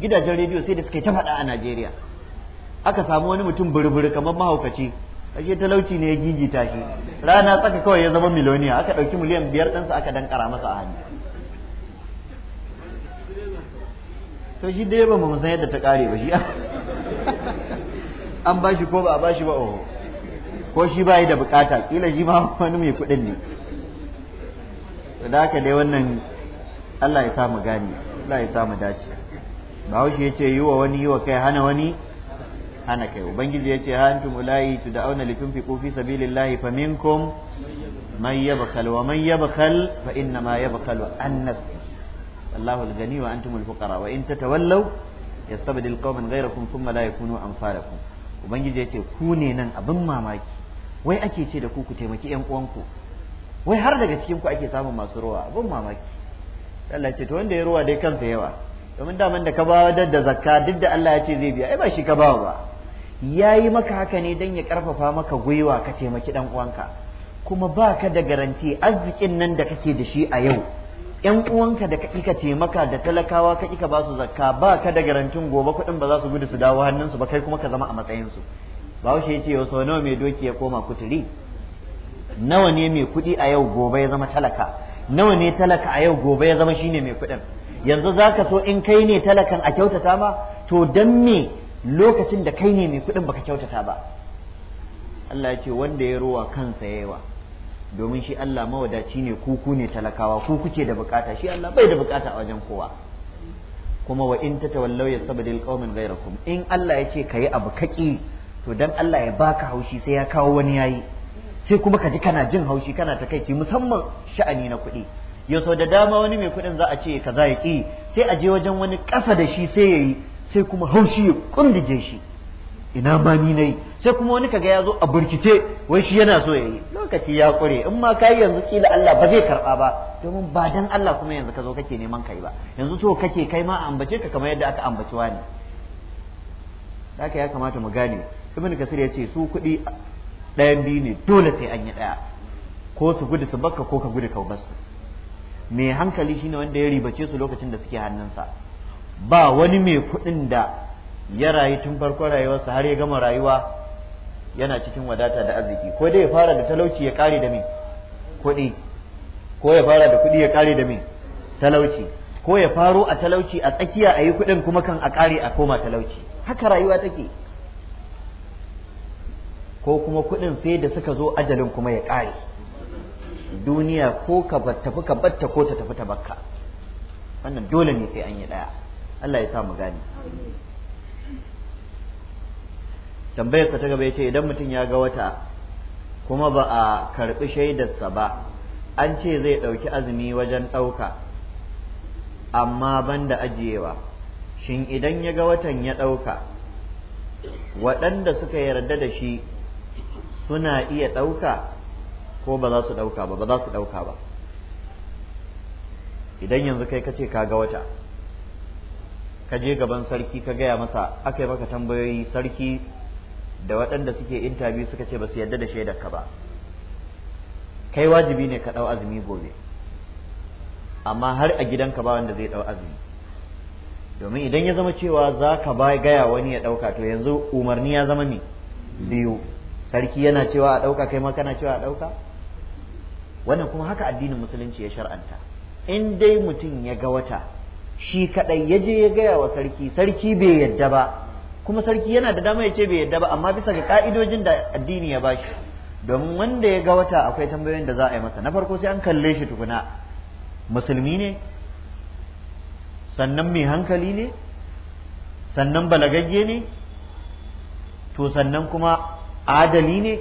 gidajen rediyo sai da suka yi ta faɗa a najeriya aka samu wani mutum burburi kamar mahaukaci ashe talauci ne ya gigita shi rana tsaka kawai ya zama miloniya aka ɗauki miliyan biyar ɗansa aka dankara masa a hannu to shi direban ba mu san yadda ta ƙare ba shi an ba shi ko ba a ba shi ba oho ko shi ba yi da bukata kila shi ma wani mai kuɗin ne da haka dai wannan Allah ya samu gani Allah ya samu dace bahaushe ya ce yi wa wani yi wa kai hana wani hana kai ubangiji ya ce ha tu da auna litunfiqu fi sabilillahi faminkum man yabkhal wa man yabkhal fa inna ma wa an nafsi wallahu al-ghani wa antum al-fuqara wa in tatawallaw yastabdil qauman ghayrakum thumma la yakunu amsalakum ubangiji ya ce ku ne nan abin mamaki wai ake ce da ku ku taimaki yan uwanku wai har daga cikin ku ake samun masu ruwa abin mamaki Allah ce to wanda ya ruwa dai kansa yawa domin daman da ka ba wa da zakka duk da Allah ya ce zai biya ai ba shi ka ba ba yayi maka haka ne dan ya karfafa maka gwiwa ka taimaki ɗan uwanka kuma ba ka da garanti arzikin nan da kake da shi a yau yan uwanka da ka kika taimaka da talakawa ka kika ba su zakka ba ka da garantin gobe kuɗin ba za su gudu su dawo hannunsu ba kai kuma ka zama a matsayinsu bahaushe ya ce yau sau nawa mai doki ya koma kuturi nawa ne mai kuɗi a yau gobe ya zama talaka nawa ne talaka a yau gobe ya zama shine mai kuɗin yanzu za ka so in kai ne talakan a kyautata ma to dan me lokacin da kai ne mai kuɗin baka kyautata ba Allah ya ce wanda ya rowa kansa yawa domin shi Allah mawadaci ne ku ku ne talakawa ku kuke da bukata shi Allah bai da bukata a wajen kowa kuma wa in tatawallaw yasbadil qaumin ghayrakum in Allah ya ce kayi abu kaki to dan Allah ya baka haushi sai ya kawo wani yayi sai kuma ka ji kana jin haushi kana ta takaici musamman sha'ani na kuɗi yau sau da dama wani mai kuɗin za a ce kaza ya ki sai a je wajen wani ƙasa da shi sai yayi sai kuma haushi ya kundige shi ina ba ni nayi sai kuma wani kaga ya zo a burkice wai shi yana so yayi lokaci ya kure in ma kai yanzu kila Allah ba zai karba ba domin ba dan Allah kuma yanzu ka zo kake neman kai ba yanzu to kake kai ma ambace ka kamar yadda aka ambaci wani haka ya kamata mu gane ibn kasir ya ce su kudi ɗayan biyu ne dole sai an yi ɗaya ko su gudu su bakka ko ka gudu ka basu mai hankali shine wanda ya ribace su lokacin da suke hannunsa ba wani mai kuɗin da ya rayu tun farkon rayuwarsa har ya gama rayuwa yana cikin wadata da arziki ko dai ya fara da talauci ya kare da me kuɗi ko ya fara da kuɗi ya kare da me talauci ko ya faro a talauci a tsakiya a yi kuɗin kuma kan a kare a koma talauci haka rayuwa take ko kuma kuɗin sai da suka zo ajalin kuma ya kare duniya ko ka tafi ka batta ko ta tafi ta bakka wannan dole ne sai an yi ɗaya Allah ya sa mu gane tambayar ta gaba yace idan mutum ya ga wata kuma ba a karbi shaidarsa ba an ce zai ɗauki azumi wajen ɗauka amma banda ajiyewa shin idan ya ga watan ya ɗauka waɗanda suka yarda da shi suna iya ɗauka ko ba za su ɗauka ba ba za su ɗauka ba idan yanzu kai kace ka ga wata ka je gaban sarki ka gaya masa aka yi maka tambayoyi sarki da waɗanda suke interview suka ce ba su yarda da shaidar ka ba kai wajibi ne ka ɗau azumi gobe amma har a gidan ka ba wanda zai ɗau azumi domin idan ya zama cewa za ka ba gaya wani ya ɗauka to yanzu umarni ya zama ne biyu sarki yana cewa a ɗauka kai ma kana cewa a ɗauka wannan kuma haka addinin musulunci ya shar'anta in dai mutum ya ga wata shi kaɗai ya je ya gaya wa sarki sarki bai yadda ba kuma sarki yana da dama ya ce bai yadda ba amma bisa ga ka'idojin da addini ya bashi domin wanda ya ga wata akwai tambayoyin da za a yi masa na farko sai an kalle shi tukuna musulmi ne sannan mai hankali ne sannan balagagge ne to sannan kuma adali ne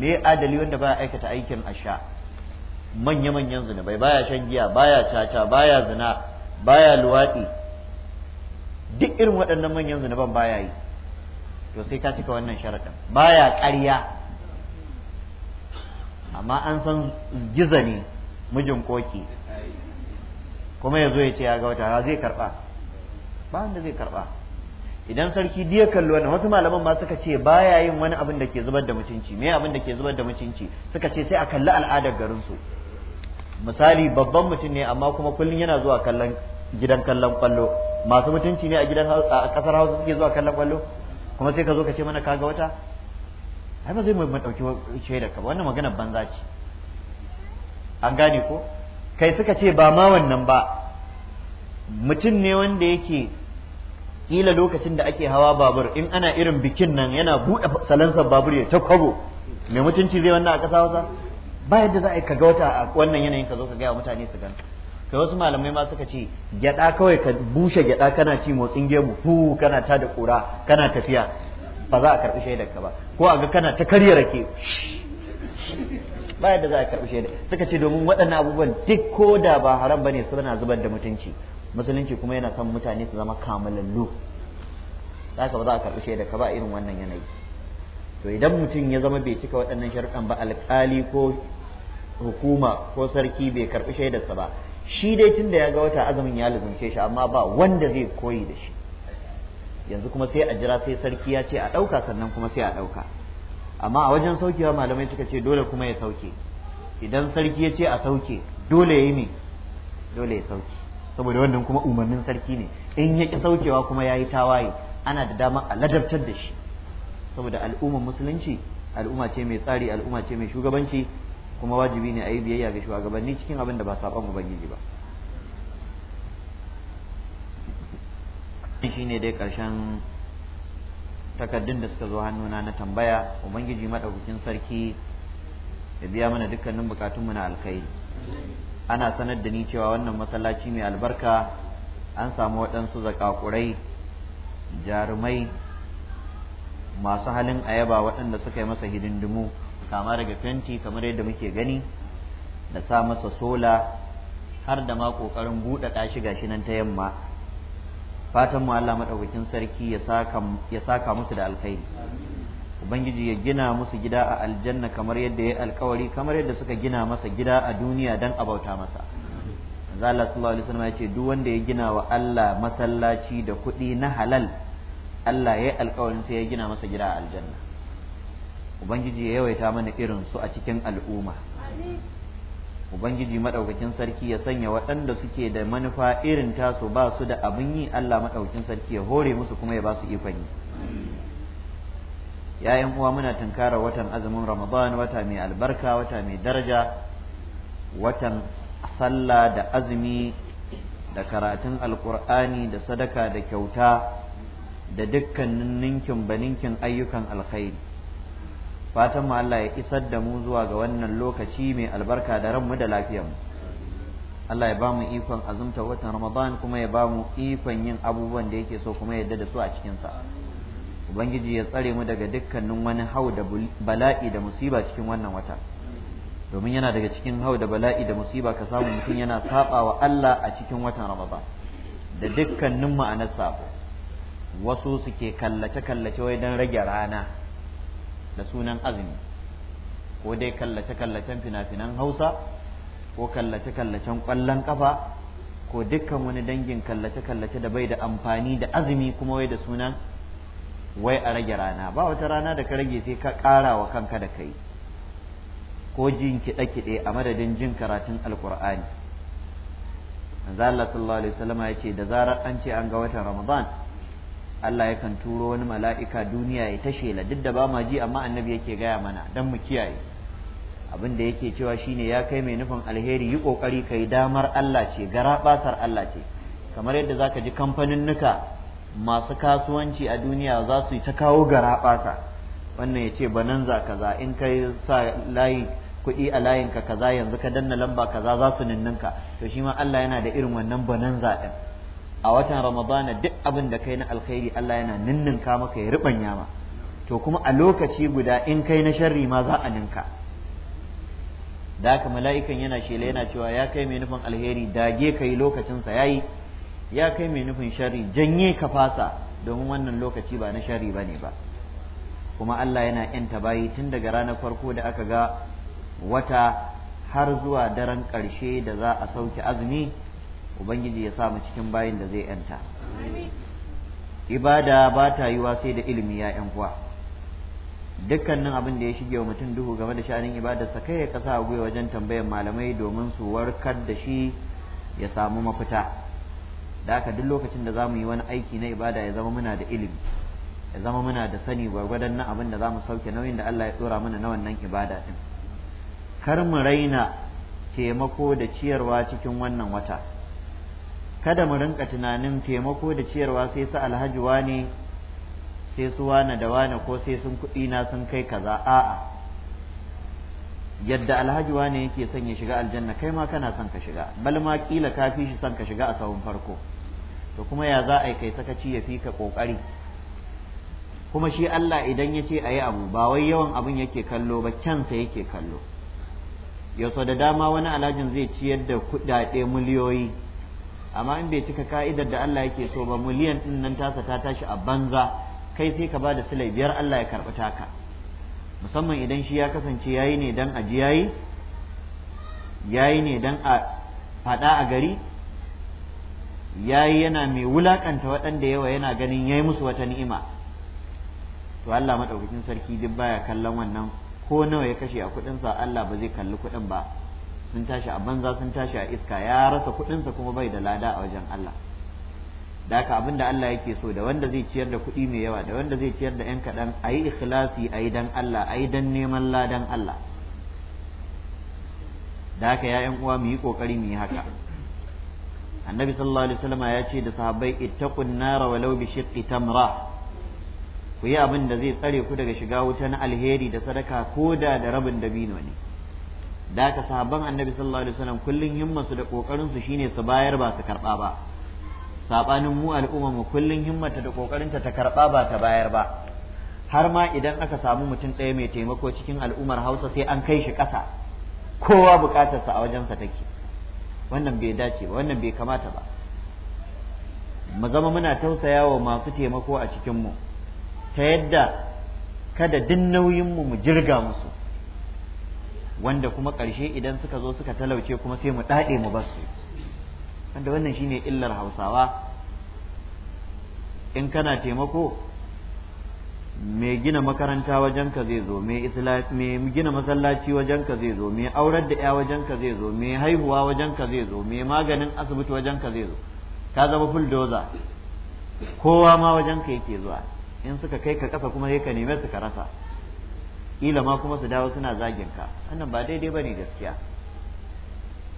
me adali wanda baya aikata aikin asha manya-manyan zunubai baya shan giya baya caca baya zina baya luwaɗi duk irin waɗannan manyan zunuban baya yi to sai ta cika wannan sharaɗin baya ƙarya amma an san giza ne mijin koki kuma ya zo ya ce ya ga wata zai karɓa ba wanda zai karɓa idan sarki diya kallo wannan wasu malaman ma suka ce baya yin wani abin da ke zubar da mutunci me abin da ke zubar da mutunci suka ce sai a kalli al'adar garinsu misali babban mutum ne amma kuma kullum yana zuwa kallon gidan kallon kwallo masu mutunci ne a gidan a kasar Hausa suke zuwa kallon kwallo kuma sai ka zo ka ce mana kaga wata ai ba zai mu dauki shaidar ka wannan magana banza ce an gane ko kai suka ce ba ma wannan ba mutum ne wanda yake kila lokacin da ake hawa babur in ana irin bikin nan yana buɗe salansar babur ya ta kwago mai mutunci zai wannan a ƙasa wasa ba yadda za a yi kaga wata a wannan yanayin ka zo ka gaya mutane su gani kai wasu malamai ma suka ce gyada kawai ka bushe gyada kana ci motsin gemu hu kana ta da kura kana tafiya ba za a karbi shaidar ka ba ko a ga kana ta karya rake ba yadda za a karbi shaidar suka ce domin waɗannan abubuwan duk ko da ba haram bane suna zubar da mutunci musulunci kuma yana son mutane su zama kamalallu haka ba za a karbi shaidar ka ba irin wannan yanayi to idan mutum ya zama bai cika waɗannan sharuɗan ba alƙali ko hukuma ko sarki bai karɓi shaidarsa ba shi dai tun da ya ga wata azumin ya lazumce shi amma ba wanda zai koyi da shi yanzu kuma sai a jira sai sarki ya ce a ɗauka sannan kuma sai a ɗauka amma a wajen saukewa malamai suka ce dole kuma ya sauke idan sarki ya ce a sauke dole ya yi ne dole ya sauke saboda wannan kuma umarnin sarki ne in ya ƙi saukewa kuma ya yi tawaye ana da dama a ladabtar da shi saboda al'ummar musulunci al'umma ce mai tsari al'umma ce mai shugabanci kuma wajibi ne a yi biyayya ga shugabanni cikin abin da ba saɓon ubangiji ba shi ne dai ƙarshen takardun da suka zo hannuna na tambaya ubangiji maɗaukakin sarki ya biya mana dukkanin mu na alkhairi ana sanar da ni cewa wannan masallaci mai albarka an samu waɗansu zakakurai jarumai masu halin ayaba waɗanda suka yi masa hidindimu kama daga fenti kamar yadda muke gani da sa masa sola har da ma ƙoƙarin buɗaɗa shi gashi nan ta yamma fatan mu Allah maɗaukakin sarki ya saka musu da alkhairi ubangiji ya gina musu gida a aljanna kamar yadda ya alkawari kamar yadda suka gina masa gida a duniya don a masa Allah sallallahu alaihi wasallam ya ce duk wanda ya gina wa Allah masallaci da kuɗi na halal Allah ya yi alkawarin sai ya gina masa gida a aljanna ubangiji ya yawaita mana irin su a cikin al'umma ubangiji madaukakin sarki ya sanya waɗanda suke da manufa irin tasu ba su da abin yi Allah madaukakin sarki ya hore musu kuma ya ba su ikon yi yayan uwa muna tunkara watan azumin ramadan wata mai albarka wata mai daraja watan sallah da azumi da karatun Alƙur'ani da sadaka da kyauta da dukkanin ninkin baninkin ayyukan alkhairi fatan mu Allah ya isar da mu zuwa ga wannan lokaci mai albarka da ranmu da lafiyarmu Allah ya ba mu ikon azumta watan Ramadan kuma ya ba mu ikon yin abubuwan da yake so kuma ya yarda da su a cikinsa Ubangiji ya tsare mu daga dukkanin wani hau da bala'i da musiba cikin wannan wata domin yana daga cikin hau da bala'i da musiba ka samu mutum yana saba wa Allah a cikin watan Ramadan da dukkanin ma'anar sabo wasu suke kallace kallace wai don rage rana da sunan azumi ko dai kallace-kallacen fina-finan hausa ko kallace-kallacen kwallon kafa ko dukkan wani dangin kallace-kallace da bai da amfani da azumi kuma wai da sunan wai a rage rana ba wata rana da ka rage sai ka ƙara wa kanka da kai ko jin kiɗe-kiɗe a madadin jin karatun alkur'ani manzo Allah sallallahu alaihi ya ce da zarar an ce an ga watan ramadan Allah yakan turo wani mala'ika duniya ya tashe la duk da ba ma ji amma annabi yake gaya mana don mu kiyaye abin da yake cewa shine ya kai mai nufin alheri yi kokari kai damar Allah ce gara basar Allah ce kamar yadda zaka ji kamfanin nuka masu kasuwanci a duniya za su yi ta kawo gara basa wannan ya ce bananza kaza in kai sa layi kuɗi a layinka kaza yanzu ka danna lamba kaza za su ninninka to shi ma Allah yana da irin wannan za ɗin a watan ramadana duk abin da kai na alkhairi Allah yana ninninka maka ya ribanya ma to kuma a lokaci guda in kai na sharri ma za a ninka da haka mala'ikan yana shela yana cewa ya kai mai nufin alheri dage kai lokacinsa yayi ya kai mai nufin sharri janye ka fasa domin wannan lokaci ba na sharri bane ba kuma Allah yana yanta bayi tun daga ranar farko da aka ga wata har zuwa daren ƙarshe da za a sauke azumi ubangiji ya sa mu cikin bayin da zai yanta ibada ba ta yiwa sai da ilimi ya yan uwa dukkanin abin da ya shige wa mutum duhu game da sha'anin ibadarsa kai ya kasa a gwiwa wajen tambayar malamai domin su warkar da shi ya samu mafita da haka duk lokacin da za mu yi wani aiki na ibada ya zama muna da ilimi ya zama muna da sani gwargwadon na abin da za mu sauke nauyin da Allah ya tsora mana na wannan ibada din kar mu raina taimako da ciyarwa cikin wannan wata kada mu rinka tunanin taimako da ciyarwa sai su alhaji wane sai su wane da wane ko sai sun kuɗi na sun kai kaza a'a yadda alhaji wane yake son ya shiga aljanna kai ma kana son ka shiga bal ma kila ka fi shi son ka shiga a sabon farko to kuma ya za a yi kai sakaci ya fi ka kokari kuma shi Allah idan ya ce a yi abu ba wai yawan abin yake kallo ba kyansa yake kallo yau da dama wani alhajin zai ciyar da kuɗaɗe miliyoyi amma in bai cika ka'idar da Allah yake so ba miliyan din nan tasa ta tashi a banza kai sai ka bada silai biyar Allah ya karɓi taka musamman idan shi ya kasance yayi ne dan a ji yayi yayi ne dan a fada a gari yayi yana mai wulakanta waɗanda yawa yana ganin yayi musu wata ni'ima to Allah madaukakin sarki duk baya kallon wannan ko nawa ya kashe a kuɗinsa Allah ba zai kalli kuɗin ba sun tashi a banza sun tashi a iska ya rasa kuɗinsa kuma bai da lada a wajen Allah da haka abinda Allah yake so da wanda zai ciyar da kuɗi mai yawa da wanda zai ciyar da ƴan kaɗan a yi ikhlasi a yi dan Allah a yi dan neman ladan Allah da haka ya uwa mu yi ƙoƙari mu yi haka annabi sallallahu alaihi wasallam ya ce da sahabbai ittaqun nara walau bi shiqqi tamra ku yi abin da zai tsare ku daga shiga wuta na alheri da sadaka ko da da rabin dabino ne da haka sahabban annabi sallallahu alaihi wasallam kullun himmarsu da kokarin su shine su bayar ba su karba ba sabanin mu al'umma mu kullun himmata da kokarinta ta karba ba ta bayar ba har ma idan aka samu mutum ɗaya mai taimako cikin al'ummar Hausa sai an kai shi ƙasa kowa buƙatar sa a wajensa take wannan bai dace ba wannan bai kamata ba mu zama muna tausayawa masu taimako a cikin mu ta yadda kada duk nauyinmu mu jirga musu wanda kuma ƙarshe idan suka zo suka talauce kuma sai mu daɗe mu su wanda wannan shine illar hausawa in kana taimako mai gina makaranta wajen ka zai zo mai gina masallaci wajen ka zai zo mai aurar da ya wajen ka zai zo mai haihuwa wajen ka zai zo mai maganin asibiti wajen ka zai zo ka zama fuldoza kowa ma wajen ka yake zuwa in suka kai ka kasa kuma sai ka neme su ka rasa kila ma kuma su dawo suna zagin ka wannan ba daidai bane gaskiya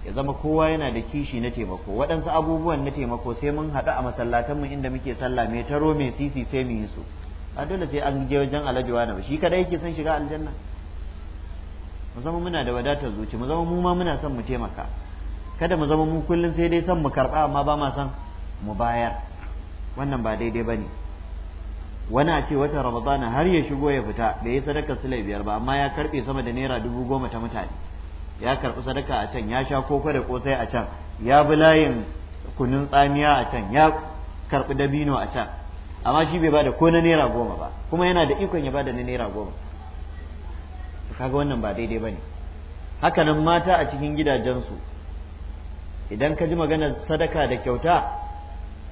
ya zama kowa yana da kishi na taimako waɗansu abubuwan na taimako sai mun haɗu a masallatanmu inda muke sallah mai taro mai sisi sai mu yi su a dole sai an je wajen alhaji wani ba shi kadai yake son shiga aljanna mu zama muna da wadatar zuci mu zama mu ma muna son mu taimaka kada mu zama mu kullum sai dai son mu karɓa amma ba ma son mu bayar wannan ba daidai bane ne wani a ce watan ramadana har ya shigo ya fita bai yi sadaka su biyar ba amma ya karbe sama da naira dubu goma ta mutane ya karbi sadaka a can ya sha koko da kosai a can ya bi layin kunun tsamiya a can ya karbi dabino a can amma shi bai bada ko na naira goma ba kuma yana da ikon ya bada na naira goma kaga wannan ba daidai bane ne hakanan mata a cikin gidajensu idan ka ji maganar sadaka da kyauta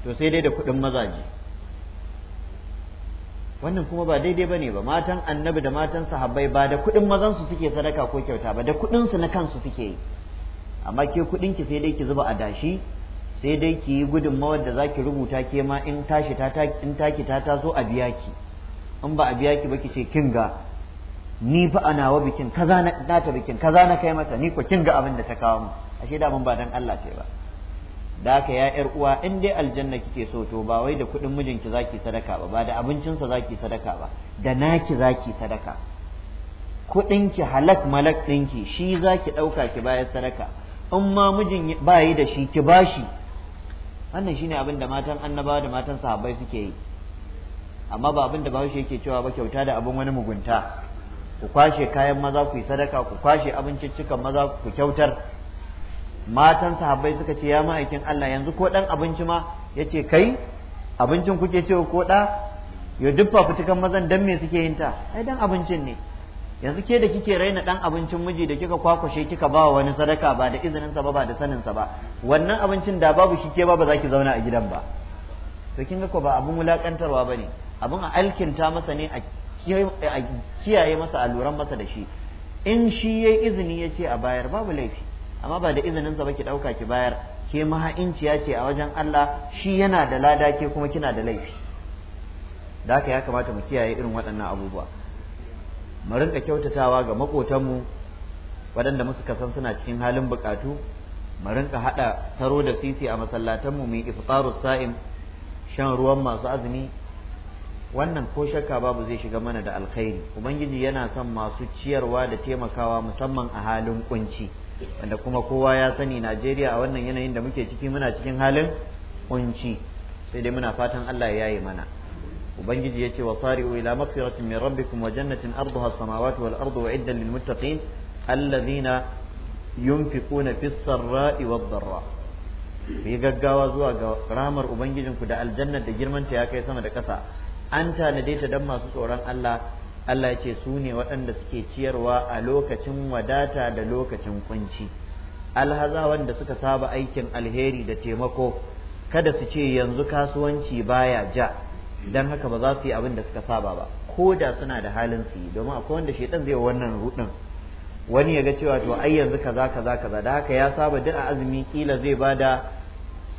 to sai dai da kuɗin mazaje wannan kuma ba daidai bane ba matan annabi da matan sahabbai ba da kuɗin mazan su suke sadaka ko kyauta ba da kuɗin su na kansu suke yi amma ke kuɗin ki sai dai ki zuba a dashi sai dai ki yi gudunmawar da zaki rubuta ke ma in tashi ta in taki ta taso a biya ki in ba a biya ki ba ki ce kin ga ni fa ana wa bikin kaza na ta bikin kaza na kai mata ni ko kin ga abin da ta kawo mu ashe da mun ba dan Allah ce ba da haka ya yar uwa in dai aljanna kike so to ba wai da kuɗin mijinki zaki sadaka ba ba da abincinsa zaki sadaka ba da naki zaki sadaka kuɗinki halak malak ɗinki shi zaki ɗauka ki bayar sadaka in ma mijin ba yi da shi ki bashi wannan shine abin da matan annabawa da matan sahabai suke yi amma ba abin da bahaushe yake cewa ba kyauta da abin wani mugunta ku kwashe kayan maza ku yi sadaka ku kwashe abinciccikan maza ku kyautar matan sahabbai suka ce ya ma'aikin Allah yanzu ko dan abinci ma yace kai abincin kuke cewa ko da yo duk fafutukan mazan dan me suke yin ta ai dan abincin ne yanzu ke da kike raina dan abincin miji da kika kwakwashe kika ba wani sadaka ba da izinin sa ba ba da sanin sa ba wannan abincin da babu shi ke ba ba za ki zauna a gidan ba to kin ga ko ba abun wulakantarwa bane abun a alkinta masa ne a kiyaye masa aluran masa da shi in shi yayi izini yace a bayar babu laifi amma ba da izinin sa ba ki ɗauka ki bayar ke maha'inciya ce a wajen Allah shi yana da lada ke kuma kina da laifi da haka ya kamata mu kiyaye irin waɗannan abubuwa mu rinka kyautatawa ga makotanmu waɗanda musu san suna cikin halin buƙatu mu rinka haɗa taro da sisi a masallatanmu mu yi iftarus sa'im shan ruwan masu azumi wannan ko shakka babu zai shiga mana da alkhairi ubangiji yana son masu ciyarwa da taimakawa musamman a halin kunci wanda kuma kowa ya sani Najeriya a wannan yanayin da muke ciki muna cikin halin kunci sai dai muna fatan Allah ya yi mana ubangiji yace wa sari'u ila maghfiratin min rabbikum wa jannatin arduha as-samawati wal ardu wa'iddan lil muttaqin alladhina yunfiquna fis sarra'i wad darra ku yi gaggawa zuwa ga ramar ubangijinku da aljannar da girmanta ya kai sama da ƙasa an tanade ta dan masu tsoron Allah Allah ya ce su ne waɗanda suke ciyarwa a lokacin wadata da lokacin kunci alhaza wanda suka saba aikin alheri da taimako kada su ce yanzu kasuwanci baya ja Don haka ba za su yi abin da suka saba ba ko da suna da halin su yi domin akwai wanda shaitan zai wannan rudin wani ya ga cewa to ai yanzu kaza kaza kaza da haka ya saba duk a azumi kila zai bada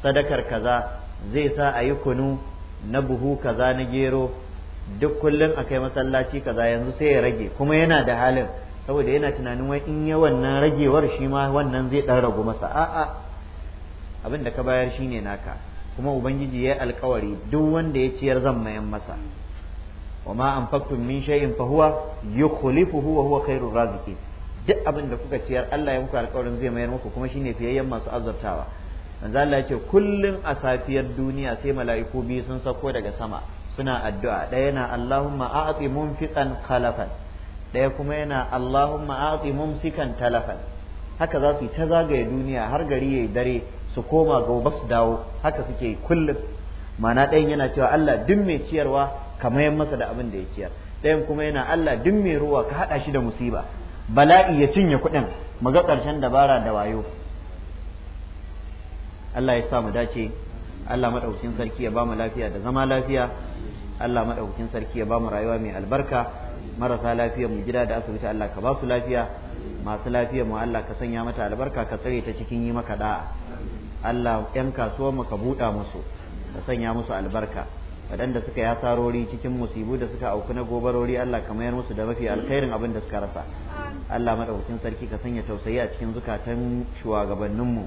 sadakar kaza zai sa a yi kunu na buhu kaza na gero duk kullum a kai masallaci kaza yanzu sai ya rage kuma yana da halin saboda yana tunanin wai in ya wannan ragewar shi ma wannan zai dan ragu masa a'a abin da ka bayar shine naka kuma ubangiji ya alkawari duk wanda ya ciyar zan mayan masa wa ma anfaqtum min shay'in fa huwa yukhlifuhu wa huwa khairur raziqin duk abin da kuka ciyar Allah ya muku alkawarin zai mayar muku kuma shine fiyayyen masu azabtawa manzo Allah ya ce kullun a safiyar duniya sai mala'iku biyu sun sauko daga sama suna addu'a ɗaya yana Allahumma a'ti munfiqan khalafan ɗaya kuma yana Allahumma a'ti mumsikan talafan haka za su yi ta zagaye duniya har gari yayi dare su koma gobe su dawo haka suke kullum mana ɗayan yana cewa Allah duk mai ciyarwa ka mayan masa da abin da ya ciyar ɗayan kuma yana Allah duk mai ruwa ka haɗa shi da musiba bala'i ya cinye kuɗin maga ƙarshen dabara da wayo Allah ya sa mu dace Allah maɗaukin sarki ya ba mu lafiya da zama lafiya Allah madaukakin sarki ya ba mu rayuwa mai albarka marasa lafiya mu gida da asibiti Allah ka ba su lafiya masu lafiya mu Allah ka sanya mata albarka ka tsare ta cikin yi maka da'a Allah yan kasuwar mu ka buɗa musu ka sanya musu albarka waɗanda suka ya sarori cikin musibu da suka auku na gobarori Allah ka mayar musu da mafi alkhairin abin da suka rasa Allah madaukakin sarki ka sanya tausayi a cikin zukatan shugabanninmu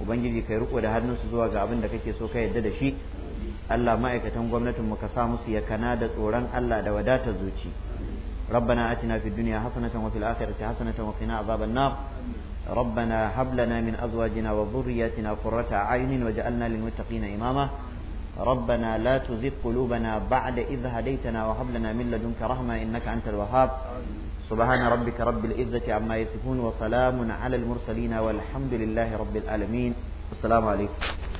ubangiji kai riko da hannunsu zuwa ga abin da kake so ka yarda da shi Allah ma'aikatan gwamnatin mu ka sa musu yakana da tsoron Allah da wadatar zuci ربنا آتنا في الدنيا حسنة وفي الآخرة حسنة وقنا عذاب النار ربنا هب لنا من أزواجنا وذرياتنا قرة أعين وجعلنا للمتقين إماما ربنا لا تزغ قلوبنا بعد إذ هديتنا وهب لنا من لدنك رحمة إنك أنت الوهاب سبحان ربك رب العزة عما
يصفون وسلام على المرسلين والحمد لله رب العالمين السلام عليكم